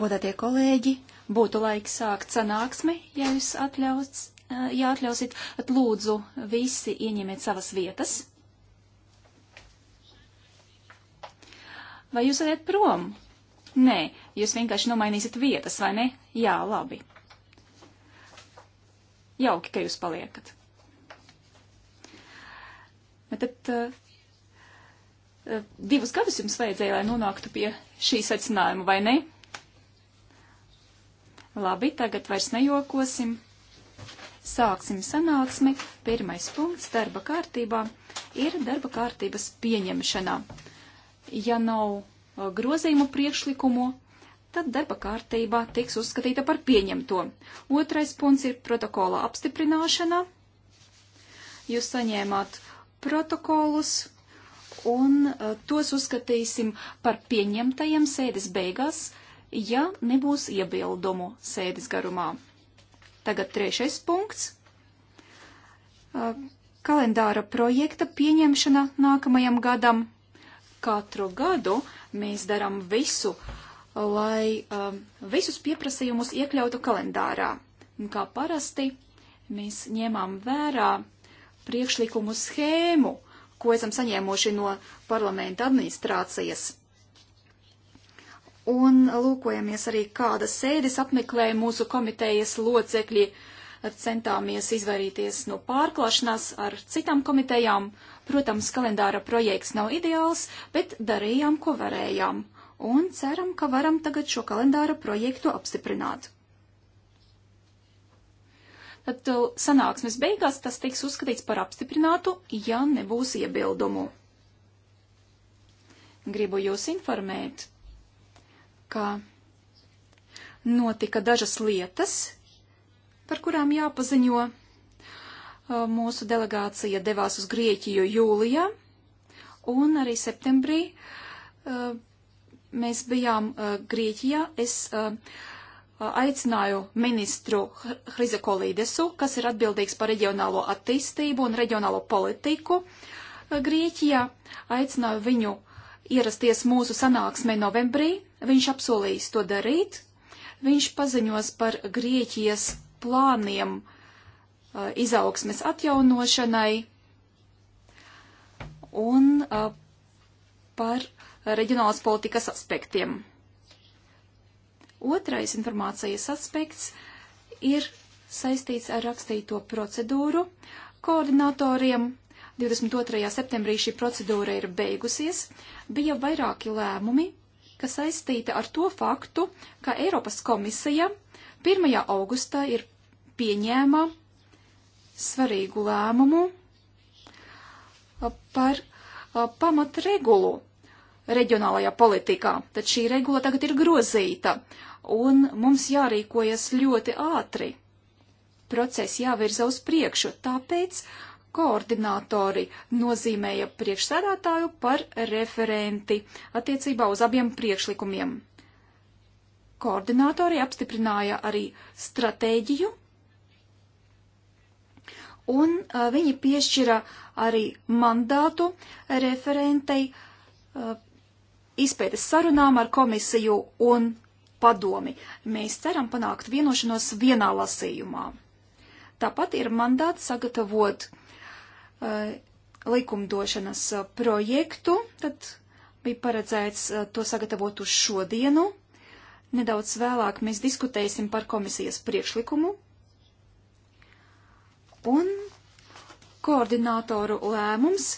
Godātie kolēģi, būtu laiks sākt sanāksmi, ja jūs atļaus, eh, ja atļausit, lūdzu visi ieņemiet savas vietas. Vai jūs ejat prom? Nē, jūs vienkārši nomainīsiet vietas, vai ne? Jā, labi. Jauki, ka jūs paliekat. Bet tad eh, Eh, Divus gadus jums vajadzēja, lai nonāktu pie šī secinājuma, vai ne? Labi, tagad vairs nejokosim. Sāksim sanāksmi. Pirmais punkts darba kārtībā ir darba kārtības pieņemšanā. Ja nav eh, grozījumu priekšlikumu, tad darba kārtībā tiks uzskatīta par pieņemto. Otrais punkts ir protokola apstiprināšana. Jūs saņēmāt protokolus un uh, tos uzskatīsim par pieņemtajiem sēdes beigās, ja nebūs iebildumu sēdes garumā. Tagad trešais punkts. Uh, kalendāra projekta pieņemšana nākamajam gadam. Katru gadu mēs darām visu, lai uh, visus pieprasījumus iekļautu kalendārā. Un kā parasti, mēs ņēmām vērā priekšlikumu schēmu, ko esam saņēmuši no parlamenta administrācijas. Un lūkojamies arī, kādas sēdes apmeklē mūsu komitejas locekļi. Centāmies izvairīties no pārklāšanās ar citām komitejām. Protams, kalendāra projekts nav ideāls, bet darījām, ko varējām. Un ceram, ka varam tagad šo kalendāra projektu apstiprināt. Tad uh, sanāksmes beigās tas tiks uzskatīts par apstiprinātu, ja nebūs iebildumu. Gribu jūs informēt, ka notika dažas lietas, par kurām jāpaziņo. Uh, mūsu delegācija devās uz Grieķiju jūlijā, un arī septembrī uh, mēs bijām Grieķijā. Es aicināju ministru Hrizakolīdesu, kas ir atbildīgs par reģionālo attīstību un reģionālo politiku Grieķijā. Aicināju viņu ierasties mūsu sanāksmē novembrī. Viņš apsolījis to darīt. Viņš paziņos par Grieķijas plāniem izaugsmes atjaunošanai un par reģionālas politikas aspektiem. Otrais informācijas aspekts ir saistīts ar rakstīto procedūru koordinatoriem. 22. septembrī šī procedūra ir beigusies. Bija vairāki lēmumi, kas saistīti ar to faktu, ka Eiropas komisija 1. augustā ir pieņēma svarīgu lēmumu par pamatregulu reģionālajā politikā, tad šī regula tagad ir grozīta, un mums jārīkojas ļoti ātri. Process jāvirza uz priekšu, tāpēc koordinātori nozīmēja priekšsēdētāju par referenti attiecībā uz abiem priekšlikumiem. Koordinātori apstiprināja arī stratēģiju, un a, viņi piešķira arī mandātu referentei a, izpētes sarunām ar komisiju un padomi. Mēs ceram panākt vienošanos vienā lasījumā. Tāpat ir mandāts sagatavot uh, likumdošanas uh, projektu, tad bija paredzēts uh, to sagatavot uz šodienu. Nedaudz vēlāk mēs diskutēsim par komisijas priekšlikumu. Un koordinātoru lēmums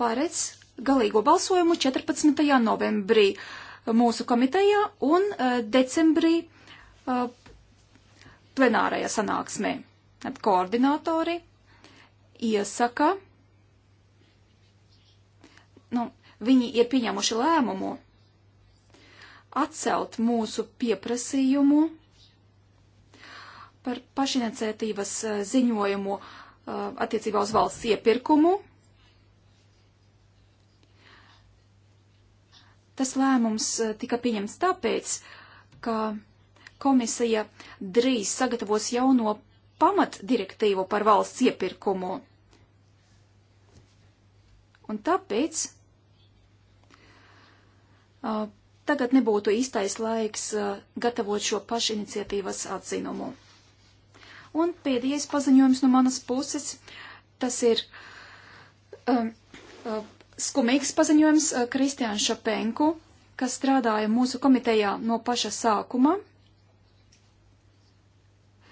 paredz galīgo balsojumu 14. novembrī. Uh, mūsu komitejā un eh, decembrī eh, plenārajā sanāksmē. Koordinātori iesaka, nu, viņi ir pieņēmuši lēmumu atcelt mūsu pieprasījumu par pašiniciatīvas eh, ziņojumu attiecībā uz valsts iepirkumu Tas lēmums eh, tika pieņemts tāpēc, ka komisija drīz sagatavos jauno pamatdirektīvu par valsts iepirkumu. Un tāpēc uh, tagad nebūtu īstais laiks uh, gatavot šo pašiniciatīvas atzinumu. Un pēdējais paziņojums no manas puses, tas ir um, uh, skumīgs paziņojums eh, Kristiāns Šapenku, kas strādāja mūsu komitejā no paša sākuma. Eh,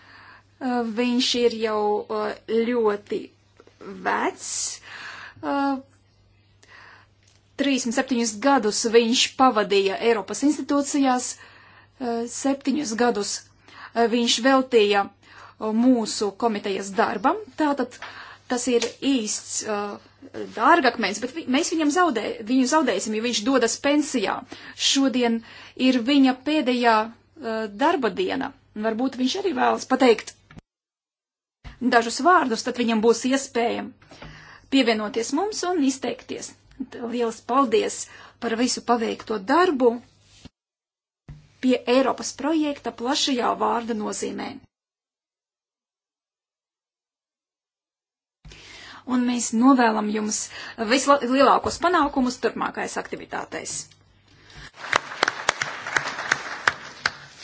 viņš ir jau eh, ļoti vecs. 37 gadus viņš pavadīja Eiropas institūcijās, 7 gadus viņš veltīja mūsu komitejas darbam. Tātad tas ir īsts uh, dārgakmens, bet vi, mēs viņam zaudē, viņu zaudēsim, ja viņš dodas pensijā. Šodien ir viņa pēdējā uh, darba diena. Varbūt viņš arī vēlas pateikt dažus vārdus, tad viņam būs iespēja pievienoties mums un izteikties. Lielas paldies par visu paveikto darbu pie Eiropas projekta plašajā vārda nozīmē. un mēs novēlam jums vislielākos panākumus turpmākais aktivitātēs.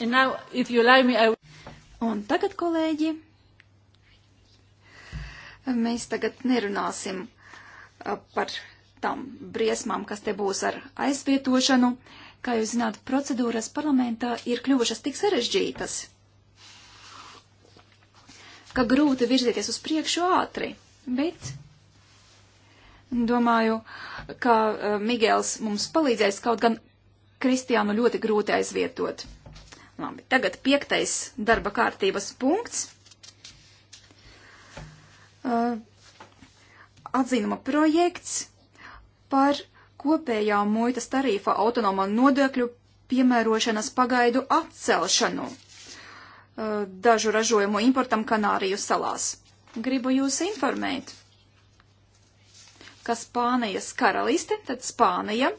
Now, me, I... Un tagad, kolēģi, mēs tagad nerunāsim par tam briesmām, kas te būs ar aizvietošanu. Kā jūs zināt, procedūras parlamentā ir kļuvušas tik sarežģītas, ka grūti virzīties uz priekšu ātri bet domāju, ka eh, Migēls mums palīdzēs kaut gan Kristiānu ļoti grūti aizvietot. Labi, tagad piektais darba kārtības punkts. Uh, atzinuma projekts par kopējā muitas tarifa autonomā nodokļu piemērošanas pagaidu atcelšanu uh, dažu ražojumu importam Kanāriju salās. Gribu jūs informēt, ka Spānijas karaliste, tad Spānija,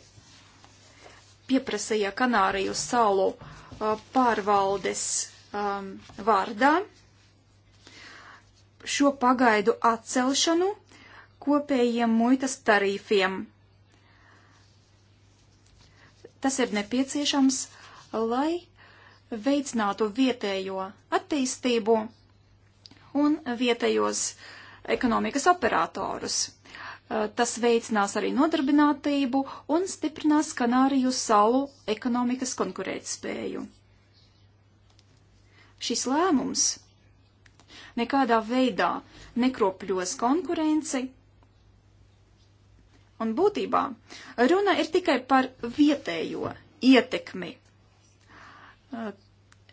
pieprasīja Kanāriju salu uh, pārvaldes um, vārdā šo pagaidu atcelšanu kopējiem muitas tarīfiem. Tas ir nepieciešams, lai veicinātu vietējo attīstību un vietējos ekonomikas operatorus. Eh, tas veicinās arī nodarbinātību un stiprinās Kanāriju salu ekonomikas konkurētspēju. Šis lēmums nekādā veidā nekropļos konkurenci, un būtībā runa ir tikai par vietējo ietekmi eh,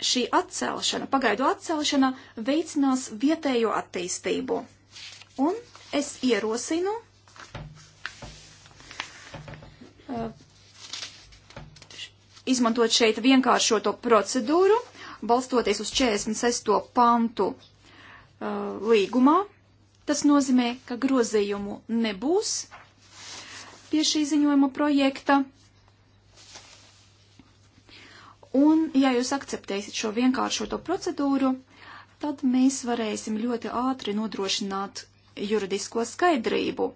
šī atcelšana, pagaidu atcelšana veicinās vietējo attīstību. Un es ierosinu uh, izmantot šeit vienkāršoto procedūru, balstoties uz 46. pantu uh, līgumā. Tas nozīmē, ka grozījumu nebūs pie šī ziņojuma projekta. Un, ja jūs akceptēsiet šo vienkāršoto procedūru, tad mēs varēsim ļoti ātri nodrošināt juridisko skaidrību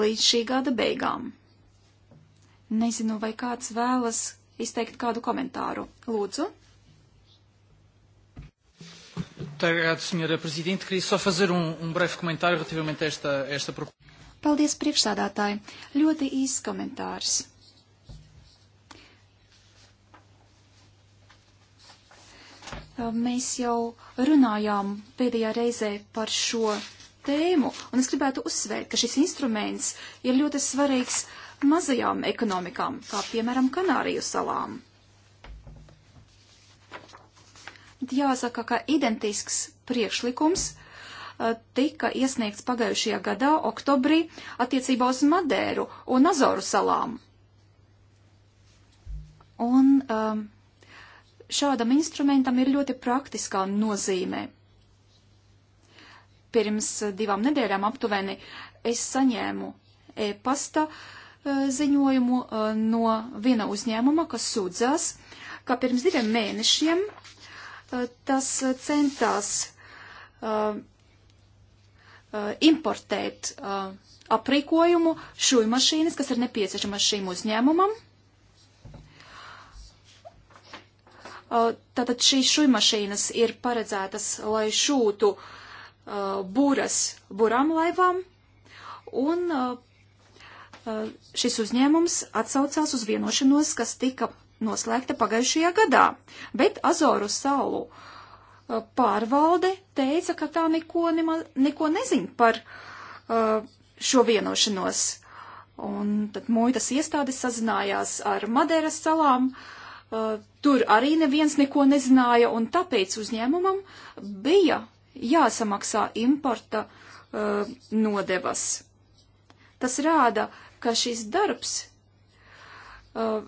līdz šī gada beigām. Nezinu, vai kāds vēlas izteikt kādu komentāru. Lūdzu. Obrigado, Sra. Presidente. Queria só fazer um, um breve comentário relativamente a esta, esta proposta. Paldies, priekšsādātāji. Ļoti īsts komentārs. Mēs jau runājām pēdējā reizē par šo tēmu, un es gribētu uzsvērt, ka šis instruments ir ļoti svarīgs mazajām ekonomikām, kā piemēram Kanāriju salām. Jāsaka, ka identisks priekšlikums tika iesniegts pagājušajā gadā, oktobrī, attiecībā uz Madēru un Azoru salām. Un um, šādam instrumentam ir ļoti praktiskā nozīme. Pirms divām nedēļām aptuveni es saņēmu e-pasta e, ziņojumu e, no viena uzņēmuma, kas sūdzās, ka pirms diviem mēnešiem e, tas centās importēt aprīkojumu šūju mašīnas, kas ir nepieciešamas šīm uzņēmumam Tātad šīs šujmašīnas ir paredzētas, lai šūtu būras buram laivām, un šis uzņēmums atsaucās uz vienošanos, kas tika noslēgta pagājušajā gadā, bet Azoru salu pārvalde teica, ka tā neko, nema, neko nezin par šo vienošanos. Un tad muitas iestādes sazinājās ar Madeiras salām, uh, Uh, tur arī neviens neko nezināja, un tāpēc uzņēmumam bija jāsamaksā importa uh, nodevas. Tas rāda, ka šis darbs uh,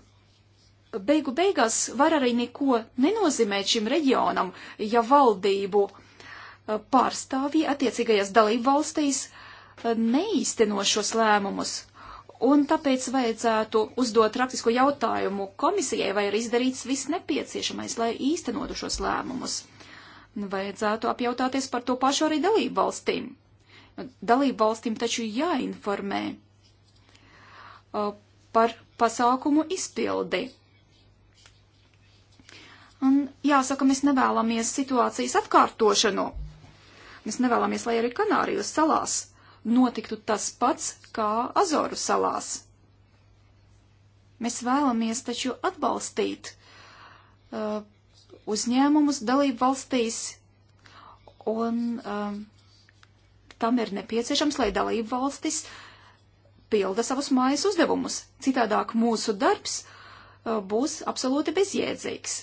beigu beigās var arī neko nenozīmēt šim reģionam, ja valdību uh, pārstāvji attiecīgajās dalību valstīs uh, neīsteno šos lēmumus. Un tāpēc vajadzētu uzdot praktisko jautājumu komisijai, vai ir izdarīts viss nepieciešamais, lai īstenotu šos lēmumus. Nu, vajadzētu apjautāties par to pašu arī dalību valstīm. Dalību valstīm taču jāinformē uh, par pasākumu izpildi. Un jāsaka, mēs nevēlamies situācijas atkārtošanu. Mēs nevēlamies, lai arī Kanārijas salās notiktu tas pats kā Azoru salās. Mēs vēlamies taču atbalstīt uh, uzņēmumus dalību valstīs, un um, tam ir nepieciešams, lai dalību valstis pilda savus mājas uzdevumus. Citādāk mūsu darbs uh, būs absolūti bezjēdzīgs.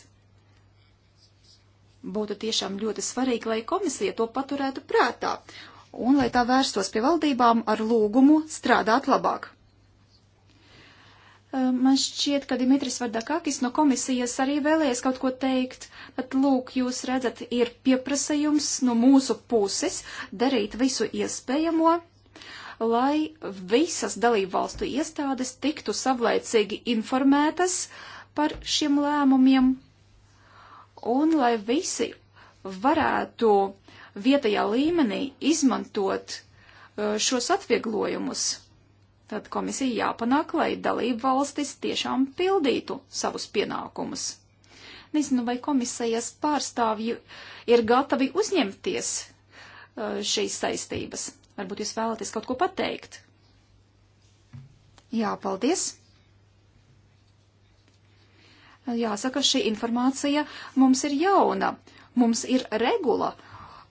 Būtu tiešām ļoti svarīgi, lai komisija to paturētu prātā un lai tā vērstos pie valdībām ar lūgumu strādāt labāk. Man šķiet, ka Dimitris Vardakakis no komisijas arī vēlējas kaut ko teikt, bet lūk, jūs redzat, ir pieprasījums no mūsu puses darīt visu iespējamo, lai visas dalību valstu iestādes tiktu savlaicīgi informētas par šiem lēmumiem un lai visi varētu uh, vietējā līmenī izmantot uh, šos atvieglojumus. Tad komisija jāpanāk, lai dalību valstis tiešām pildītu savus pienākumus. Nezinu, vai komisijas pārstāvji ir gatavi uzņemties uh, šīs saistības. Varbūt jūs vēlaties kaut ko pateikt? Jā, paldies! Jāsaka, šī informācija mums ir jauna. Mums ir regula,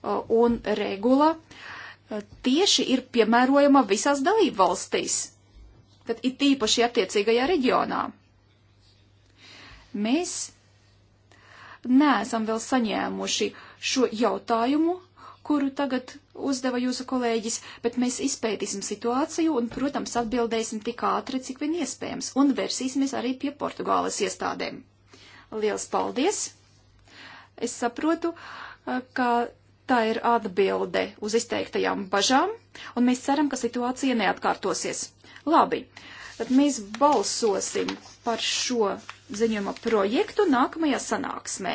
Uh, un regula uh, tieši ir piemērojama visās dalību valstīs, tad it īpaši attiecīgajā reģionā. Mēs neesam vēl saņēmuši šo jautājumu, kuru tagad uzdeva jūsu kolēģis, bet mēs izpētīsim situāciju un, protams, atbildēsim tik ātri, cik vien iespējams, un versīsimies arī pie Portugāles iestādēm. Liels paldies! Es saprotu, uh, ka Tā ir atbilde uz izteiktajām bažām, un mēs ceram, ka situācija neatkārtosies. Labi, tad mēs balsosim par šo ziņojuma projektu nākamajā sanāksmē.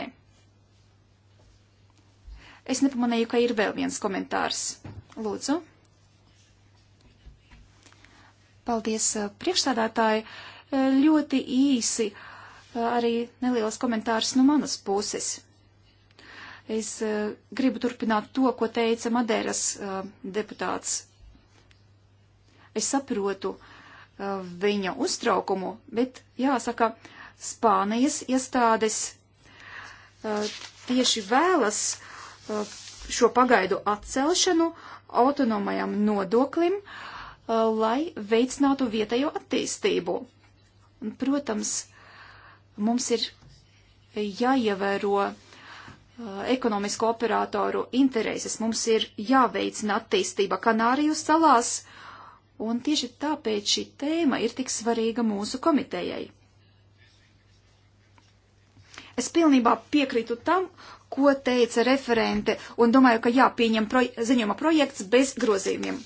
Es nepamanīju, ka ir vēl viens komentārs. Lūdzu. Paldies, eh, priekšsādātāji. Eh, ļoti īsi eh, arī neliels komentārs no manas puses. Es uh, gribu turpināt to, ko teica Madeiras uh, deputāts. Es saprotu uh, viņa uztraukumu, bet jāsaka, Spānijas iestādes tieši vēlas šo pagaidu atcelšanu autonomajam nodoklim, lai veicinātu vietējo attīstību. Protams, mums ir jāievēro Uh, ekonomisko operatoru intereses. Mums ir jāveicina attīstība Kanāriju salās, un tieši tāpēc šī tēma ir tik svarīga mūsu komitejai. Es pilnībā piekrītu tam, ko teica referente, un domāju, ka jāpieņem proj ziņojuma projekts bez grozījumiem.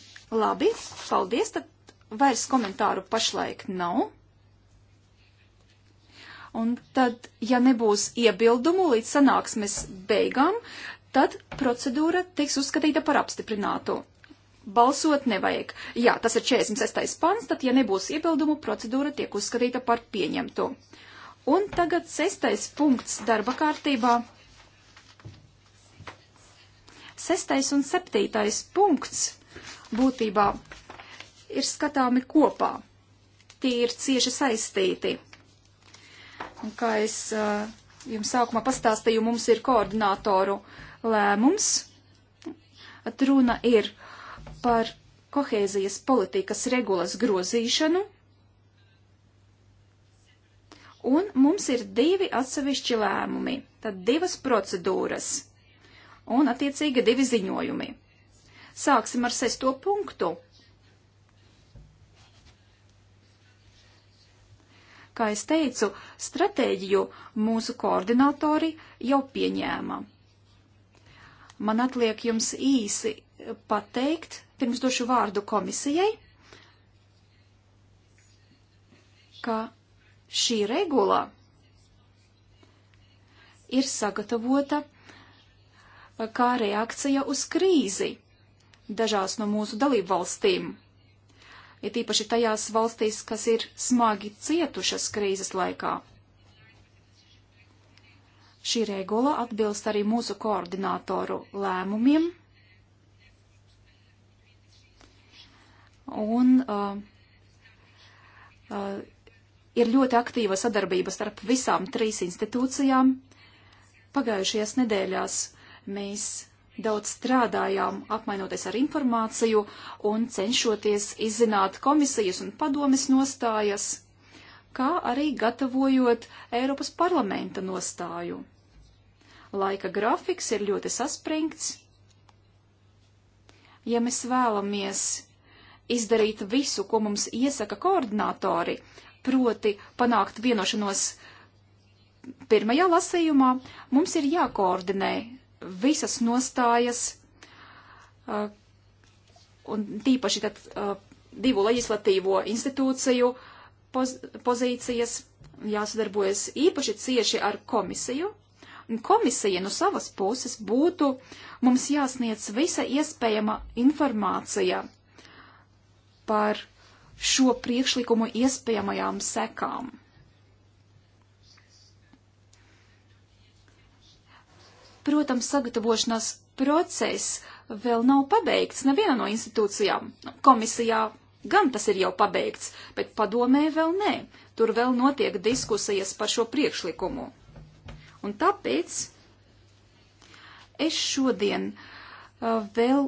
Labi, paldies, tad vairs komentāru pašlaik nav. Un tad, ja nebūs iebildumu līdz sanāksmes beigām, tad procedūra tiks uzskatīta par apstiprinātu. Balsot nevajag. Jā, tas ir 46. pants, tad, ja nebūs iebildumu, procedūra tiek uzskatīta par pieņemtu. Un tagad sestais punkts darba kārtībā. Sestais un septītais punkts būtībā ir skatāmi kopā. Tie ir cieši saistīti. Un kā es uh, jums sākumā pastāstīju, mums ir koordinātoru lēmums. At runa ir par kohēzijas politikas regulas grozīšanu. Un mums ir divi atsevišķi lēmumi, tad divas procedūras un attiecīgi divi ziņojumi. Sāksim ar sesto punktu Kā es teicu, stratēģiju mūsu koordinatori jau pieņēma. Man atliek jums īsi pateikt, pirms došu vārdu komisijai, ka šī regula ir sagatavota uh, kā reakcija uz krīzi dažās no mūsu dalību valstīm ir tīpaši tajās valstīs, kas ir smagi cietušas krīzes laikā. Šī regula atbilst arī mūsu koordinātoru lēmumiem. Un uh, uh, ir ļoti aktīva sadarbība starp visām trīs institūcijām. Pagājušajās nedēļās mēs daudz strādājām, apmainoties ar informāciju un cenšoties izzināt komisijas un padomes nostājas, kā arī gatavojot Eiropas parlamenta nostāju. Laika grafiks ir ļoti saspringts. Ja mēs vēlamies izdarīt visu, ko mums iesaka koordinātori, proti panākt vienošanos pirmajā lasījumā, mums ir jākoordinē visas nostājas, uh, un tīpaši tad uh, divu leģislatīvo institūciju poz pozīcijas, jāsadarbojas īpaši cieši ar komisiju. Un komisija no savas puses būtu mums jāsniedz visa iespējama informācija par šo priekšlikumu iespējamajām sekām. Protams, sagatavošanās process vēl nav pabeigts nevienā no institūcijām. Nu, komisijā gan tas ir jau pabeigts, bet padomē vēl nē. Tur vēl notiek diskusijas par šo priekšlikumu. Un tāpēc es šodien uh, vēl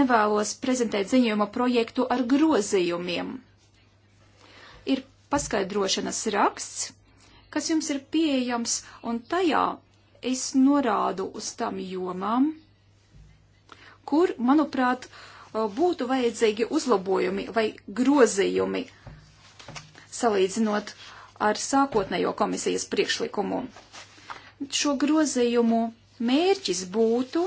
nevēlos prezentēt ziņojuma projektu ar grozījumiem. Ir paskaidrošanas raksts, kas jums ir pieejams, un tajā es norādu uz tam jomām, kur, manuprāt, būtu vajadzīgi uzlabojumi vai grozījumi, salīdzinot ar sākotnējo komisijas priekšlikumu. Šo grozījumu mērķis būtu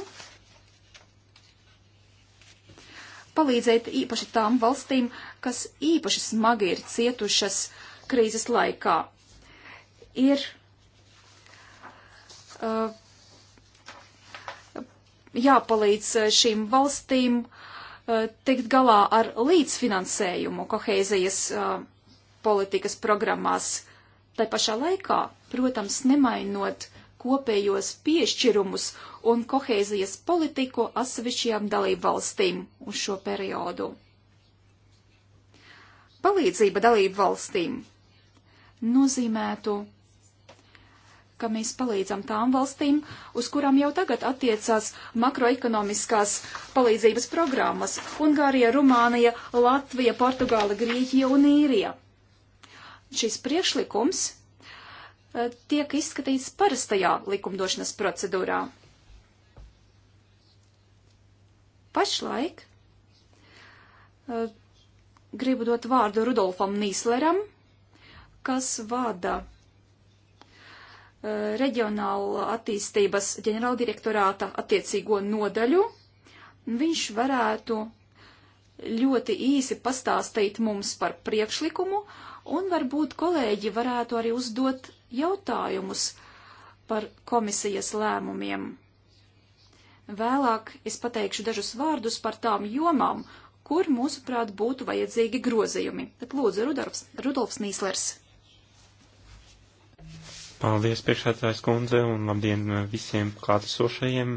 palīdzēt īpaši tām valstīm, kas īpaši smagi ir cietušas krīzes laikā. Ir Uh, jāpalīdz uh, šīm valstīm uh, tikt galā ar līdzfinansējumu koheizijas politikas programmās. Tai pašā laikā, protams, nemainot kopējos piešķirumus un kohēzijas politiku atsevišķajām dalībvalstīm uz šo periodu. Palīdzība dalībvalstīm nozīmētu ka mēs palīdzam tām valstīm, uz kurām jau tagad attiecās makroekonomiskās palīdzības programmas - Ungārija, Rumānija, Latvija, Portugāla, Grieķija un Īrija. Šis priekšlikums eh, tiek izskatīts parastajā likumdošanas procedūrā. Pašlaik eh, gribu dot vārdu Rudolfam Nīsleram, kas vada reģionāla attīstības ģenerāldirektorāta attiecīgo nodaļu. Viņš varētu ļoti īsi pastāstīt mums par priekšlikumu, un varbūt kolēģi varētu arī uzdot jautājumus par komisijas lēmumiem. Vēlāk es pateikšu dažus vārdus par tām jomām, kur, mūsuprāt, būtu vajadzīgi grozījumi. Tad lūdzu, Rudolfs, Rudolfs Nīslers. Paldies, priekšētājs kundze, un labdien visiem klātesošajiem.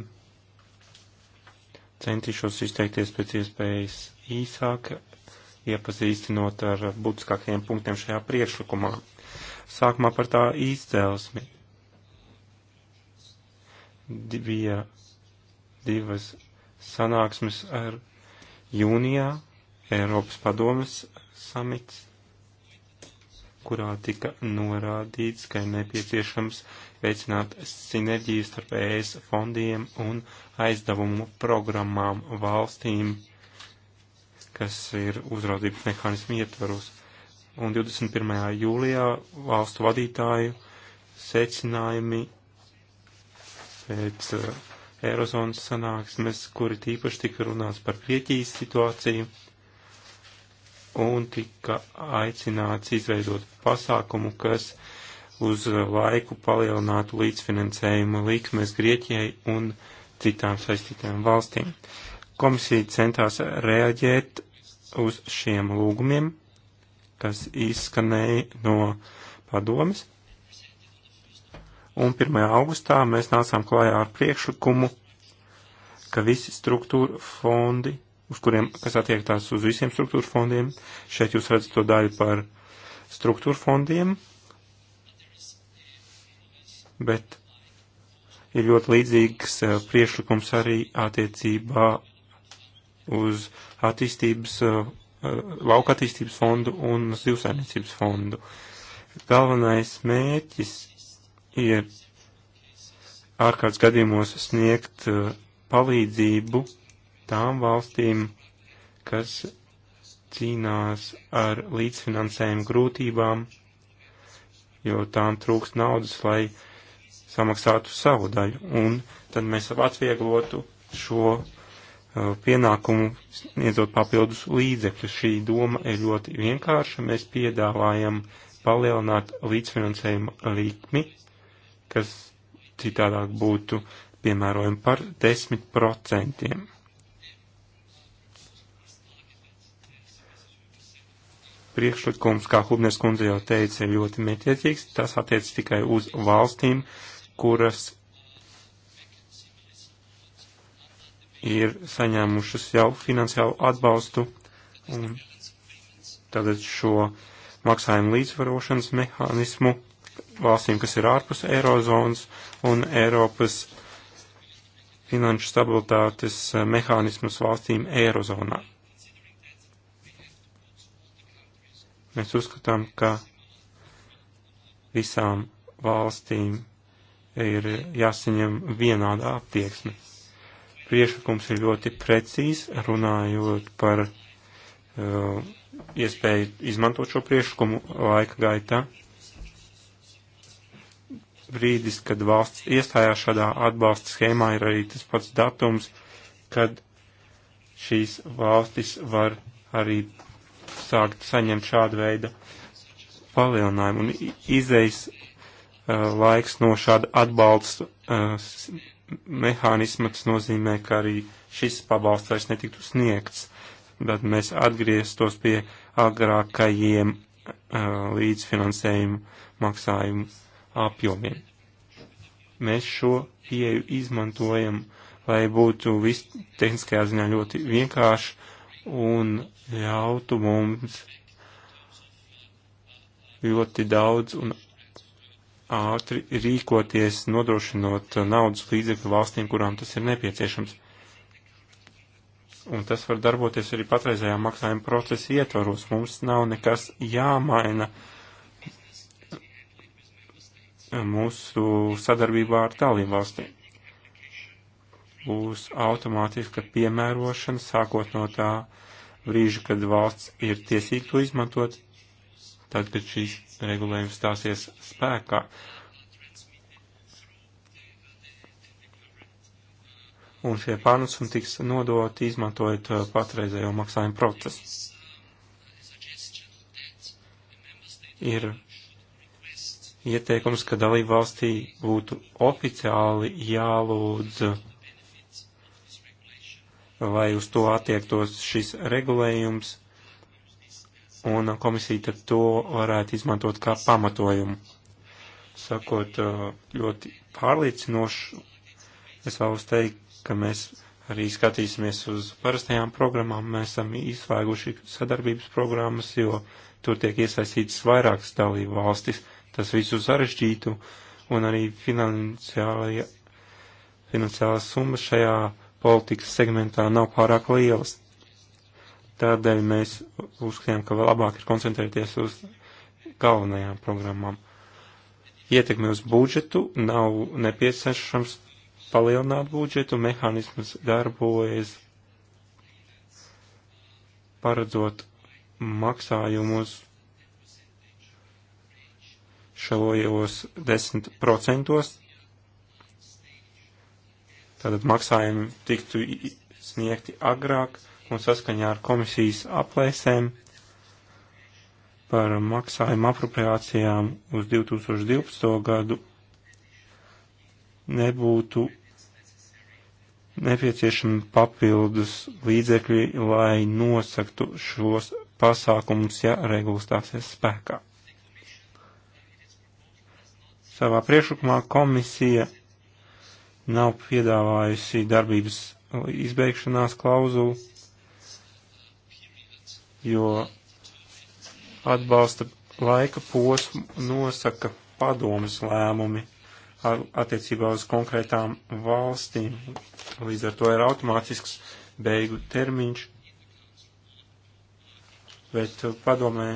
Centīšos izteikties pēc iespējas īsāk, iepazīstinot ar būtiskākajiem punktiem šajā priekšlikumā. Sākumā par tā izcēlesmi. Bija divas sanāksmes ar jūnijā Eiropas padomas samits kurā tika norādīts, ka ir nepieciešams veicināt sinerģiju starp ES fondiem un aizdevumu programmām valstīm, kas ir uzraudzības mehānismu ietvaros. Un 21. jūlijā valstu vadītāju secinājumi pēc uh, Eirozonas sanāksmes, kuri tīpaši tika runāts par Grieķijas situāciju, un tika aicināts izveidot pasākumu, kas uz laiku palielinātu līdzfinansējuma likmes Grieķijai un citām saistītām valstīm. Komisija centās reaģēt uz šiem lūgumiem, kas izskanēja no padomes. Un 1. augustā mēs nācām klājā ar priekšlikumu, ka visi struktūra fondi uz kuriem, kas attiektās uz visiem struktūra fondiem. Šeit jūs redzat to daļu par struktūra fondiem, bet ir ļoti līdzīgs eh, priešlikums arī attiecībā uz attīstības, eh, lauka attīstības fondu un zivsainiecības fondu. Galvenais mērķis ir ārkārtas gadījumos sniegt eh, palīdzību tām valstīm, kas cīnās ar līdzfinansējumu grūtībām, jo tām trūks naudas, lai samaksātu savu daļu, un tad mēs atvieglotu šo uh, pienākumu sniedzot papildus līdzekļus. Šī doma ir ļoti vienkārša. Mēs piedāvājam palielināt līdzfinansējuma likmi, kas citādāk būtu piemērojami par 10%. priekšlikums, kā Hubners kundze jau teica, ir ļoti mērķiecīgs. Tas attiec tikai uz valstīm, kuras ir saņēmušas jau finansiālu atbalstu un tātad šo maksājumu līdzvarošanas mehānismu valstīm, kas ir ārpus Eirozonas un Eiropas finanšu stabilitātes mehānismus valstīm Eirozonā. Mēs uzskatām, ka visām valstīm ir jāsaņem vienādā attieksme. Priešlikums ir ļoti precīzs, runājot par uh, iespēju izmantot šo priešlikumu laika gaitā. Brīdis, kad valsts iestājās šādā atbalsta schēmā, ir arī tas pats datums, kad šīs valstis var arī sākt saņemt šādu veidu palielinājumu. Un izejas uh, laiks no šāda atbalsta uh, mehānisma, tas nozīmē, ka arī šis pabalsts vairs netiktu sniegts. Tad mēs atgrieztos pie agrākajiem uh, līdzfinansējumu maksājumu apjomiem. Mēs šo pieeju izmantojam, lai būtu viss tehniskajā ziņā ļoti vienkārši un ļautu mums ļoti daudz un ātri rīkoties, nodrošinot naudas līdzekļu valstīm, kurām tas ir nepieciešams. Un tas var darboties arī patreizējā maksājuma procesa ietvaros. Mums nav nekas jāmaina mūsu sadarbībā ar tālīm valstīm būs automātiska piemērošana sākot no tā brīža, kad valsts ir tiesīgi to izmantot, tad, kad šīs regulējums stāsies spēkā. Un šie pārnesumi tiks nodoti izmantojot uh, patreizējo maksājumu procesu. Ir ieteikums, ka dalību valstī būtu oficiāli jālūdz vai uz to attiektos šis regulējums, un komisija tad to varētu izmantot kā pamatojumu. Sakot ļoti pārliecinošu, es vēlos teikt, ka mēs arī skatīsimies uz parastajām programmām. Mēs esam izslēguši sadarbības programmas, jo tur tiek iesaistītas vairākas dalību valstis. Tas visu sarežģītu un arī finansiālās summas šajā politikas segmentā nav pārāk lielas. Tādēļ mēs uzskatījām, ka labāk ir koncentrēties uz galvenajām programmām. Ietekmi uz budžetu nav nepieciešams palielināt budžetu, mehānisms darbojas paredzot maksājumus šajos 10%, Tātad maksājumi tiktu sniegti agrāk un saskaņā ar komisijas aplēsēm par maksājumu apropriācijām uz 2012. gadu nebūtu nepieciešami papildus līdzekļi, lai nosaktu šos pasākumus, ja regulas stāsies spēkā. Savā priekšlikumā komisija nav piedāvājusi darbības izbeigšanās klauzulu, jo atbalsta laika posmu nosaka padomas lēmumi attiecībā uz konkrētām valstīm. Līdz ar to ir automātisks beigu termiņš, bet padomē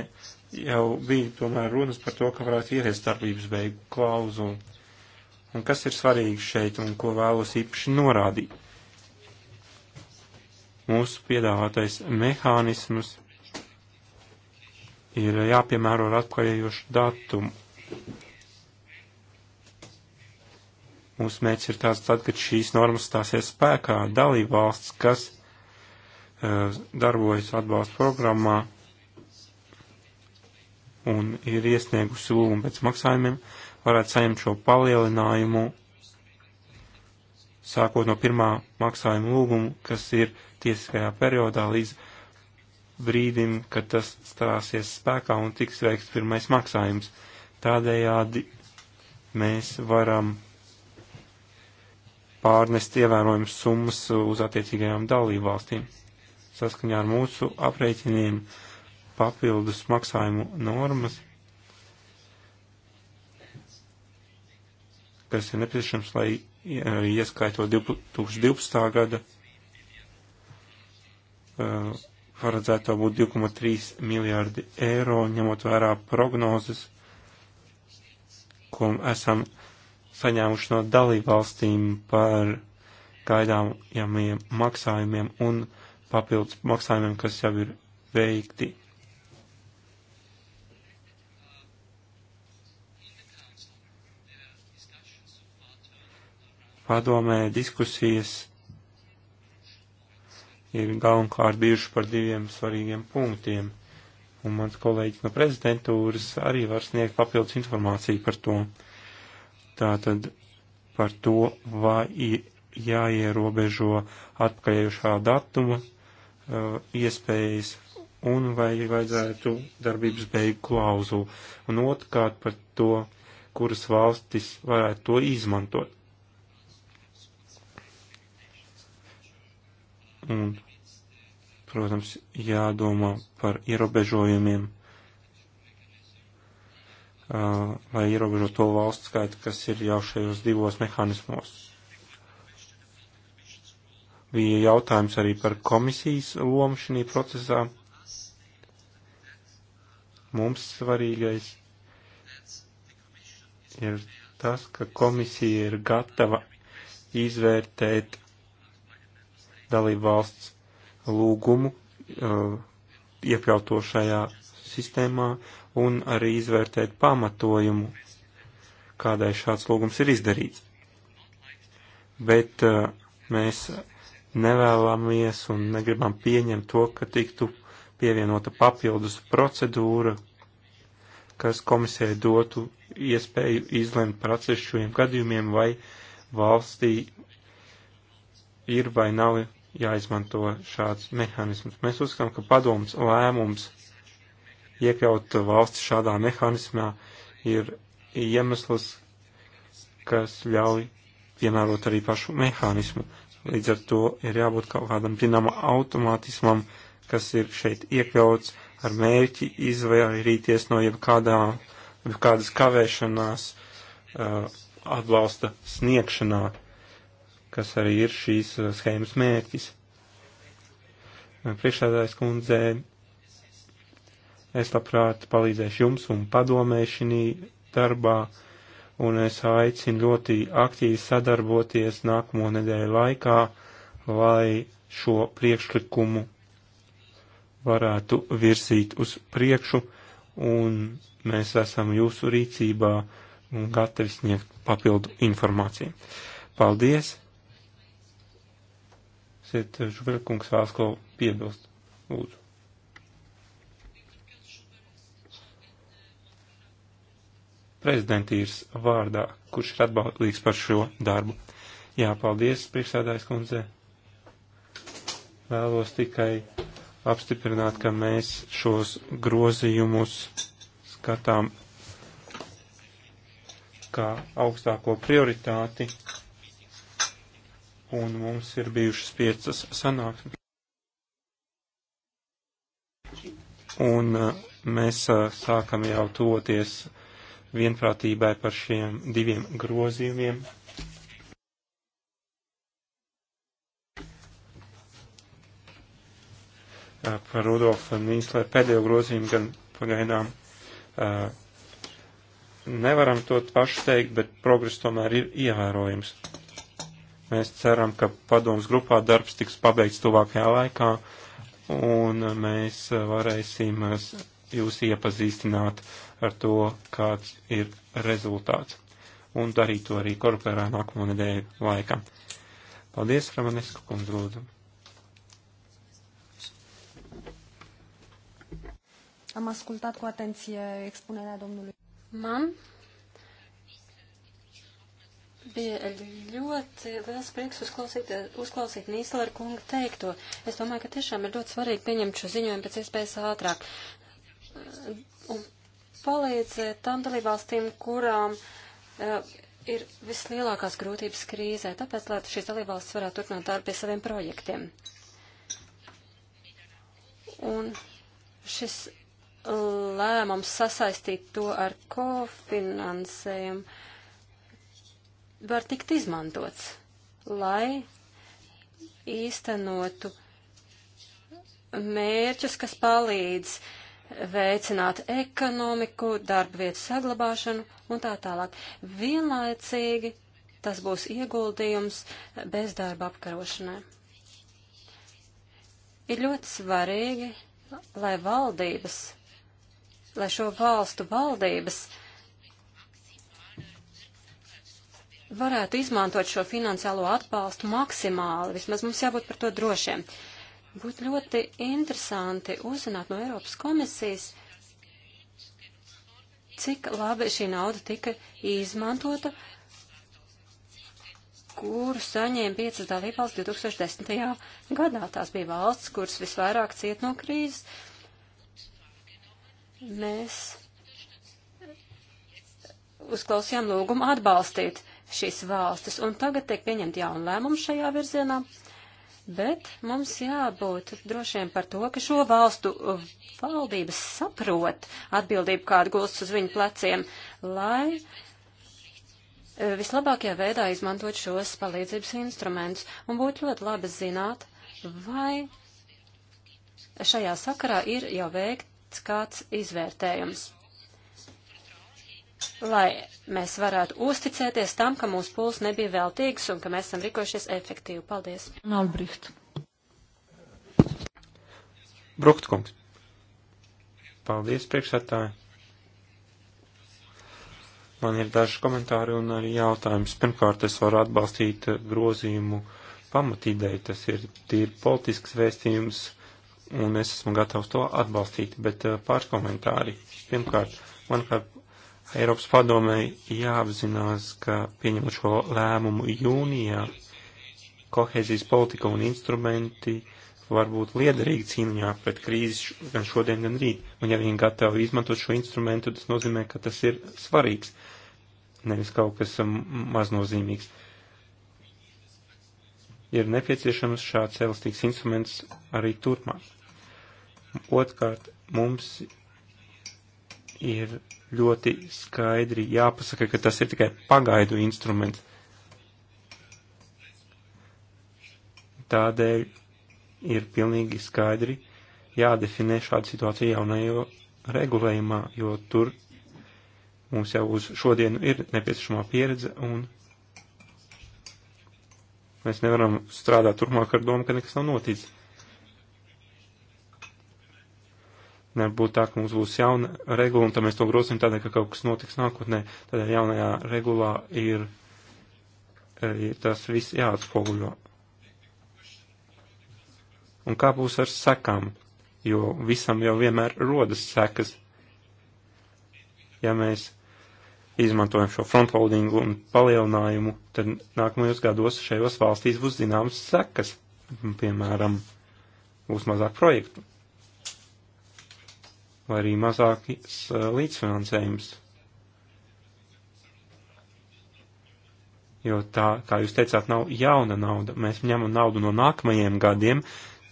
jau bija tomēr runas par to, ka varētu ieviest darbības beigu klauzulu. Un kas ir svarīgi šeit un ko vēlos īpaši norādīt? Mūsu piedāvātais mehānismus ir jāpiemēro ar atklājējošu datumu. Mūsu mērķis ir tāds, tad, kad šīs normas stāsies spēkā, dalība valsts, kas uh, darbojas atbalsta programmā un ir iesniegusi lūgumu pēc maksājumiem, uh, varētu saņemt šo palielinājumu sākot no pirmā maksājuma lūguma, kas ir tiesiskajā periodā līdz brīdim, kad tas stāsies spēkā un tiks veikts pirmais maksājums. Tādējādi mēs varam pārnest ievērojums summas uz attiecīgajām dalību valstīm. Saskaņā ar mūsu aprēķiniem papildus maksājumu normas kas ir nepieciešams, lai eh, ieskaitot 2012. gada eh, paredzēto būt 2,3 miljārdi eiro, ņemot vērā prognozes, ko esam saņēmuši no dalībvalstīm par gaidāmajiem maksājumiem un papildus maksājumiem, kas jau ir veikti padomē diskusijas ir galvenokārt bijuši par diviem svarīgiem punktiem, un mans kolēģis no prezidentūras arī var sniegt papildus informāciju par to. Tātad par to, vai jāierobežo atpakaļējušā datuma uh, iespējas un vai vajadzētu darbības beigu klauzulu, un otrkārt par to, kuras valstis varētu to izmantot. Un, protams, jādomā par ierobežojumiem, uh, lai ierobežo to valstu skaitu, kas ir jau šajos divos mehānismos. Bija jautājums arī par komisijas lomu šī procesā. Mums svarīgais ir tas, ka komisija ir gatava izvērtēt dalību valsts lūgumu uh, iekļauto šajā sistēmā un arī izvērtēt pamatojumu, kādai šāds lūgums ir izdarīts. Bet uh, mēs nevēlamies un negribam pieņemt to, ka tiktu pievienota papildus procedūra, kas komisijai dotu iespēju izlemt par atsevišķiem gadījumiem, vai valstī ir vai nav jāizmanto šāds mehānisms. Mēs uzskatām, ka padoms lēmums iekļaut valsts šādā mehānismā ir iemesls, kas ļauj piemērot arī pašu mehānismu. Līdz ar to ir jābūt kaut kādam zināmam automātismam, kas ir šeit iekļauts ar mērķi izvairīties no jebkādā, jebkādas kavēšanās uh, atbalsta sniegšanā. Uh, kas arī ir šīs uh, schēmas mērķis. Uh, Priekšsēdājas kundze, es labprāt palīdzēšu jums un padomēšanī darbā, un es aicinu ļoti aktīvi sadarboties nākamo nedēļu laikā, lai šo priekšlikumu varētu virsīt uz priekšu, un mēs esam jūsu rīcībā un gatavi sniegt papildu informāciju. Paldies! Šeit Žuverkungs eh, vēlas ko piebilst. Lūdzu. Prezidentīrs vārdā, kurš ir atbaldīgs par šo darbu. Jā, paldies, priekšsēdājas kundze. Vēlos tikai apstiprināt, ka mēs šos grozījumus skatām kā augstāko prioritāti un mums ir bijušas piecas sanāksmes. Un uh, mēs uh, sākam jau toties vienprātībai par šiem diviem grozījumiem. Uh, par Rudolfu Nīslē pēdējo grozījumu gan pagaidām nevaram to pašu teikt, bet progress tomēr ir ievērojams. Mēs ceram, ka padomas grupā darbs tiks pabeigts tuvākajā laikā, un mēs varēsim jūs iepazīstināt ar to, kāds ir rezultāts, un darīt to arī korporā nākamo nedēļu laikā. Paldies, Ramanesku kundze, lūdzu. Am ascultat cu atenție expunerea domnului. Man Bija ļoti liels prieks uzklausīt, uzklausīt Nīslera kunga teikto. Es domāju, ka tiešām ir ļoti svarīgi pieņemt šo ziņojumu pēc iespējas ātrāk un palīdzēt tām dalībvalstīm, kurām uh, ir vislielākās grūtības krīzē, tāpēc, lai šīs dalībvalstis varētu turpināt darbu pie saviem projektiem. Un šis lēmums sasaistīt to ar kofinansējumu. Uh, var tikt izmantots, lai īstenotu mērķus, kas palīdz veicināt ekonomiku, darba vietu saglabāšanu un tā tālāk. Vienlaicīgi tas būs ieguldījums bezdarba apkarošanai. Ir ļoti svarīgi, lai valdības, lai šo valstu valdības uh, varētu izmantot šo finansiālo atbalstu maksimāli, vismaz mums jābūt par to drošiem. Būtu ļoti interesanti uzzināt no Eiropas komisijas, cik labi šī nauda tika izmantota, kuru saņēma piecas dalībvalsts 2010. gadā. Tās bija valsts, kuras visvairāk ciet no krīzes. Mēs uzklausījām lūgumu atbalstīt šīs valstis. Un tagad tiek pieņemt jaunu lēmumu šajā virzienā. Bet mums jābūt drošiem par to, ka šo valstu uh, valdības saprot atbildību, kāda gulst uz viņu pleciem, lai uh, vislabākajā veidā izmantot šos palīdzības instrumentus. Un būtu ļoti labi zināt, vai šajā sakarā ir jau veikts kāds izvērtējums lai mēs varētu uzticēties tam, ka mūsu puls nebija veltīgs un ka mēs esam rīkojušies efektīvi. Paldies. Nalbricht. Bruktkungs. Paldies, priekšsētāji. Man ir daži komentāri un arī jautājums. Pirmkārt, es varu atbalstīt grozījumu pamatīdēju. Tas ir tīri politisks vēstījums, un es esmu gatavs to atbalstīt, bet eh, pāris komentāri. Pirmkārt, manuprāt, Eiropas padomēji jāapzinās, ka pieņemot šo lēmumu jūnijā, kohēzijas politika un instrumenti var būt liederīgi cīņā pret krīzi gan šodien, gan rīt. Un ja viņi gatavi izmantot šo instrumentu, tas nozīmē, ka tas ir svarīgs, nevis kaut kas um, maznozīmīgs. Ir nepieciešams šāds elastīgs instruments arī turpmāk. Otkārt, mums ir ļoti skaidri jāpasaka, ka tas ir tikai pagaidu instruments. Tādēļ ir pilnīgi skaidri jādefinē šāda situācija jaunajā regulējumā, jo tur mums jau uz šodienu ir nepieciešamā pieredze un mēs nevaram strādāt turpmāk ar domu, ka nekas nav noticis. Nebūt tā, ka mums būs jauna regula, un tad mēs to grosim tādēļ, ka kaut kas notiks nākotnē. Tādēļ jaunajā regulā ir, eh, ir tas viss jāatspoguļo. Un kā būs ar sekām? Jo visam jau vienmēr rodas sekas. Ja mēs izmantojam šo frontloadingu un palielinājumu, tad nākamajos gados šajos valstīs būs zināmas sekas. Piemēram, būs mazāk projektu vai arī mazāks eh, līdzfinansējums. Jo tā, kā jūs teicāt, nav jauna nauda. Mēs ņemam naudu no nākamajiem gadiem,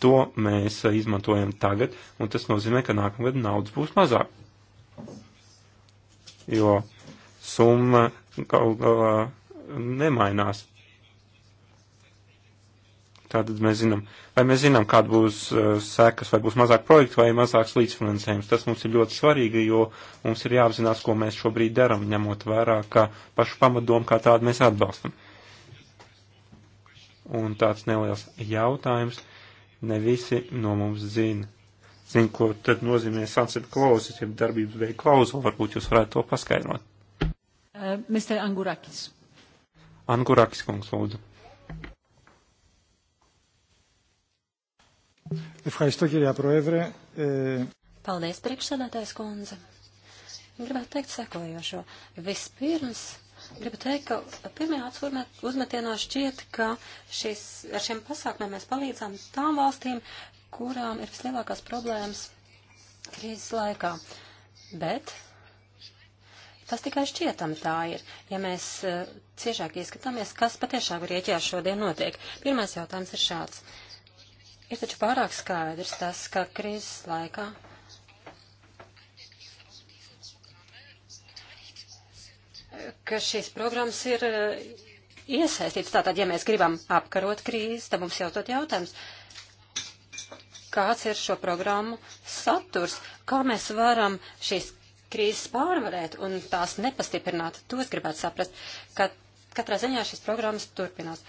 to mēs eh, izmantojam tagad, un tas nozīmē, ka nākamgad naudas būs mazāk. Jo summa kaut galā eh, nemainās. Tātad mēs zinām, vai mēs zinām, kāda būs uh, sekas, vai būs mazāk projektu vai mazāks līdzfinansējums. Tas mums ir ļoti svarīgi, jo mums ir jāapzinās, ko mēs šobrīd darām, ņemot vērā, ka pašu pamatdomu kā tādu mēs atbalstam. Un tāds neliels jautājums. Ne visi no mums zina. Zin, ko tad nozīmē sunset clause, ja darbības beig klauzula. Varbūt jūs varētu to paskaidrot. Uh, Mr. Angurakis. Angurakis kungs, lūdzu. Paldies, priekšsēdētājs kundze. Gribētu teikt sekojošo. Vispirms gribu teikt, ka pirmajā atsūrmēt uzmetienā šķiet, ka šis, ar šiem pasākumiem mēs palīdzām tām valstīm, kurām ir vislielākās problēmas krīzes laikā. Bet tas tikai šķietami tā ir, ja mēs uh, ciešāk ieskatāmies, kas patiešām Grieķijā šodien notiek. Pirmais jautājums ir šāds. Uh, Ir taču pārāk skaidrs tas, ka krīzes laikā ka šīs programmas ir eh, iesaistītas. Tātad, ja mēs gribam apkarot krīzi, tad mums jau tot jautājums, kāds ir šo programmu saturs, kā mēs varam šīs krīzes pārvarēt un tās nepastiprināt. To es gribētu saprast, ka katrā ziņā šīs programmas turpinās.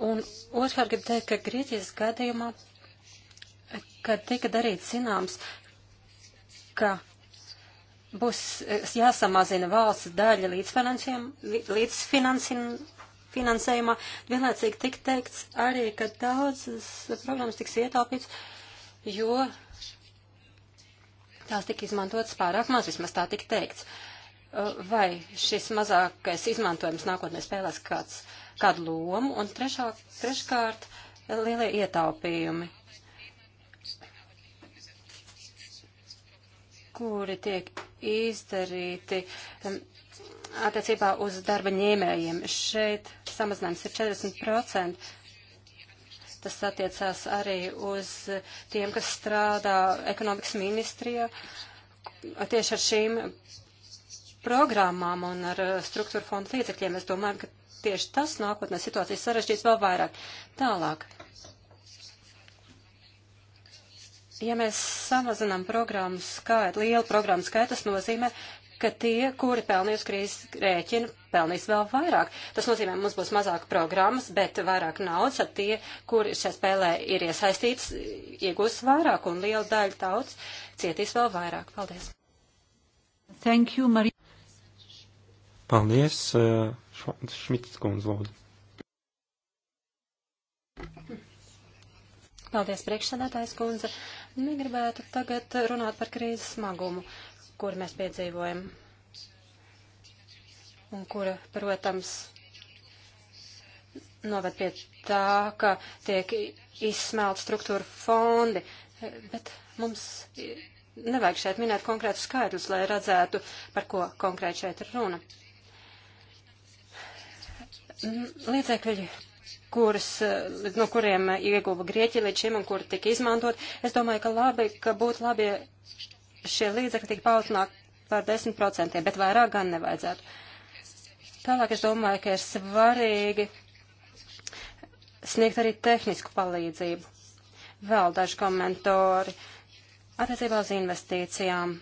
Un otrkārt gribu teikt, ka Grieķijas gadījumā, kad tika darīts zināms, ka būs jāsamazina valsts daļa līdz, līdz finansējumā, vienlaicīgi tika teikts arī, ka daudzas programmas tiks ietaupīts, jo tās tika izmantotas pārāk maz, vismaz tā tika teikts. Vai šis mazākais izmantojums nākotnē spēlēs kāds uh, kādu lomu, un trešā, treškārt lielie ietaupījumi, kuri tiek izdarīti um, attiecībā uz darba ņēmējiem. Šeit samazinājums ir 40%. Tas attiecās arī uz tiem, kas strādā ekonomikas ministrijā. Tieši ar šīm programmām un ar struktūra fondu līdzekļiem es domāju, ka tieši tas nākotnē situācijas sarežģīs vēl vairāk. Tālāk. Ja mēs samazinām programmu skaitu, lielu programmu skaitu, tas nozīmē, ka tie, kuri pelnīs krīzes rēķinu, pelnīs vēl vairāk. Tas nozīmē, mums būs mazāk programmas, bet vairāk naudas, tad tie, kuri šajā spēlē ir iesaistīts, iegūs vairāk, un liela daļa tautas cietīs vēl vairāk. Paldies! Thank you, Marija. Paldies, uh, Fonds Šmits kundz lūdzu. Paldies, priekšsēdētājs kundze. Negribētu nu, tagad runāt par krīzes smagumu, kur mēs piedzīvojam un kura, protams, noved pie tā, ka tiek izsmelt struktūra fondi, bet mums nevajag šeit minēt konkrētus skaidrus, lai redzētu, par ko konkrēti šeit ir runa līdzekļi, kuras, no kuriem ieguva Grieķi līdz šim un kuri tika izmantot. Es domāju, ka labi, ka būtu labi, ja šie līdzekļi tika paaugstināt par 10%, bet vairāk gan nevajadzētu. Tālāk es domāju, ka ir svarīgi sniegt arī tehnisku palīdzību. Vēl daži komentori attiecībā uz investīcijām.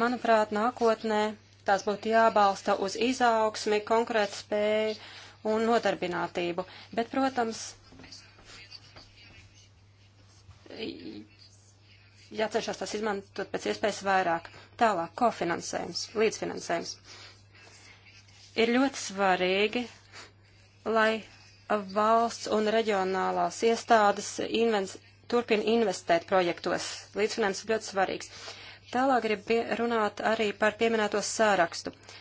Manuprāt, nākotnē tās būtu jābalsta uz izaugsmi, konkurētspēju un nodarbinātību. Bet, protams, jācenšas tas izmantot pēc iespējas vairāk. Tālāk, kofinansējums, līdzfinansējums. Ir ļoti svarīgi, lai valsts un reģionālās iestādes invens, turpina investēt projektos. Līdzfinanses ļoti svarīgs. Tālāk grib runāt arī par pieminēto sārakstu. Uh,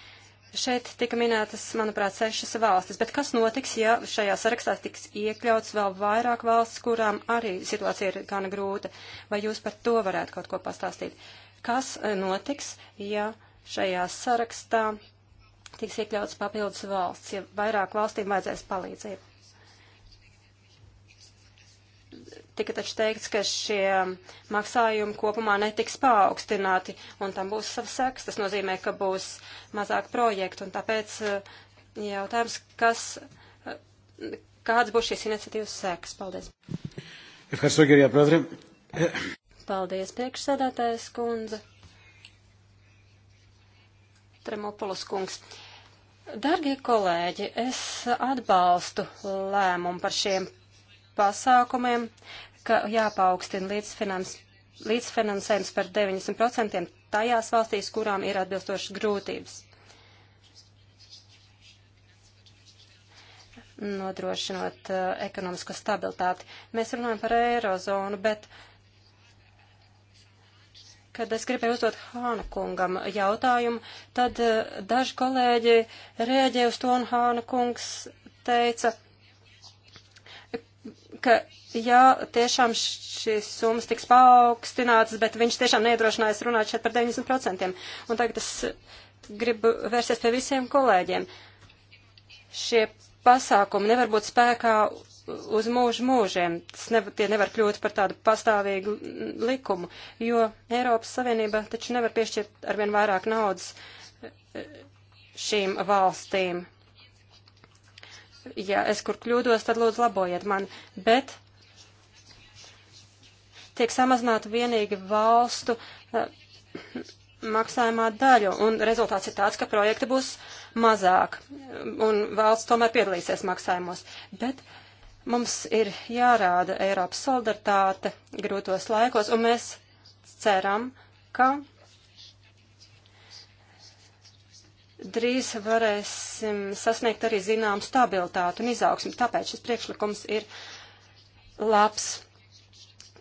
Šeit tika minētas, manuprāt, sešas valstis, bet kas notiks, ja šajā sarakstā tiks iekļauts vēl vairāk valsts, kurām arī situācija ir gana grūta? Vai jūs par to varētu kaut ko pastāstīt? Kas e, notiks, ja šajā sarakstā tiks iekļauts papildus valsts, ja vairāk valstīm vajadzēs palīdzību? Tika taču teikts, ka šie maksājumi kopumā netiks paaugstināti, un tam būs savs seks. Tas nozīmē, ka būs mazāk projektu, un tāpēc eh, jautājums, kas, eh, kāds būs šīs iniciatīvas seks. Paldies. Paldies, priekšsēdētājs kundze. Tremopolis kungs. Dargie kolēģi, es atbalstu lēmumu par šiem pasākumiem, ka jāpaukstina līdzfinans, līdzfinansējums par 90% tajās valstīs, kurām ir atbilstošas grūtības. nodrošinot uh, ekonomisko stabilitāti. Mēs runājam par eirozonu, bet kad es gribēju uzdot Hāna kungam jautājumu, tad uh, daži kolēģi rēģēja uz to, un Hāna kungs teica, uh, ka jā, tiešām šīs summas tiks paaugstinātas, bet viņš tiešām neiedrošinājās runāt šeit par 90%. Un tagad es gribu vērsties pie visiem kolēģiem. Šie pasākumi nevar būt spēkā uz mūžu mūžiem. Tas nev, tie nevar kļūt par tādu pastāvīgu likumu, jo Eiropas Savienība taču nevar piešķirt arvien vairāk naudas eh, eh, šīm valstīm ja es kur kļūdos, tad lūdzu labojiet mani, bet tiek samazināta vienīgi valstu uh, maksājumā daļu, un rezultāts ir tāds, ka projekti būs mazāk, un valsts tomēr piedalīsies maksājumos. Bet mums ir jārāda Eiropas solidaritāte grūtos laikos, un mēs ceram, ka drīz varēsim sasniegt arī zinām stabilitātu un izaugsmi. Tāpēc šis priekšlikums ir labs,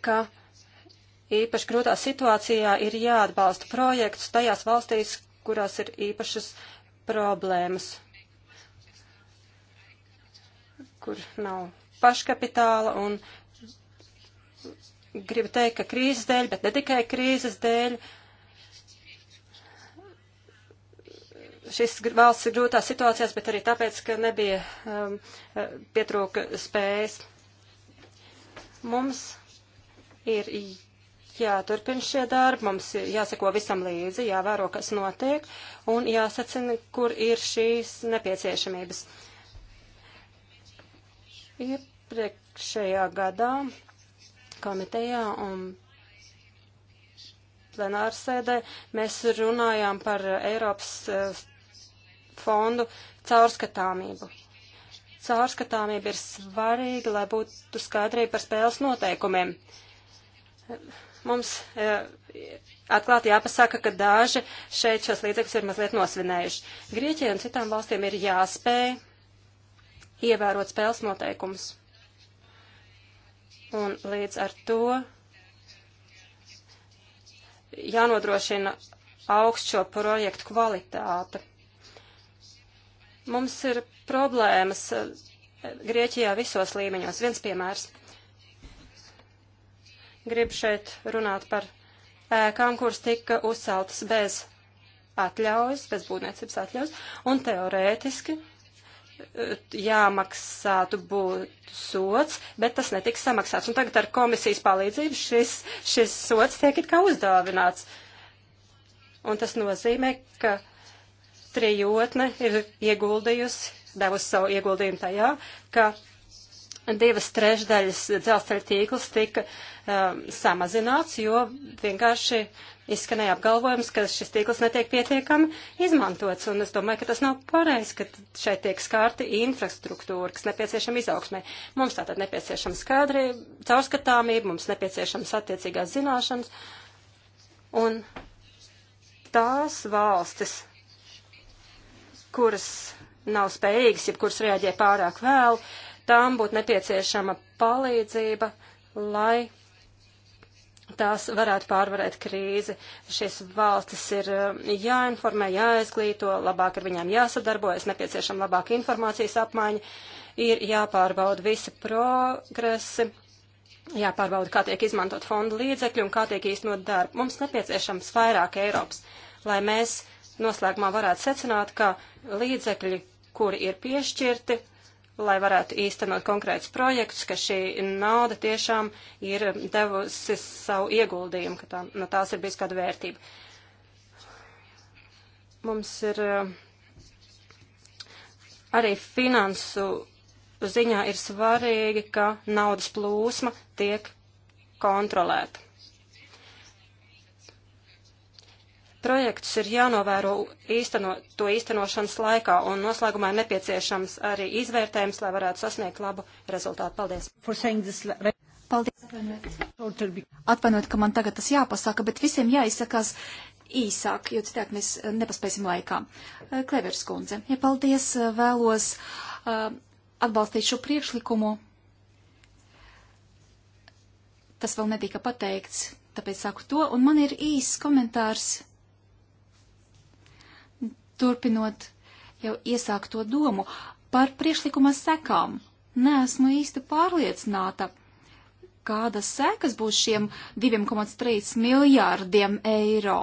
ka īpaši grūtā situācijā ir jāatbalsta projekts tajās valstīs, kurās ir īpašas problēmas, kur nav paškapitāla un gribu teikt, ka krīzes dēļ, bet ne tikai krīzes dēļ, uh, šis valsts ir grūtās situācijās, bet arī tāpēc, ka nebija um, eh, pietrūka spējas. Mums ir jāturpina šie darbi, mums ir jāseko visam līdzi, jāvēro, kas notiek un jāsacina, kur ir šīs nepieciešamības. Iepriekšējā gadā komitejā un plenārsēdē mēs runājām par Eiropas eh, fondu caurskatāmību. Caurskatāmība ir svarīga, lai būtu skaidrība par spēles noteikumiem. Mums e, atklāti jāpasaka, ka daži šeit šos līdzekļus ir mazliet nosvinējuši. Grieķijai un citām valstīm ir jāspēj ievērot spēles noteikumus. Un līdz ar to jānodrošina augstšo projektu kvalitāte. Mums ir problēmas eh, Grieķijā visos līmeņos. Viens piemērs. Gribu šeit runāt par ēkām, eh, kuras tika uzceltas bez atļaujas, bez būvniecības atļaujas, un teorētiski eh, jāmaksātu būtu sots, bet tas netiks samaksāts. Un tagad ar komisijas palīdzību šis, šis sots tiek it kā uzdāvināts. Un tas nozīmē, ka trijotne ir ieguldījusi, devusi savu ieguldījumu tajā, ka divas trešdaļas dzelzceļa tīkls tika um, samazināts, jo vienkārši izskanēja apgalvojums, ka šis tīkls netiek pietiekami izmantots. Un es domāju, ka tas nav pareizi, ka šeit tiek skārti infrastruktūra, kas nepieciešama izaugsmē. Mums tātad nepieciešama skaidri caurskatāmība, mums nepieciešamas attiecīgās zināšanas. Un tās valstis, kuras nav spējīgas, jeb kuras reaģē pārāk vēl, tām būtu nepieciešama palīdzība, lai tās varētu pārvarēt krīzi. Šīs valstis ir eh, jāinformē, jāizglīto, labāk ar viņām jāsadarbojas, nepieciešama labāka informācijas apmaiņa, ir jāpārbauda visi progresi, jāpārbauda, kā tiek izmantot fondu līdzekļi un kā tiek īstenot darbu. Mums nepieciešams vairāk Eiropas, lai mēs noslēgumā varētu secināt, ka līdzekļi, kuri ir piešķirti, lai varētu īstenot konkrēts projekts, ka šī nauda tiešām ir devusi savu ieguldījumu, ka tā, no tās ir bijis kāda vērtība. Mums ir eh, arī finansu ziņā ir svarīgi, ka naudas plūsma tiek kontrolēta. Projekts ir jānovēro īsteno, to īstenošanas laikā, un noslēgumā ir nepieciešams arī izvērtējums, lai varētu sasniegt labu rezultātu. Paldies! Paldies! Atvainojiet, ka man tagad tas jāpasaka, bet visiem jāizsakās īsāk, jo citādi mēs eh, nepaspēsim laikā. Eh, Klevers kundze, ja paldies, eh, vēlos atbalstīt šo priekšlikumu. Tas vēl netika pateikts, tāpēc saku to, un man ir īsts komentārs turpinot jau iesākto domu par priekšlikuma sekām. Neesmu īsti pārliecināta, kādas sekas būs šiem 2,3 miljārdiem eiro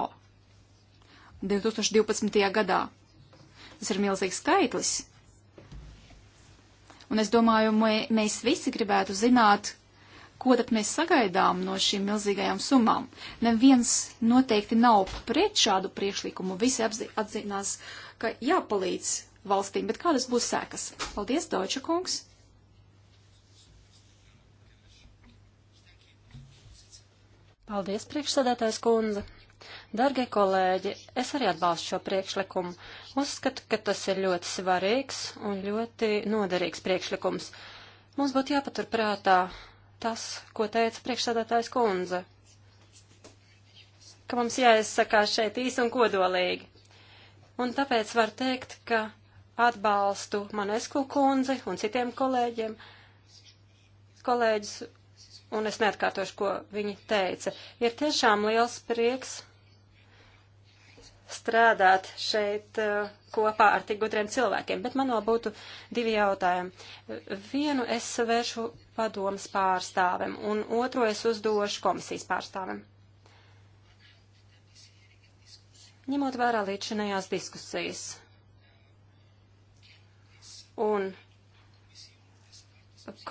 2012. gadā. Tas ir milzīgs skaitlis. Un es domāju, mēs visi gribētu zināt, ko tad mēs sagaidām no šīm milzīgajām summām. Neviens noteikti nav pret šādu priekšlikumu. Visi atzinās, ka jāpalīdz valstīm, bet kādas būs sēkas? Paldies, Deutsche kungs! Paldies, priekšsēdētājs kundze! Dargie kolēģi, es arī atbalstu šo priekšlikumu. Uzskatu, ka tas ir ļoti svarīgs un ļoti noderīgs priekšlikums. Mums būtu jāpaturprātā tas, ko teica priekšsēdētājs kundze, ka mums jāizsakās šeit īsi un kodolīgi. Un tāpēc var teikt, ka atbalstu Manesku kundzi un citiem kolēģiem, kolēģis, un es neatkārtošu, ko viņi teica. Ir tiešām liels prieks strādāt šeit uh, kopā ar tik gudriem cilvēkiem, bet man vēl būtu divi jautājumi. Vienu es vēršu padomas pārstāvem, un otro es uzdošu komisijas pārstāvem. Ņemot vērā līdzinējās diskusijas un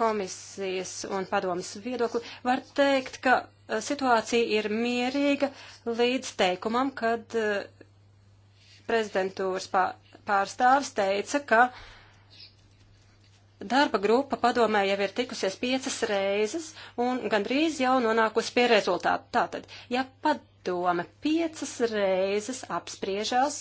komisijas un padomas viedokli, var teikt, ka e, situācija ir mierīga līdz teikumam, kad e, prezidentūras pārstāvis teica, ka uh, Darba grupa padomē jau ir tikusies piecas reizes un gandrīz jau nonākusi pie rezultātu. Tātad, ja padome piecas reizes apspriežās,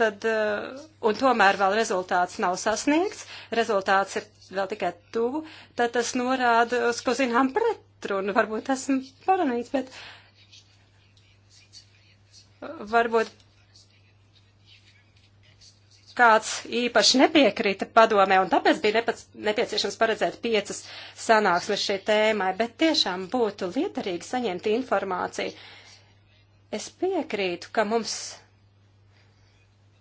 tad, eh, un tomēr vēl rezultāts nav sasniegts, rezultāts ir vēl tikai tuvu, tad tas norāda uz ko zinām pretrunu. Varbūt esmu paranīts, bet varbūt kāds īpaši nepiekrita padomē, un tāpēc bija nepieciešams paredzēt piecas sanāksmes šai tēmai, bet tiešām būtu lietarīgi saņemt informāciju. Es piekrītu, ka mums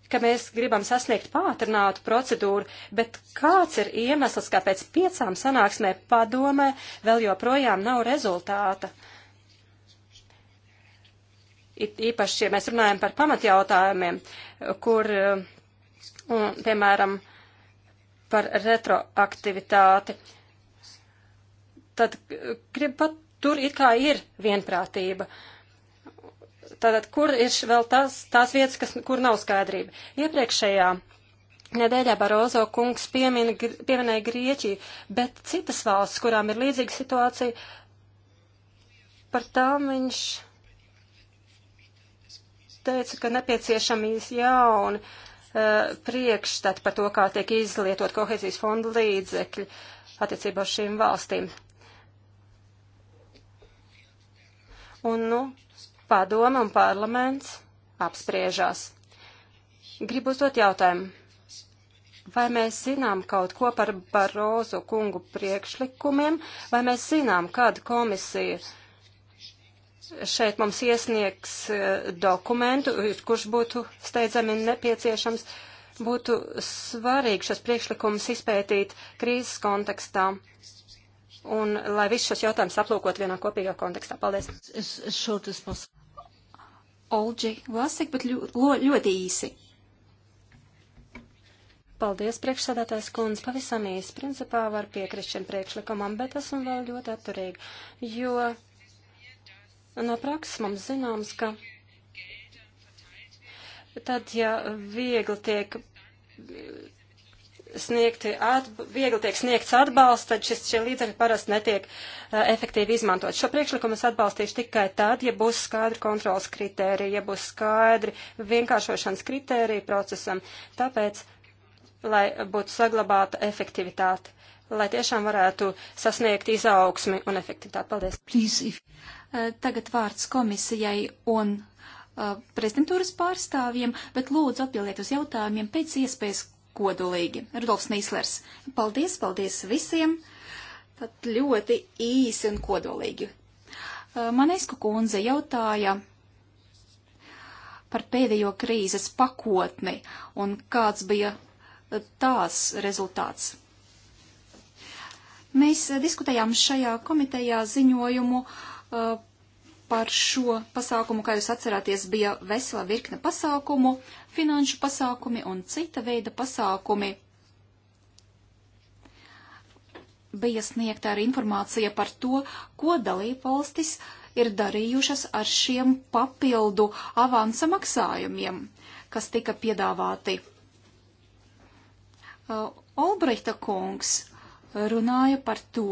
ka mēs gribam sasniegt pātrinātu procedūru, bet kāds ir iemesls, kāpēc piecām sanāksmē padomē vēl joprojām nav rezultāta? It, īpaši, ja mēs runājam par pamatjautājumiem, kur uh, un, piemēram, par retroaktivitāti, tad grib pat tur it kā ir vienprātība. Tātad, kur ir vēl tās, tās vietas, kas, kur nav skaidrība? Iepriekšējā nedēļā Barozo kungs piemin, pieminēja Grieķiju, bet citas valsts, kurām ir līdzīga situācija, par tām viņš teica, ka nepieciešami jauni Eh, priekšstatu par to, kā tiek izlietot kohēzijas fonda līdzekļi attiecībā uz šīm valstīm. Un, nu, padoma un parlaments apspriežās. Gribu uzdot jautājumu. Vai mēs zinām kaut ko par Barozu kungu priekšlikumiem, vai mēs zinām, kāda komisija uh, šeit mums iesniegs e, dokumentu, kurš būtu steidzami nepieciešams, būtu svarīgi šos priekšlikumus izpētīt krīzes kontekstā. Un lai visus šos jautājumus aplūkot vienā kopīgā kontekstā. Paldies. Olģi Vlasik, bet ļo, ļoti īsi. Paldies, priekšsādātājs kundze, pavisam īsi. Principā var piekrist šim priekšlikumam, bet esmu vēl ļoti atturīgi, jo No prakses mums zināms, ka tad, ja viegli tiek sniegti atb viegli tiek sniegts atbalsts, tad šis, šie līdzekļi parasti netiek uh, efektīvi izmantot. Šo priekšlikumu es atbalstīšu tikai tad, ja būs skaidri kontrols kritērija, ja būs skaidri vienkāršošanas kritērija procesam, tāpēc, lai būtu saglabāta efektivitāte, lai tiešām varētu sasniegt izaugsmi un efektivitāti. Paldies! Please, if... Eh, tagad vārds komisijai un eh, prezidentūras pārstāvjiem, bet lūdzu atbildiet uz jautājumiem pēc iespējas kodolīgi. Rudolfs Nīslers, paldies, paldies visiem! Tad ļoti īsi un kodolīgi. Eh, Manesku kundze jautāja par pēdējo krīzes pakotni un kāds bija tās rezultāts. Mēs diskutējām šajā komitejā ziņojumu uh, par šo pasākumu, kā jūs atceraties, bija vesela virkne pasākumu, finanšu pasākumi un cita veida pasākumi. Bija sniegta arī informācija par to, ko dalība valstis ir darījušas ar šiem papildu avansa maksājumiem, kas tika piedāvāti. Olbrehta kungs runāja par to,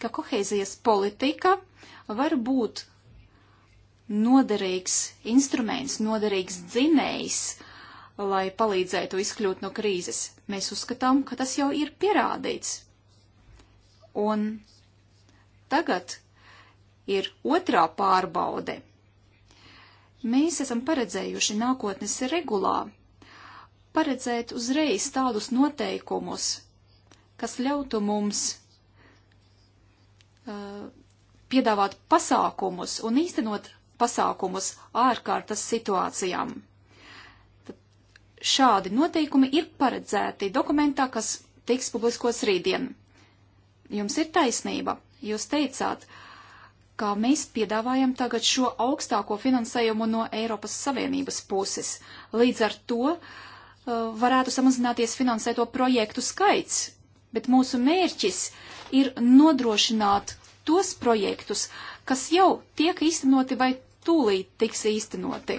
ka kohēzijas politika var būt noderīgs instruments, noderīgs dzinējs, lai palīdzētu izkļūt no krīzes. Mēs uzskatām, ka tas jau ir pierādīts. Un tagad ir otrā pārbaude. Mēs esam paredzējuši nākotnes regulā paredzēt uzreiz tādus noteikumus, kas ļautu mums Uh, piedāvāt pasākumus un īstenot pasākumus ārkārtas situācijām. Tad šādi noteikumi ir paredzēti dokumentā, kas tiks publiskos rītdien. Jums ir taisnība. Jūs teicāt, ka mēs piedāvājam tagad šo augstāko finansējumu no Eiropas Savienības puses. Līdz ar to uh, varētu samazināties finansēto projektu skaits, bet mūsu mērķis ir nodrošināt tos projektus, kas jau tiek īstenoti vai tūlīt tiks īstenoti.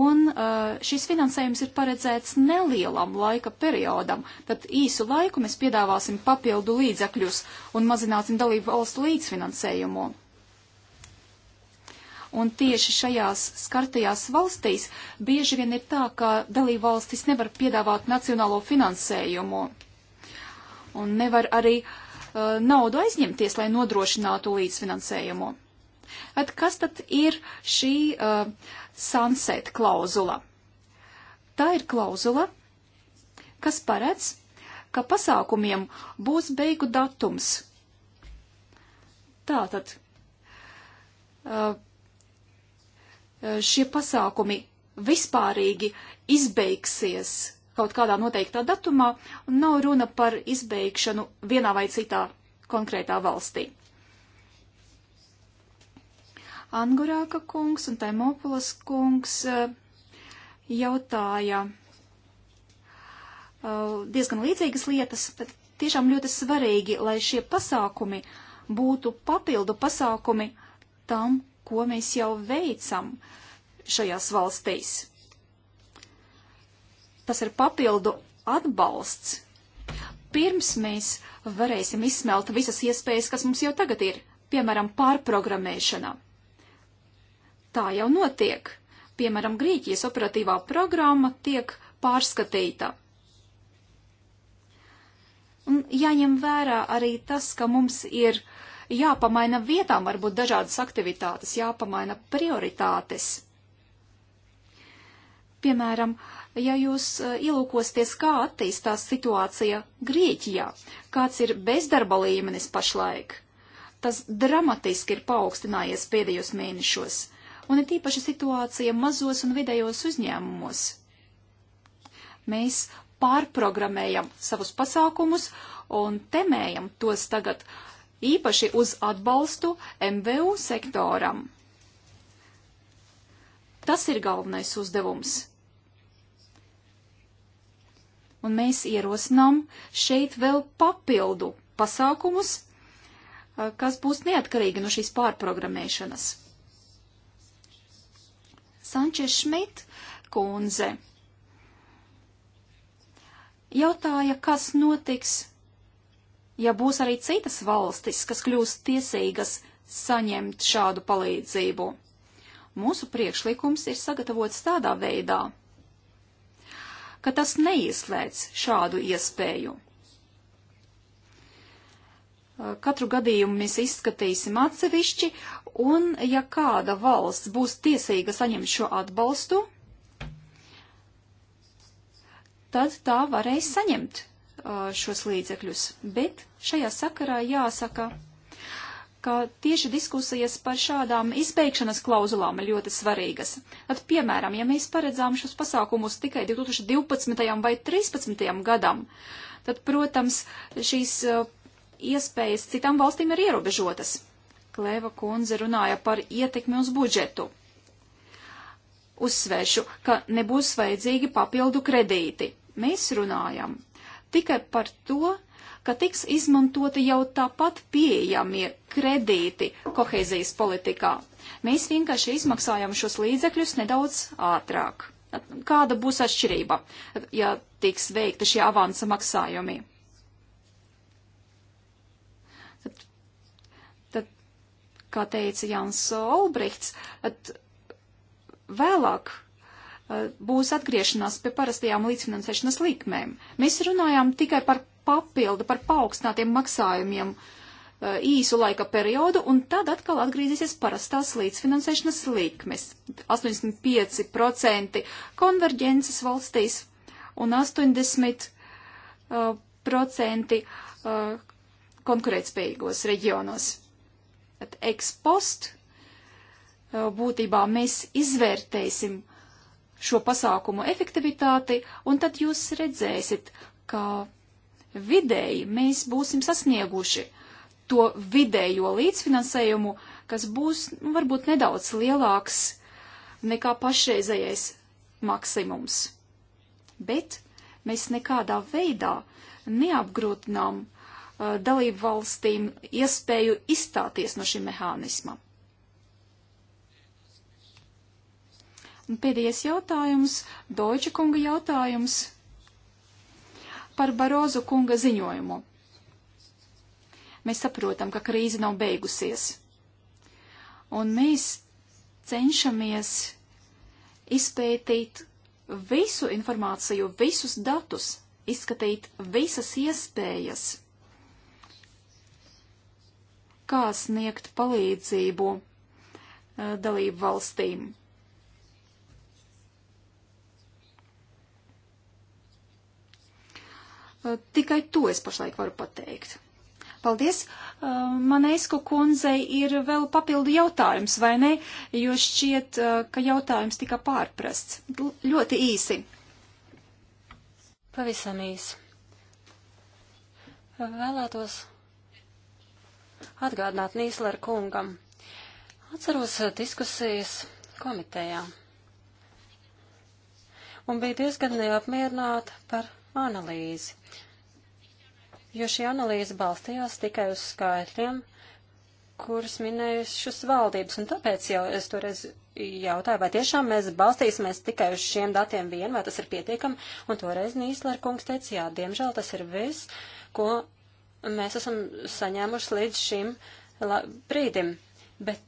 Un uh, šis finansējums ir paredzēts nelielam laika periodam, tad īsu laiku mēs piedāvāsim papildu līdzekļus un mazināsim dalību valstu līdzfinansējumu. Un tieši šajās skartajās valstīs bieži vien ir tā, ka dalībvalstis nevar piedāvāt nacionālo finansējumu. Un nevar arī uh, naudu aizņemties, lai nodrošinātu līdzfinansējumu. At kas tad ir šī uh, sunset klauzula? Tā ir klauzula, kas paredz, ka pasākumiem būs beigu datums. Tātad. Uh, Eh, šie pasākumi vispārīgi izbeigsies kaut kādā noteiktā datumā, un nav runa par izbeigšanu vienā vai citā konkrētā valstī. Angurāka kungs un Taimopulas kungs eh, jautāja eh, diezgan līdzīgas lietas, tad tiešām ļoti svarīgi, lai šie pasākumi būtu papildu pasākumi tam, ko mēs jau veicam šajās valstīs. Tas ir papildu atbalsts. Pirms mēs varēsim izsmelt visas iespējas, kas mums jau tagad ir, piemēram, pārprogrammēšana. Tā jau notiek. Piemēram, Grieķijas operatīvā programma tiek pārskatīta. Un jāņem vērā arī tas, ka mums ir jāpamaina vietām, varbūt dažādas aktivitātes, jāpamaina prioritātes. Piemēram, ja jūs eh, ielūkosties, kā attīstās situācija Grieķijā, kāds ir bezdarba līmenis pašlaik, tas dramatiski ir paaugstinājies pēdējos mēnešos, un ir tīpaši situācija mazos un vidējos uzņēmumos. Mēs pārprogrammējam savus pasākumus un temējam tos tagad īpaši uz atbalstu MVU sektoram. Tas ir galvenais uzdevums. Un mēs ierosinām šeit vēl papildu pasākumus, eh, kas būs neatkarīgi no šīs pārprogrammēšanas. Sančes Šmit kundze jautāja, kas notiks ja būs arī citas valstis, kas kļūs tiesīgas saņemt šādu palīdzību. Mūsu priekšlikums ir sagatavots tādā veidā, ka tas neieslēdz šādu iespēju. Katru gadījumu mēs izskatīsim atsevišķi, un ja kāda valsts būs tiesīga saņemt šo atbalstu, tad tā varēs saņemt šos līdzekļus. Bet šajā sakarā jāsaka, ka tieši diskusijas par šādām izbeigšanas klauzulām ir ļoti svarīgas. Tad, piemēram, ja mēs paredzām šos pasākumus tikai 2012. vai 2013. gadam, tad, protams, šīs iespējas citām valstīm ir ierobežotas. Klēva kundze runāja par ietekmi uz budžetu. Uzsvēršu, ka nebūs vajadzīgi papildu kredīti. Mēs runājam tikai par to, ka tiks izmantoti jau tāpat pieejamie kredīti kohēzijas politikā. Mēs vienkārši izmaksājam šos līdzekļus nedaudz ātrāk. Kāda būs atšķirība, ja tiks veikta šie avansa maksājumi? Tad, tad kā teica Jans Olbrichts, tad vēlāk Uh, būs atgriešanās pie parastajām līdzfinansēšanas likmēm. Mēs runājām tikai par papildu, par paaugstinātiem maksājumiem uh, īsu laika periodu, un tad atkal atgriezīsies parastās līdzfinansēšanas likmes. 85% konverģences valstīs un 80% uh, konkurētspējīgos reģionos. Ekspost būtībā mēs izvērtēsim šo pasākumu efektivitāti, un tad jūs redzēsiet, ka vidēji mēs būsim sasnieguši to vidējo līdzfinansējumu, kas būs nu, varbūt nedaudz lielāks nekā pašreizējais maksimums. Bet mēs nekādā veidā neapgrūtinām uh, dalību valstīm iespēju izstāties no šī mehānisma. Un pēdējais jautājums, Deutsche kunga jautājums par Barozu kunga ziņojumu. Mēs saprotam, ka krīze nav beigusies. Un mēs cenšamies izpētīt visu informāciju, visus datus, izskatīt visas iespējas, kā sniegt palīdzību eh, dalību valstīm. Eh, tikai to es pašlaik varu pateikt. Paldies! Eh, Maneisku kundzei ir vēl papildu jautājums, vai ne? Jo šķiet, eh, ka jautājums tika pārprasts. Ļoti īsi. Pavisam īsi. Vēlētos atgādināt Nīslera kungam. Atceros diskusijas komitejā. Un bija diezgan neapmierināta par analīzi, jo šī analīze balstījās tikai uz skaitļiem, kurus minējušas valdības, un tāpēc jau es toreiz jautāju, vai tiešām mēs balstīsimies tikai uz šiem datiem vien, vai tas ir pietiekami, un toreiz Nīsler kungs teica, jā, diemžēl tas ir viss, ko mēs esam saņēmuši līdz šim brīdim, bet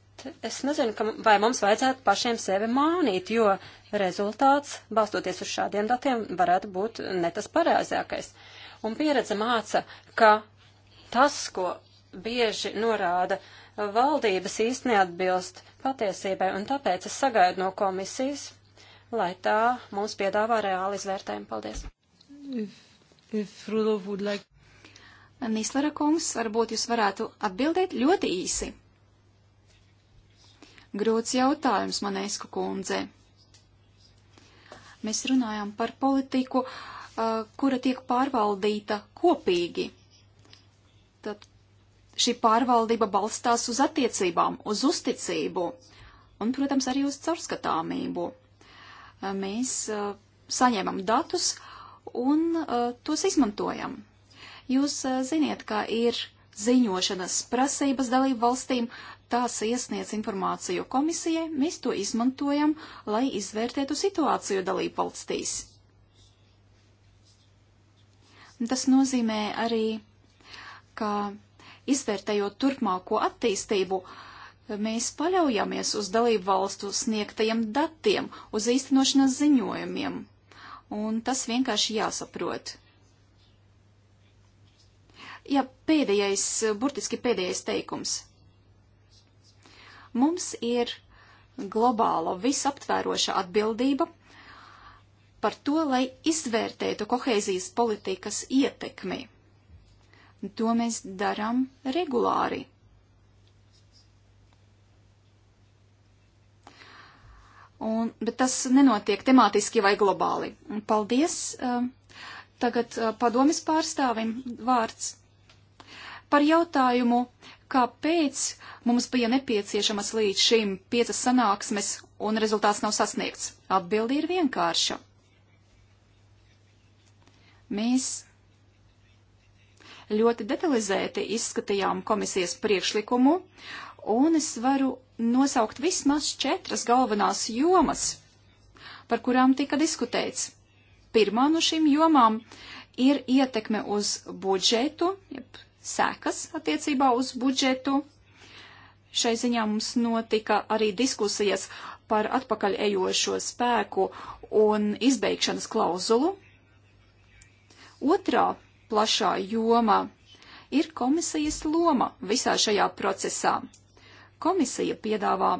es nezinu, ka, vai mums vajadzētu pašiem sevi mānīt, jo rezultāts, balstoties uz šādiem datiem, varētu būt ne tas pareizākais. Un pieredze māca, ka tas, ko bieži norāda valdības īsti neatbilst patiesībai, un tāpēc es sagaidu no komisijas, lai tā mums piedāvā reāli izvērtējumu. Paldies! If, if Rudolf would like... Nislera kungs, varbūt jūs varētu atbildēt ļoti īsi. Grūts jautājums, Manesko kundze. Mēs runājam par politiku, uh, kura tiek pārvaldīta kopīgi. Tad šī pārvaldība balstās uz attiecībām, uz uzticību un, protams, arī uz caurskatāmību. Uh, mēs uh, saņemam datus un tos izmantojam. Jūs ziniet, ka ir ziņošanas prasības dalību valstīm, tās iesniedz informāciju komisijai, mēs to izmantojam, lai izvērtētu situāciju dalību valstīs. Tas nozīmē arī, ka izvērtējot turpmāko attīstību, mēs paļaujamies uz dalību valstu sniegtajiem datiem, uz īstenošanas ziņojumiem. Un tas vienkārši jāsaprot. Jā, pēdējais, burtiski pēdējais teikums. Mums ir globāla visaptvēroša atbildība par to, lai izvērtētu kohēzijas politikas ietekmi. To mēs darām regulāri. Un, bet tas nenotiek tematiski vai globāli. Paldies! Eh, tagad eh, padomis pārstāvim vārds. Par jautājumu, kāpēc mums bija nepieciešamas līdz šim piecas sanāksmes un rezultāts nav sasniegts, atbildi ir vienkārša. Mēs ļoti detalizēti izskatījām komisijas priekšlikumu, un es varu nosaukt vismaz četras galvenās jomas, par kurām tika diskutēts. Pirmā no šīm jomām ir ietekme uz budžetu, jeb sekas attiecībā uz budžetu. Šai ziņā mums notika arī diskusijas par atpakaļ ejošo spēku un izbeigšanas klauzulu. Otrā plašā joma ir komisijas loma visā šajā procesā. Komisija piedāvā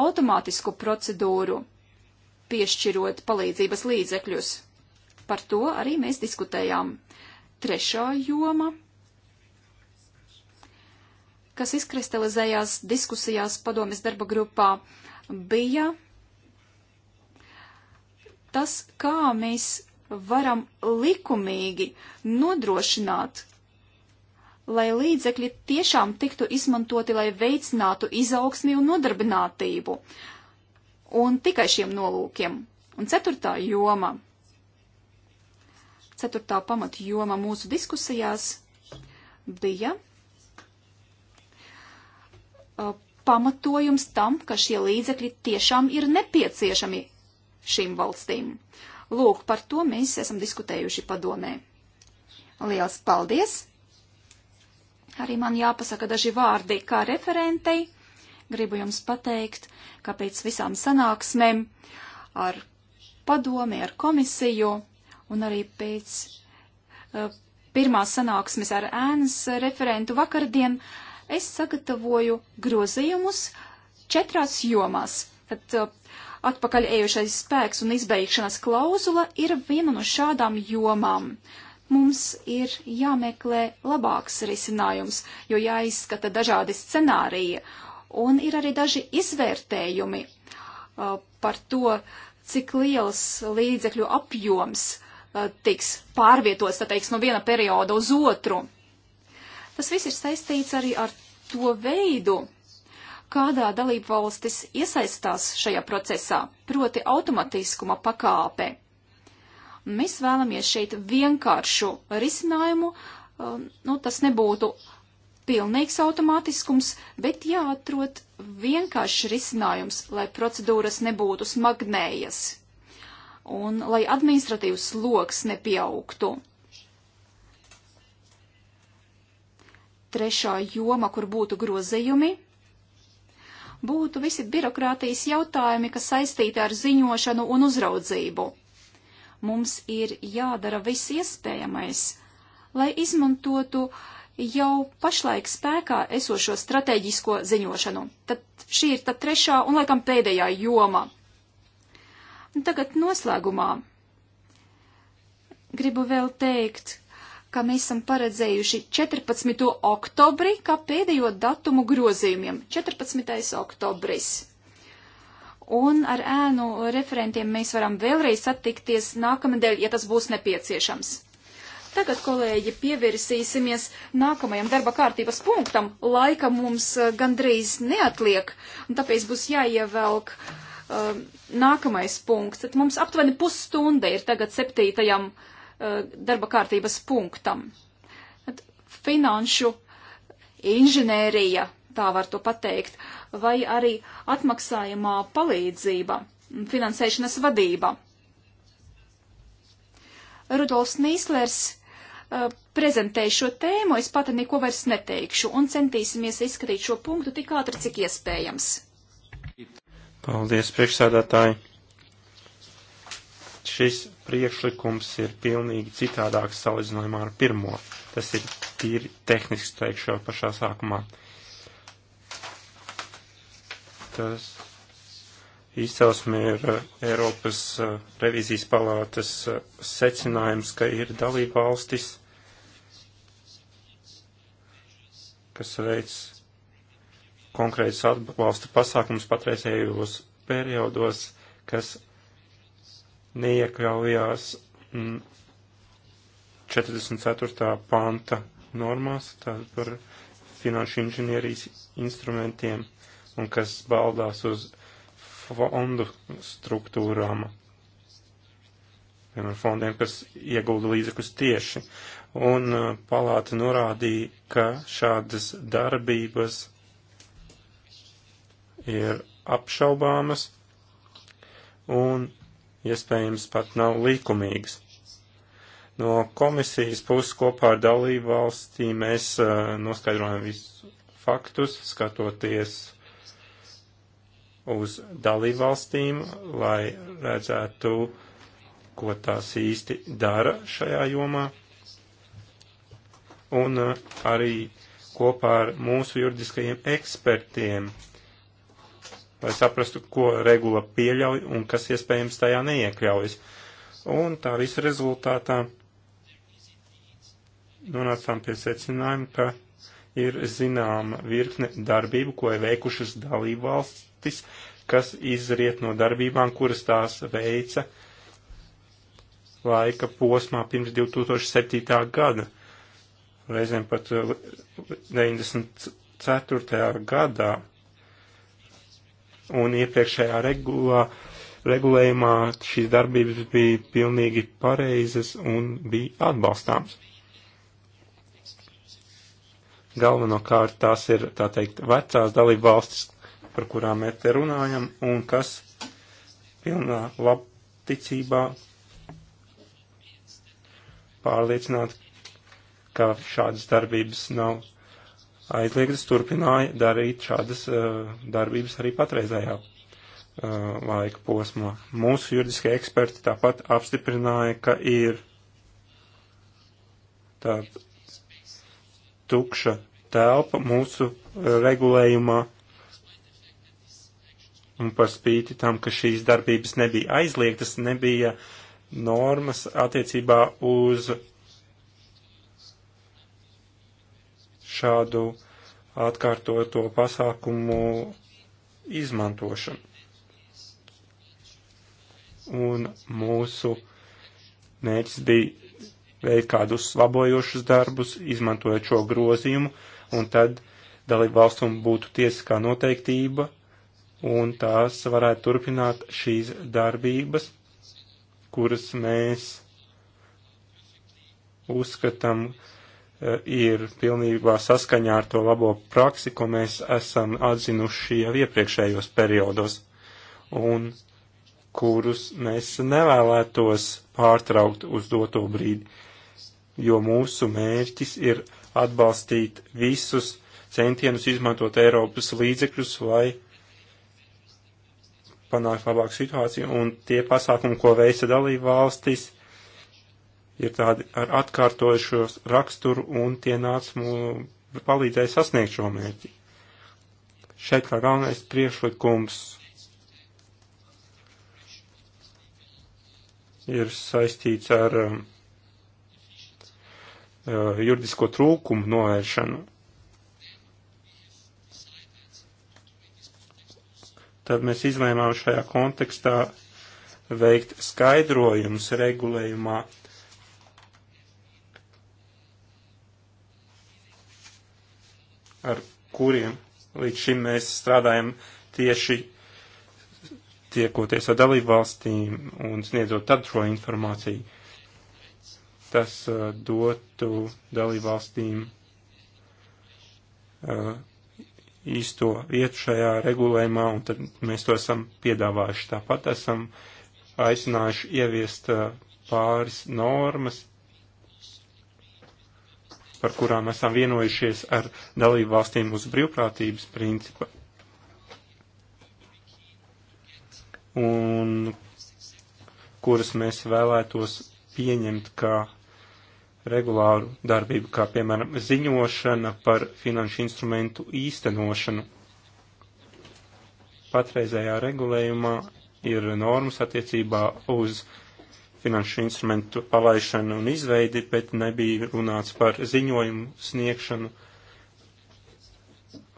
automātisku procedūru, piešķirot palīdzības līdzekļus. Par to arī mēs diskutējām. Trešā joma kas izkristalizējās diskusijās padomjas darba grupā, bija tas, kā mēs varam likumīgi nodrošināt, lai līdzekļi tiešām tiktu izmantoti, lai veicinātu izaugsmi un nodarbinātību. Un tikai šiem nolūkiem. Un ceturtā joma. Ceturtā pamatjoma mūsu diskusijās bija Uh, pamatojums tam, ka šie līdzekļi tiešām ir nepieciešami šīm valstīm. Lūk, par to mēs esam diskutējuši padomē. Liels paldies! Arī man jāpasaka daži vārdi kā referentei. Gribu jums pateikt, ka pēc visām sanāksmēm ar padomi, ar komisiju un arī pēc uh, pirmās sanāksmes ar ēnas referentu vakardien uh, es sagatavoju grozījumus četrās jomās. Tad uh, atpakaļ ejušais spēks un izbeigšanas klauzula ir viena no šādām jomām. Mums ir jāmeklē labāks risinājums, jo jāizskata dažādi scenāriji, un ir arī daži izvērtējumi uh, par to, cik liels līdzekļu apjoms uh, tiks pārvietots, tā teiks, no viena perioda uz otru. Tas viss ir saistīts arī ar to veidu, kādā dalību valstis iesaistās šajā procesā, proti automatiskuma pakāpe. Mēs vēlamies šeit vienkāršu risinājumu, um, nu, tas nebūtu pilnīgs automātiskums, bet jāatrod vienkāršs risinājums, lai procedūras nebūtu smagnējas un lai administratīvs sloks nepieaugtu. trešā joma, kur būtu grozījumi, būtu visi birokrātijas jautājumi, kas saistīti ar ziņošanu un uzraudzību. Mums ir jādara viss iespējamais, lai izmantotu jau pašlaik spēkā esošo strateģisko ziņošanu. Tad šī ir tad trešā un laikam pēdējā joma. Tagad noslēgumā gribu vēl teikt, ka mēs esam paredzējuši 14. oktobri kā pēdējo datumu grozījumiem - 14. oktobris. Un ar ēnu referentiem mēs varam vēlreiz attikties nākamnedēļ, ja tas būs nepieciešams. Tagad, kolēģi, pievērsīsimies nākamajam darba kārtības punktam. Laika mums eh, gandrīz neatliek, un tāpēc būs jāievelk uh, nākamais punkts. Tad mums aptuveni pusstunda ir tagad septītajam uh, Eh, darba kārtības punktam. Finanšu inženērija, tā var to pateikt, vai arī atmaksājumā palīdzība, finansēšanas vadība. Rudolfs Nīslers uh, prezentēja šo tēmu, es pati neko vairs neteikšu un centīsimies izskatīt šo punktu tik ātri, cik iespējams. Paldies, priekšsādātāji! Šis priekšlikums ir pilnīgi citādāks salīdzinājumā ar pirmo. Tas ir tīri tehnisks, teikšu jau pašā sākumā. Tas izcelsme ir eh, Eiropas eh, revizijas palātas eh, secinājums, ka ir dalība valstis, kas veic konkrētus atbalsta pasākums patreizējos periodos, kas neiekļaujās 44. Mm, panta normās, tātad par finanšu inženierijas instrumentiem un kas baldās uz fondu struktūrām, piemēram, fondiem, kas iegulda līdzekļus tieši. Un uh, palāta norādīja, ka šādas darbības ir apšaubāmas un iespējams pat nav likumīgas. No komisijas puses kopā ar dalību valstī mēs uh, noskaidrojam visus faktus, skatoties uz dalību valstīm, lai redzētu, ko tās īsti dara šajā jomā. Un uh, arī kopā ar mūsu juridiskajiem ekspertiem uh, lai saprastu, ko regula pieļauj un kas iespējams tajā neiekļaujas. Un tā visa rezultātā nonācām pie secinājuma, ka ir zināma virkne darbību, ko ir veikušas dalību valstis, kas izriet no darbībām, kuras tās veica laika posmā pirms 2007. gada. Reizēm pat 94. Eh, gadā un iepriekšējā regulā, regulējumā šīs darbības bija pilnīgi pareizas un bija atbalstāms. Galvenokārt tās ir, tā teikt, vecās dalība valstis, par kurām mēs te runājam, un kas pilnā labticībā pārliecināt, ka šādas darbības nav aizliegtas turpināja darīt šādas uh, darbības arī patreizējā uh, laika posmā. Mūsu juridiskie eksperti tāpat apstiprināja, ka ir tāda tukša telpa mūsu eh, regulējumā, un par spīti tam, ka šīs darbības nebija aizliegtas, nebija normas attiecībā uz šādu atkārtoto pasākumu izmantošanu. Un mūsu mērķis bija veikt kādus labojošus darbus, izmantojot šo grozījumu, un tad dalību valstum būtu tiesiskā noteiktība, un tās varētu turpināt šīs darbības, kuras mēs uzskatām, uh, Eh, ir pilnībā saskaņā ar to labo praksi, ko mēs esam atzinuši jau iepriekšējos periodos un kurus mēs nevēlētos pārtraukt uz doto brīdi, jo mūsu mērķis ir atbalstīt visus centienus izmantot Eiropas līdzekļus, lai panāktu labāku situāciju, un tie pasākumi, ko veica dalība valstis, ir tādi ar atkārtojušos raksturu un tie nāc mums palīdzēja sasniegt šo mērķi. Šeit kā galvenais priešlikums ir saistīts ar um, uh, juridisko trūkumu novēršanu. Tad mēs izlēmām šajā kontekstā veikt skaidrojumus regulējumā, uh, ar kuriem līdz šim mēs strādājam tieši tiekoties ar dalību valstīm un sniedzot tad šo informāciju. Tas uh, dotu dalību valstīm uh, īsto vietu šajā regulējumā, un tad mēs to esam piedāvājuši. Tāpat esam aicinājuši ieviest uh, pāris normas, par kurām esam vienojušies ar dalību valstīm uz brīvprātības principa. Un kuras mēs vēlētos pieņemt kā regulāru darbību, kā piemēram ziņošana par finanšu instrumentu īstenošanu. Patreizējā regulējumā ir normas attiecībā uz uh, finanšu instrumentu palaišanu un izveidi, bet nebija runāts par ziņojumu sniegšanu.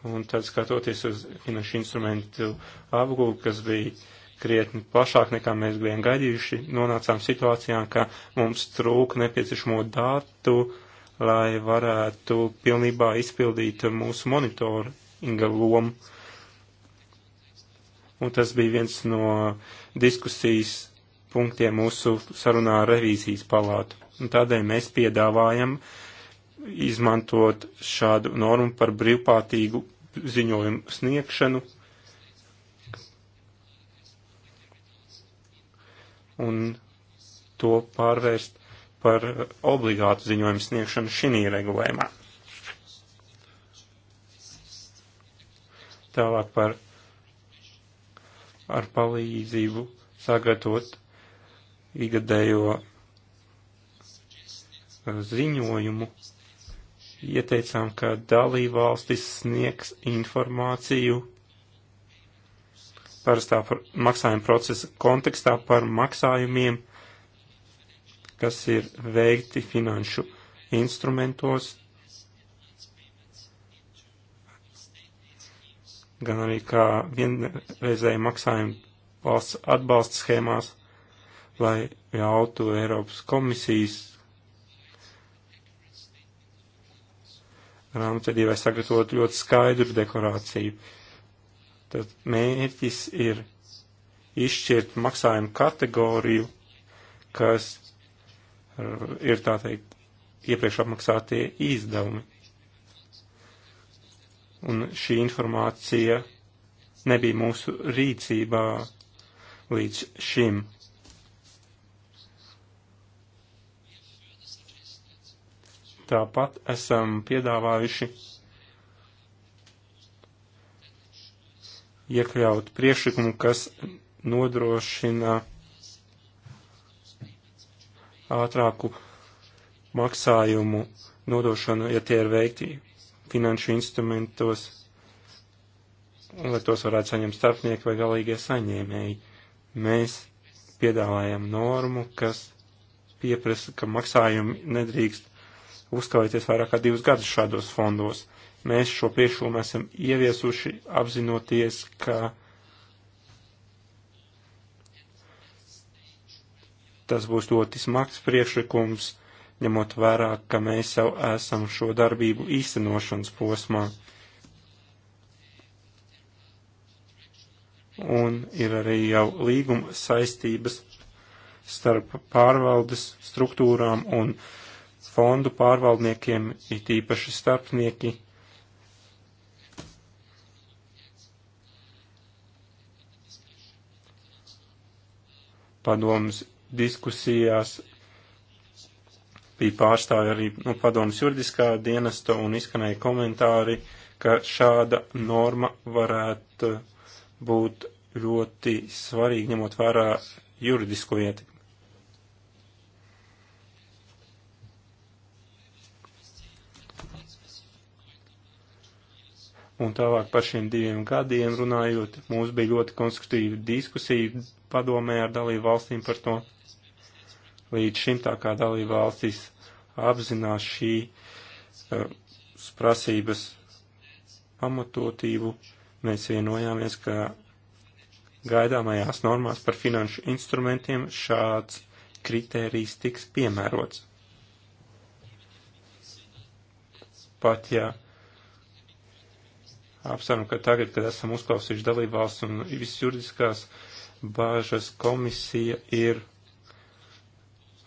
Un tad skatoties uz finanšu instrumentu apgūvu, kas bija krietni plašāk nekā mēs bijām gaidījuši, nonācām situācijā, ka mums trūka nepieciešamo datu, lai varētu pilnībā izpildīt mūsu monitoringa lomu. Un tas bija viens no diskusijas punktiem mūsu sarunā ar revīzijas palātu. Un tādēļ mēs piedāvājam izmantot šādu normu par brīvprātīgu ziņojumu sniegšanu. Un to pārvērst par obligātu ziņojumu sniegšanu šī regulējumā. Tālāk par ar palīdzību sagatavot Igadējo uh, ziņojumu ieteicām, ka dalībvalstis sniegs informāciju parastā par maksājuma procesa kontekstā par maksājumiem, kas ir veikti finanšu instrumentos, gan arī kā vienreizēja maksājuma valsts atbalsta schēmās lai ļautu Eiropas komisijas grāmatvedībai sagatavot ļoti skaidru deklarāciju. Tad mērķis ir izšķirt maksājumu kategoriju, kas ir tā teikt iepriekš apmaksātie izdevumi. Un šī informācija nebija mūsu rīcībā līdz šim. Tāpat esam piedāvājuši iekļaut priekšlikumu, kas nodrošina ātrāku maksājumu nodošanu, ja tie ir veikti finanšu instrumentos, lai tos varētu saņemt starpnieki vai galīgie saņēmēji. Mēs piedāvājam normu, kas pieprasa, ka maksājumi nedrīkst uzstājoties vairāk kā divus gadus šādos fondos. Mēs šo priekšlikumu esam ieviesuši apzinoties, ka tas būs ļoti smags priekšlikums, ņemot vērā, ka mēs jau esam šo darbību īstenošanas posmā. Un ir arī jau līguma saistības starp pārvaldes struktūrām un uh, fondu pārvaldniekiem, it īpaši starpnieki. Padomus diskusijās bija pārstāvi arī no nu, padomus juridiskā dienesta un izskanēja komentāri, ka šāda norma varētu būt ļoti svarīga, ņemot vērā juridisko ietekmi. Un tālāk par šiem diviem gadiem runājot, mums bija ļoti konstruktīva diskusija padomē ar dalību valstīm par to. Līdz šim tā kā dalību valstis apzinās šī uh, prasības pamatotību, mēs vienojāmies, ka gaidāmajās normās par finanšu instrumentiem šāds kritērijs tiks piemērots. Pat ja apsveram, ka tagad, kad esam uzklausījuši dalībvalsts un visas juridiskās bāžas komisija ir